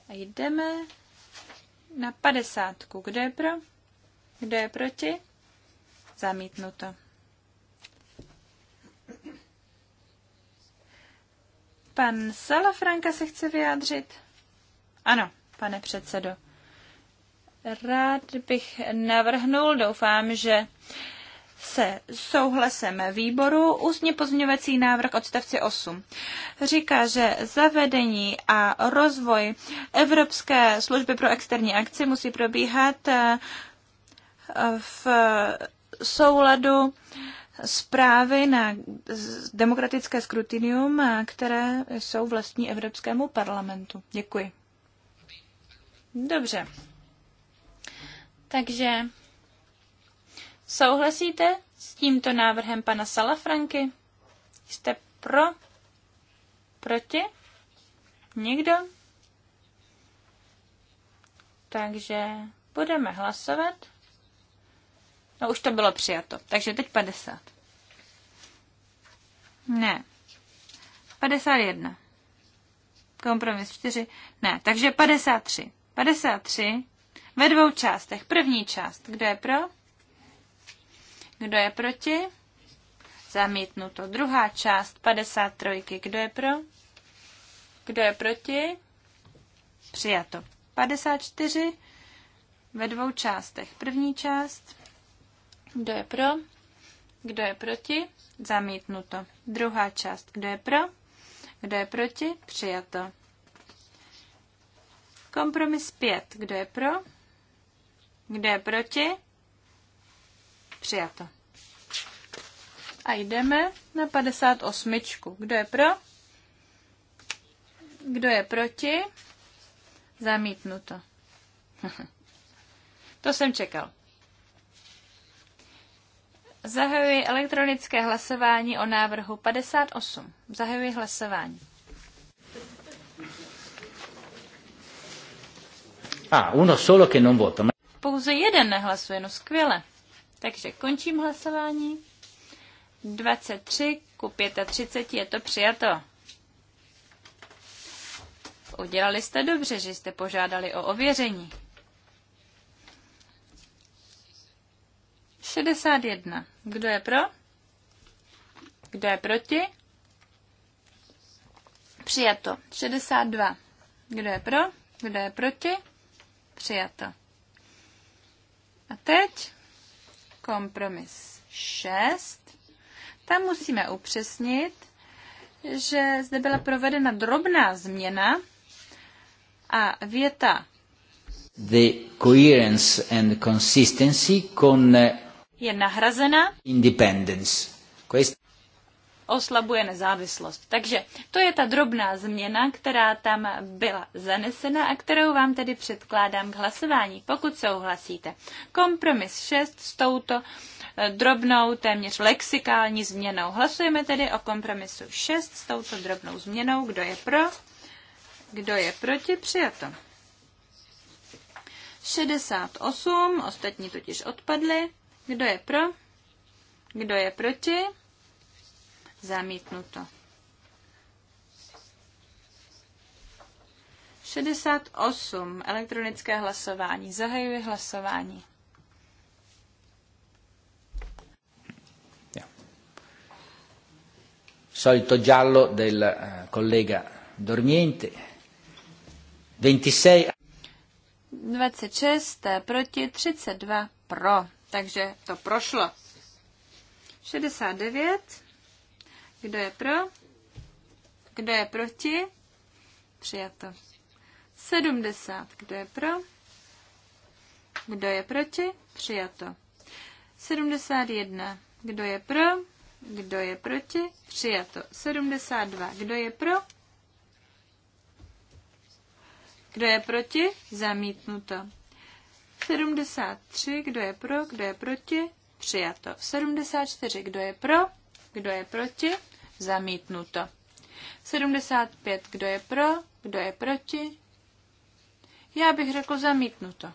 A jdeme na padesátku. Kdo je pro? Kdo je proti? Zamítnuto. Pan Salafranka se chce vyjádřit? Ano, pane předsedo. Rád bych navrhnul, doufám, že uh, se souhlasem výboru ústně pozměňovací návrh odstavci 8. Říká, že zavedení a rozvoj Evropské služby pro externí akci musí probíhat eh, v souladu zprávy na demokratické skrutinium, které jsou vlastní Evropskému parlamentu. Děkuji. Dobře. Takže Souhlasíte s tímto návrhem pana Salafranky? Jste pro? Proti? Nikdo? Takže budeme hlasovat. No už to bylo přijato, takže teď 50. Ne. 51. Kompromis 4. Ne, takže 53. 53 ve dvou částech. První část, kdo je pro? Kdo je proti? Zamítnuto. Druhá část 53. Kdo je pro? Kdo je proti? Přijato. 54 ve dvou částech. První část. Kdo je pro? Kdo je proti? Zamítnuto. Druhá část. Kdo je pro? Kdo je proti? Přijato. Kompromis 5. Kdo je pro? Kdo je proti? Přijato. A jdeme na 58. Kdo je pro? Kdo je proti? Zamítnuto. *laughs* to jsem čekal. Zahajuji elektronické hlasování o návrhu 58. Zahajuji hlasování. A, ah, uno solo che non vota. Pouze jeden nehlasuje, no skvěle. Takže končím hlasování. 23 ku 35 je to přijato. Udělali jste dobře, že jste požádali o ověření. 61. Kdo je pro? Kdo je proti? Přijato. 62. Kdo je pro? Kdo je proti? Přijato. A teď kompromis 6. Tam musíme upřesnit, že zde byla provedena drobná změna a věta The coherence and consistency con je nahrazena independence. Quest oslabuje nezávislost. Takže to je ta drobná změna, která tam byla zanesena a kterou vám tedy předkládám k hlasování, pokud souhlasíte. Kompromis 6 s touto eh, drobnou, téměř lexikální změnou. Hlasujeme tedy o kompromisu 6 s touto drobnou změnou. Kdo je pro? Kdo je proti? Přijato. 68, ostatní totiž odpadly. Kdo je pro? Kdo je proti? Zamítnuto. 68. Elektronické hlasování. Zahajuji hlasování. Solito giallo del eh, collega Dormiente. 26. 26 proti 32 pro. Takže to prošlo. 69. Kdo je pro? Kdo je proti? Přijato. 70. Kdo je pro? Kdo je proti? Přijato. 71. Kdo je pro? Kdo je proti? Přijato. 72. Kdo je pro? Kdo je proti? Zamítnuto. 73. Kdo je pro? Kdo je proti? Přijato. 74. Kdo je pro? Kdo je proti? zamítnuto. 75, kdo je pro, kdo je proti. Já bych řekl zamítnuto.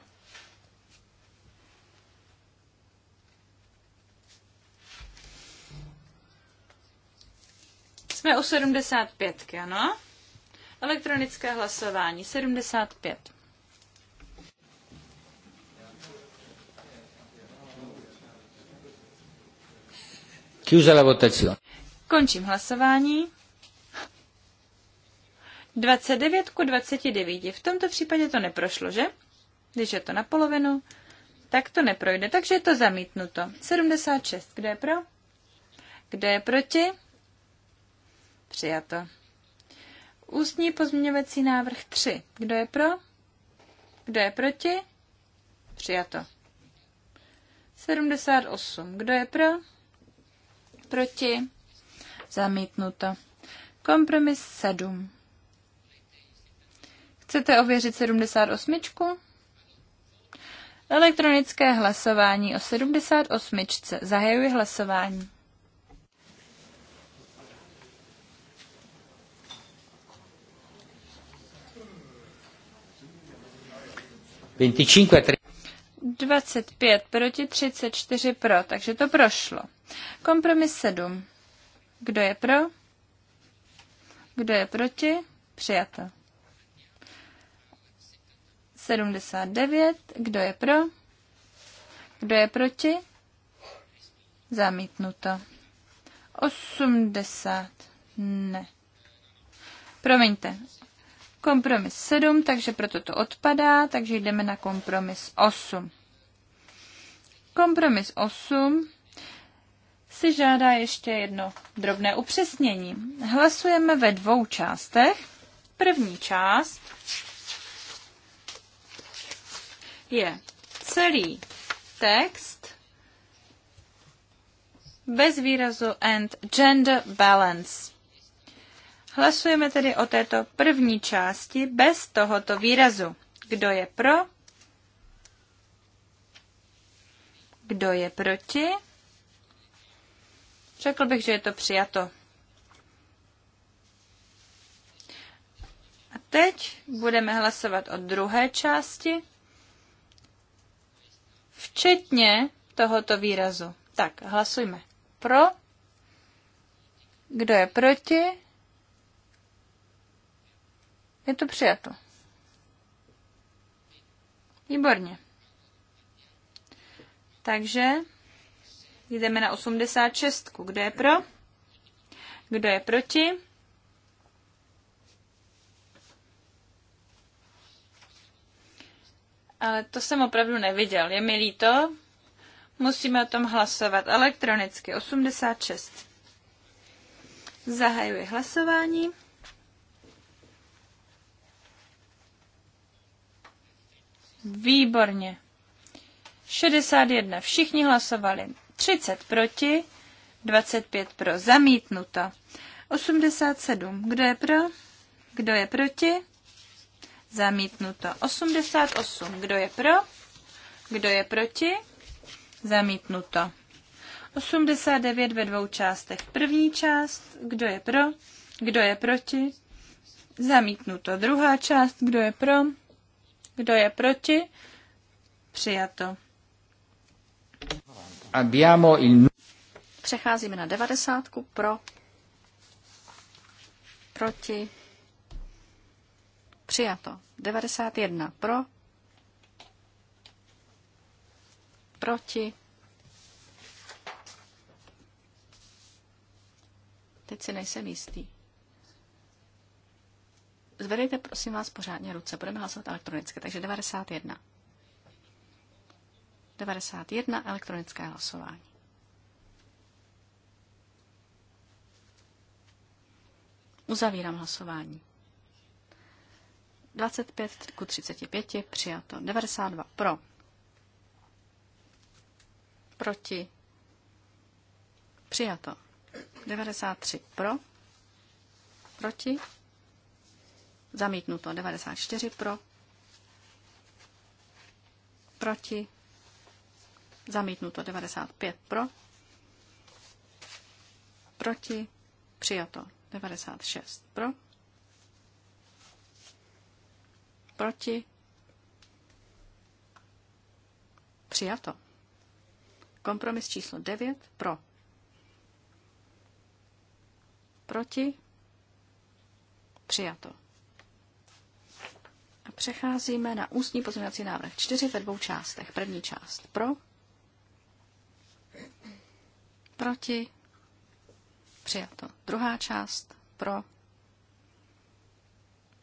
Jsme u 75, ano? Elektronické hlasování 75. Chiusa la votazione. Končím hlasování. 29 ku 29. V tomto případě to neprošlo, že? Když je to na polovinu, tak to neprojde, takže je to zamítnuto. 76. Kdo je pro? Kdo je proti? Přijato. Ústní pozměňovací návrh 3. Kdo je pro? Kdo je proti? Přijato. 78. Kdo je pro? Proti? Zamítnuto. Kompromis 7. Chcete ověřit 78? Elektronické hlasování o 78. Zahajuji hlasování. Veinticinque 25 proti 34 pro, takže to prošlo. Kompromis 7. Kdo je pro? Kdo je proti? Přijato. 79. Kdo je pro? Kdo je proti? Zamítnuto. 80. Ne. Promiňte. Kompromis 7, takže proto to odpadá, takže jdeme na kompromis 8. Kompromis 8 si žádá ještě jedno drobné upřesnění. Hlasujeme ve dvou částech. První část je celý text bez výrazu and gender balance. Hlasujeme tedy o této první části bez tohoto výrazu. Kdo je pro? Kdo je proti? Řekl bych, že je to přijato. A teď budeme hlasovat o druhé části, včetně tohoto výrazu. Tak, hlasujme pro. Kdo je proti? Je to přijato. Výborně. Takže Jdeme na 86. Kdo je pro? Kdo je proti? Ale to jsem opravdu neviděl. Je mi líto. Musíme o tom hlasovat elektronicky. 86. Zahajuji hlasování. Výborně. 61. Všichni hlasovali. 30 proti, 25 pro, zamítnuto. 87, kdo je pro, kdo je proti, zamítnuto. 88, kdo je pro, kdo je proti, zamítnuto. 89 ve dvou částech. První část, kdo je pro, kdo je proti, zamítnuto. Druhá část, kdo je pro, kdo je proti, přijato. Abbiamo il... Přecházíme na devadesátku pro, proti, přijato. 91 pro, proti. Teď si nejsem jistý. Zvedejte, prosím vás, pořádně ruce. Budeme hlasovat elektronicky, takže 91. 91 elektronické hlasování. Uzavírám hlasování. 25 ku 35 přijato. 92 pro. Proti. Přijato. 93 pro. Proti. Zamítnuto. 94 pro. Proti. Zamítnuto 95 pro. Proti. Přijato 96 pro. Proti. Přijato. Kompromis číslo 9 pro. Proti. Přijato. A přecházíme na ústní pozměňovací návrh 4 ve dvou částech. První část pro proti, přijato. Druhá část pro,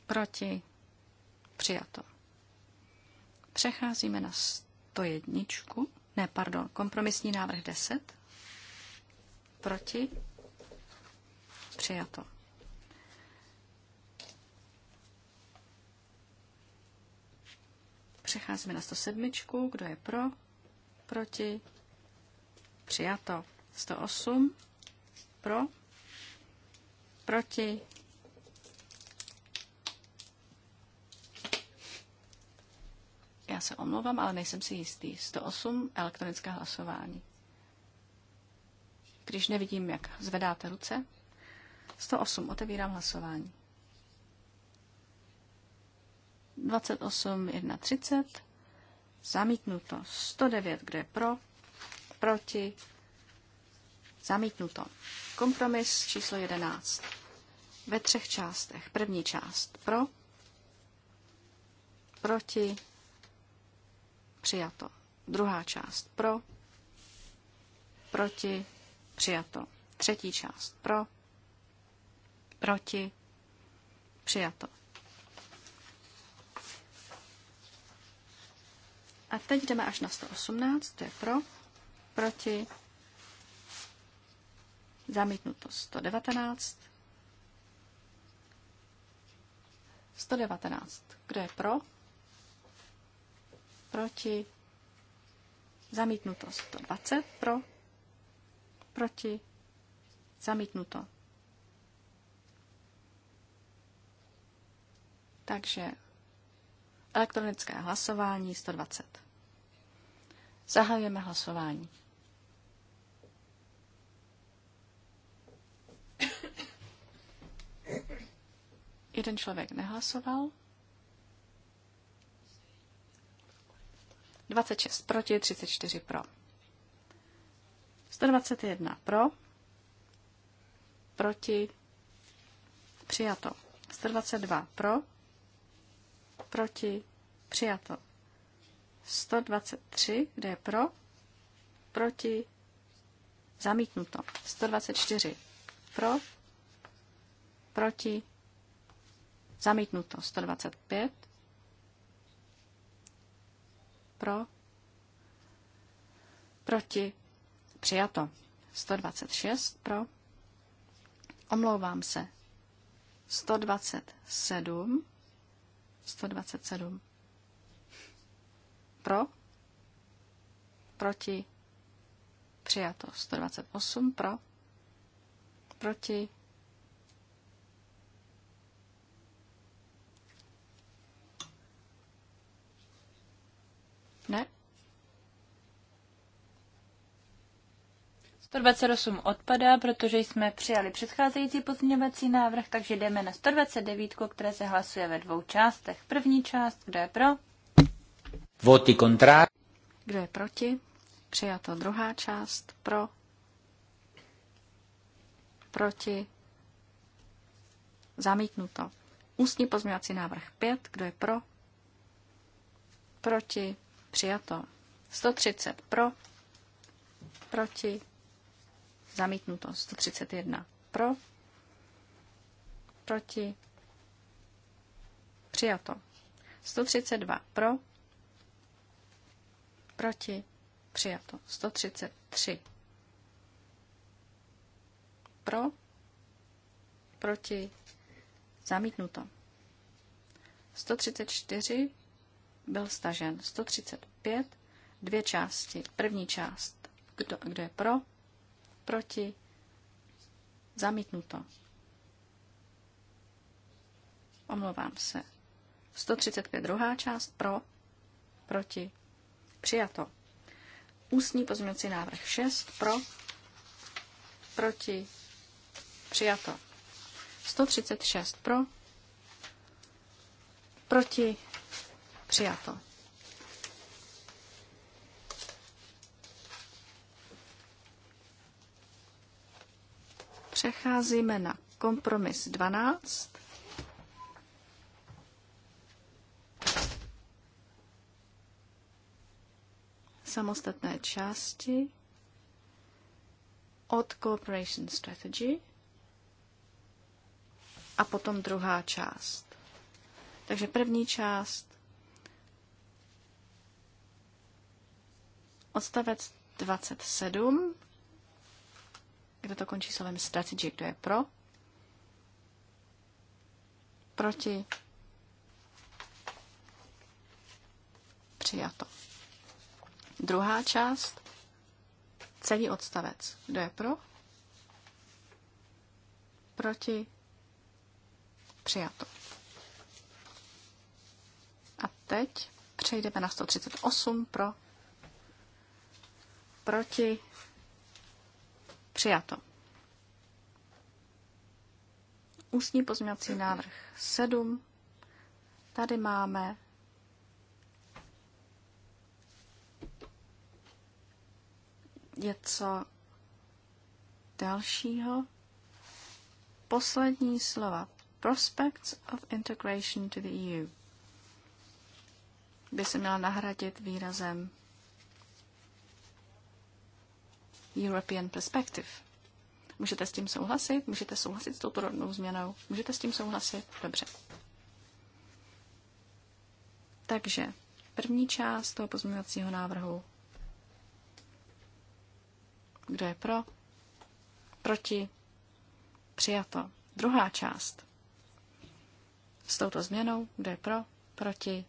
proti, přijato. Přecházíme na 101, ne, pardon, kompromisní návrh 10, proti, přijato. Přecházíme na 107, kdo je pro, proti, přijato. 108 pro, proti, já se omlouvám, ale nejsem si jistý, 108 elektronické hlasování. Když nevidím, jak zvedáte ruce, 108 otevírám hlasování. 28, 1, zamítnuto 109, kdo je pro, proti, Zamítnuto. Kompromis číslo 11. Ve třech částech. První část pro, proti, přijato. Druhá část pro, proti, přijato. Třetí část pro, proti, přijato. A teď jdeme až na 118, to je pro, proti, Zamítnuto 119. 119. Kdo je pro? Proti? Zamítnuto 120. Pro? Proti? Zamítnuto. Takže elektronické hlasování 120. Zahajujeme hlasování. Jeden člověk nehlasoval. 26 proti, 34 pro. 121 pro, proti, přijato. 122 pro, proti, přijato. 123, kde je pro, proti, zamítnuto. 124 pro, proti, Zamítnuto 125. Pro. Proti. Přijato 126. Pro. Omlouvám se. 127. 127. Pro. Proti. Přijato 128. Pro. Proti Ne? 128 odpadá, protože jsme přijali předcházející pozměňovací návrh, takže jdeme na 129, které se hlasuje ve dvou částech. První část, kdo je pro? Voti kontra. Kdo je proti? Přijato druhá část, pro. Proti. Zamítnuto. Ústní pozměňovací návrh 5, kdo je pro? Proti. Přijato. 130 pro, proti, zamítnuto. 131 pro, proti, přijato. 132 pro, proti, přijato. 133 pro, proti, zamítnuto. 134 byl stažen 135, dvě části. První část, kdo, kdo je pro, proti, zamítnuto. Omlouvám se. 135 druhá část pro, proti, přijato. Ústní pozměňovací návrh 6 pro, proti, přijato. 136 pro, proti, Přijato. Přecházíme na kompromis 12. Samostatné části od cooperation Strategy a potom druhá část. Takže první část Odstavec 27, kde to končí slovem strategy, kdo je pro, proti, přijato. Druhá část, celý odstavec, kdo je pro, proti, přijato. A teď přejdeme na 138 pro, Proti? Přijato. Ústní pozměňovací návrh 7. Tady máme něco dalšího. Poslední slova. Prospects of integration to the EU by se měla nahradit výrazem European Perspective. Můžete s tím souhlasit? Můžete souhlasit s touto rodnou změnou? Můžete s tím souhlasit? Dobře. Takže první část toho pozměňovacího návrhu. Kdo je pro? Proti? Přijato. Druhá část. S touto změnou, kdo je pro? Proti?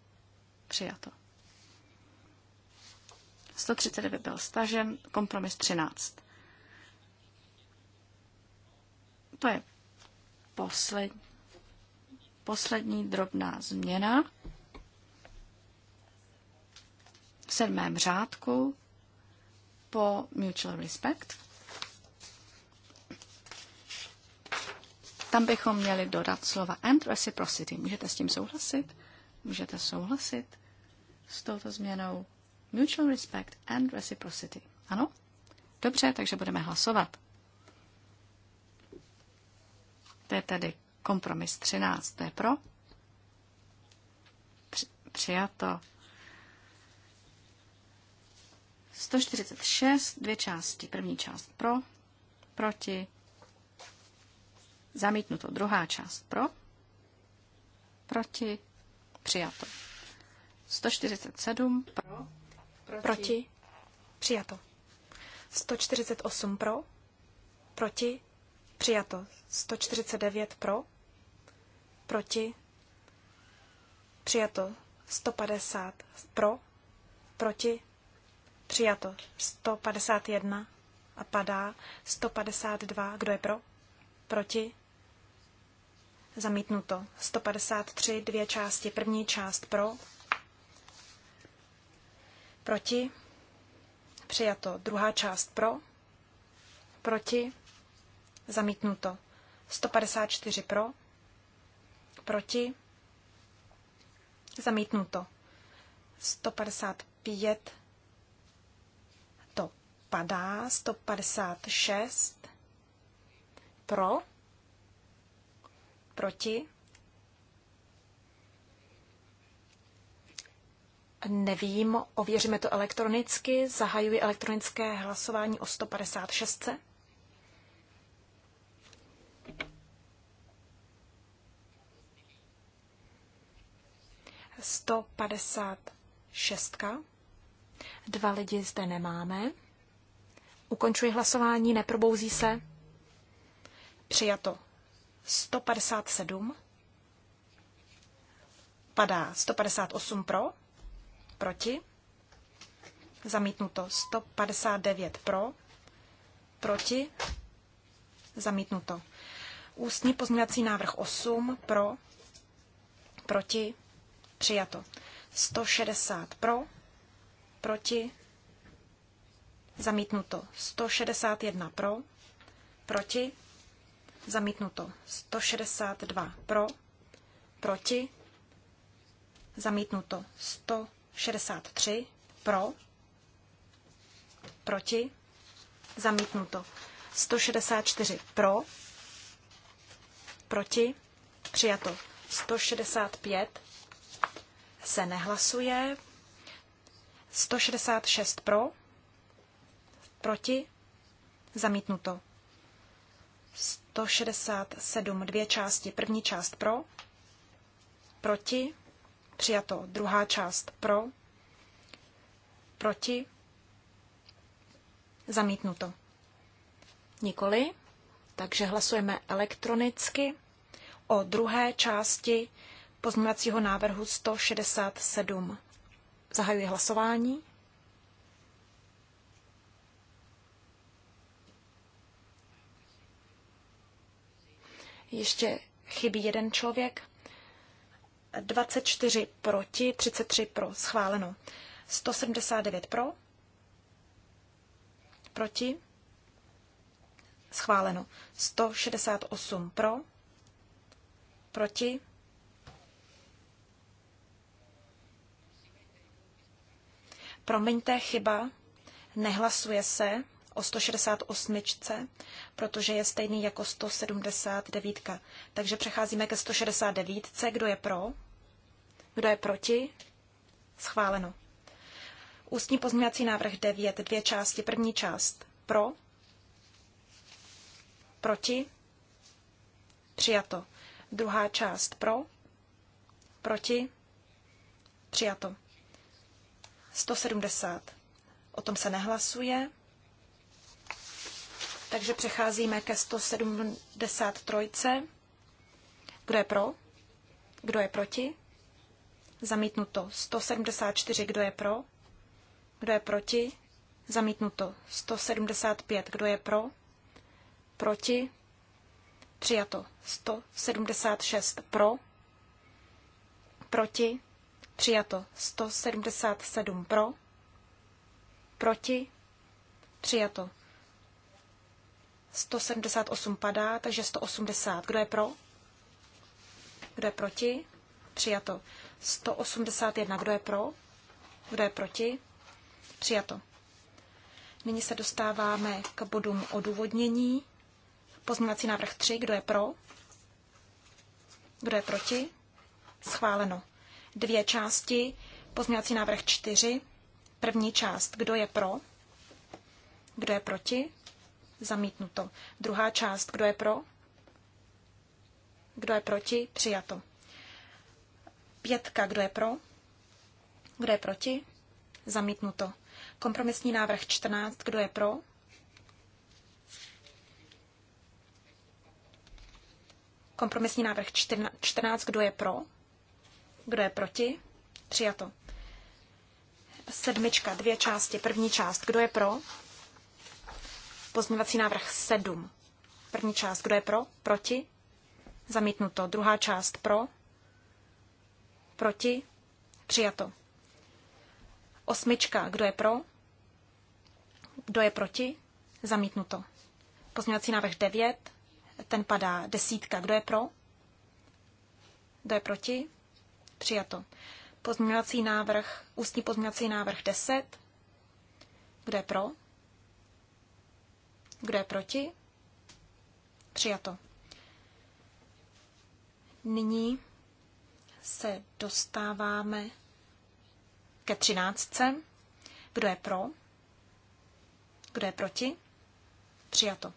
Přijato. 139 byl stažen, kompromis 13. To je poslední, poslední drobná změna. V sedmém řádku po Mutual Respect. Tam bychom měli dodat slova and reciprocity. Můžete s tím souhlasit? Můžete souhlasit s touto změnou? Mutual respect and reciprocity. Ano? Dobře, takže budeme hlasovat. To je tedy kompromis 13. To je pro? Přijato. 146, dvě části. První část pro, proti, zamítnuto. Druhá část pro, proti, přijato. 147 pro, Proti? Přijato. 148 pro? Proti? Přijato. 149 pro? Proti? Přijato. 150 pro? Proti? Přijato. 151 a padá. 152. Kdo je pro? Proti? Zamítnuto. 153. Dvě části. První část pro? Proti. Přijato. Druhá část pro. Proti. Zamítnuto. 154 pro. Proti. Zamítnuto. 155 to padá. 156 pro. Proti. Nevím, ověříme to elektronicky. Zahajuji elektronické hlasování o 156. Sto padesát šestka. Dva lidi zde nemáme. Ukončuji hlasování, neprobouzí se. Přijato 157. Padá 158 pro. Proti? Zamítnuto 159 pro. Proti? Zamítnuto. Ústní pozměňovací návrh 8 pro. Proti? Přijato. 160 pro. Proti? Zamítnuto. 161 pro. Proti? Zamítnuto. 162 pro. Proti? Zamítnuto. 100 63 pro, proti, zamítnuto. 164 pro, proti, přijato. 165 se nehlasuje. 166 pro, proti, zamítnuto. 167 dvě části. První část pro, proti, Přijato. Druhá část pro. Proti. Zamítnuto. Nikoli. Takže hlasujeme elektronicky o druhé části pozměňovacího návrhu 167. Zahajuji hlasování. Ještě chybí jeden člověk. 24 proti, 33 pro, schváleno. 179 pro, proti, schváleno. 168 pro, proti, Promiňte, chyba, nehlasuje se o 168, protože je stejný jako 179. Takže přecházíme ke 169. Kdo je pro? Kdo je proti? Schváleno. Ústní pozměňovací návrh 9, dvě části. První část pro, proti, přijato. Druhá část pro, proti, přijato. 170. O tom se nehlasuje. Takže přecházíme ke 173. Kdo je pro? Kdo je proti? Zamítnuto 174, kdo je pro? Kdo je proti? Zamítnuto 175, kdo je pro? Proti? Přijato 176 pro? Proti? Přijato 177 pro? Proti? Přijato 178 padá, takže 180. Kdo je pro? Kdo je proti? Přijato. 181. Kdo je pro? Kdo je proti? Přijato. Nyní se dostáváme k bodům odůvodnění. Pozměňovací návrh 3. Kdo je pro? Kdo je proti? Schváleno. Dvě části. Pozměňovací návrh 4. První část. Kdo je pro? Kdo je proti? Zamítnuto. Druhá část. Kdo je pro? Kdo je proti? Přijato. Pětka, kdo je pro? Kdo je proti? Zamítnuto. Kompromisní návrh 14, kdo je pro? Kompromisní návrh 14, kdo je pro? Kdo je proti? Přijato. Sedmička, dvě části. První část, kdo je pro? Pozměňovací návrh 7. První část, kdo je pro? Proti? Zamítnuto. Druhá část pro? Proti? Přijato. Osmička. Kdo je pro? Kdo je proti? Zamítnuto. Pozměňovací návrh 9. Ten padá desítka. Kdo je pro? Kdo je proti? Přijato. Pozměňovací návrh, ústní pozměňovací návrh 10. Kdo je pro? Kdo je proti? Přijato. Nyní se dostáváme ke třináctce. Kdo je pro? Kdo je proti? Přijato.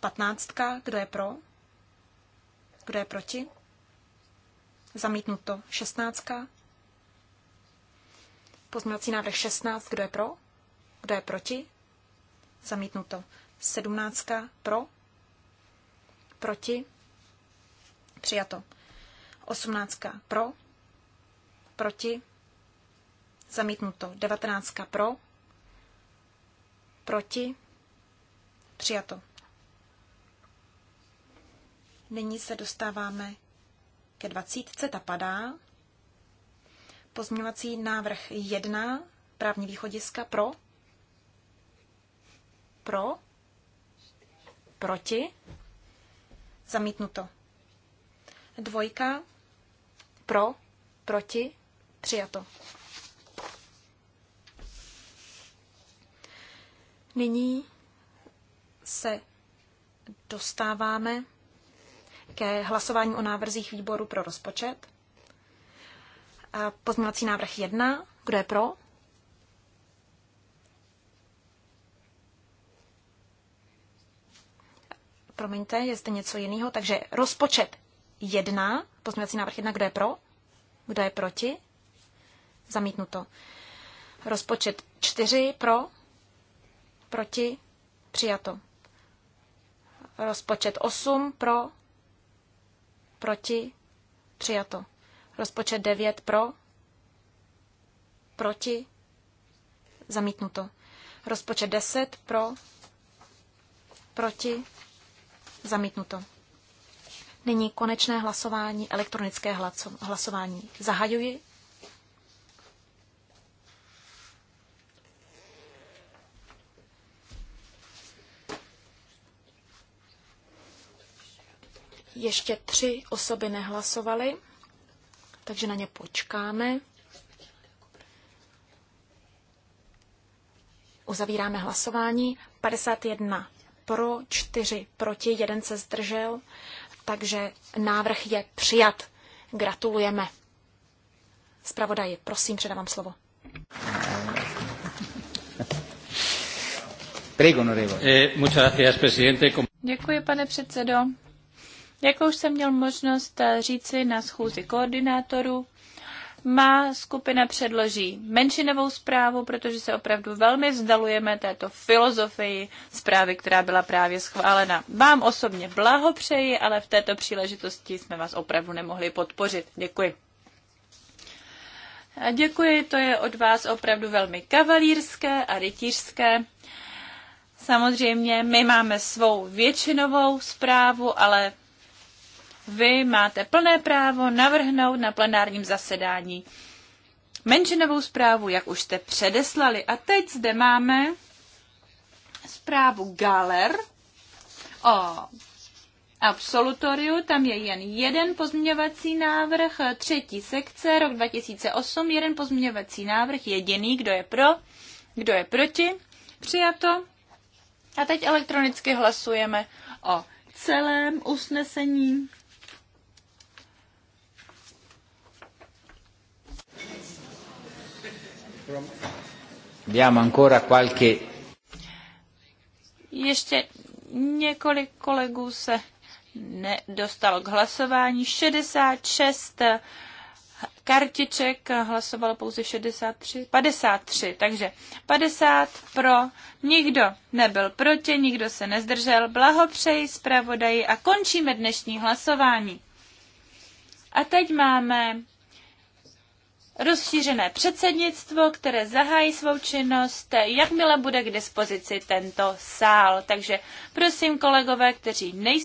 Patnáctka. Kdo je pro? Kdo je proti? Zamítnuto. Šestnáctka. Pozměňovací návrh 16. Kdo je pro? Kdo je proti? Zamítnuto. sedmnáctka, Pro? Proti? Přijato. 18 pro, proti, zamítnuto. 19 pro, proti, přijato. Nyní se dostáváme ke 20. Ta padá. Pozměňovací návrh 1, právní východiska pro, pro, proti, zamítnuto. Dvojka, pro, proti, přijato. Nyní se dostáváme ke hlasování o návrzích výboru pro rozpočet. Pozměňovací návrh 1. Kdo je pro? Promiňte, je zde něco jiného. Takže rozpočet 1, pozměňovací návrh 1, kdo je pro, kdo je proti, zamítnuto. Rozpočet 4 pro, proti, přijato. Rozpočet 8 pro, proti, přijato. Rozpočet 9 pro, proti, zamítnuto. Rozpočet 10 pro, proti, zamítnuto. Nyní konečné hlasování, elektronické hlasování. Zahajuji. Ještě tři osoby nehlasovaly, takže na ně počkáme. Uzavíráme hlasování. 51 pro, 4 proti, 1 se zdržel. Takže návrh je přijat. Gratulujeme. Spravodaji, prosím, předávám slovo. Eh, Děkuji, pane předsedo. Jak už jsem měl možnost eh, říci na schůzi koordinátorů, má skupina předloží menšinovou zprávu, protože se opravdu velmi vzdalujeme této filozofii zprávy, která byla právě schválena. Vám osobně blahopřeji, ale v této příležitosti jsme vás opravdu nemohli podpořit. Děkuji. A děkuji, to je od vás opravdu velmi kavalírské a rytířské. Samozřejmě my máme svou většinovou zprávu, ale vy máte plné právo navrhnout na plenárním zasedání menšinovou zprávu, jak už jste předeslali. A teď zde máme zprávu Galer o absolutoriu. Tam je jen jeden pozměňovací návrh, třetí sekce, rok 2008, jeden pozměňovací návrh, jediný, kdo je pro, kdo je proti, přijato. A teď elektronicky hlasujeme o celém usnesení Diamo ancora qualche... Ještě několik kolegů se nedostalo k hlasování. 66 kartiček hlasovalo pouze 63, 53, takže 50 pro, nikdo nebyl proti, nikdo se nezdržel, blahopřeji zpravodaji a končíme dnešní hlasování. A teď máme rozšířené předsednictvo, které zahájí svou činnost, jakmile bude k dispozici tento sál. Takže prosím kolegové, kteří nejsou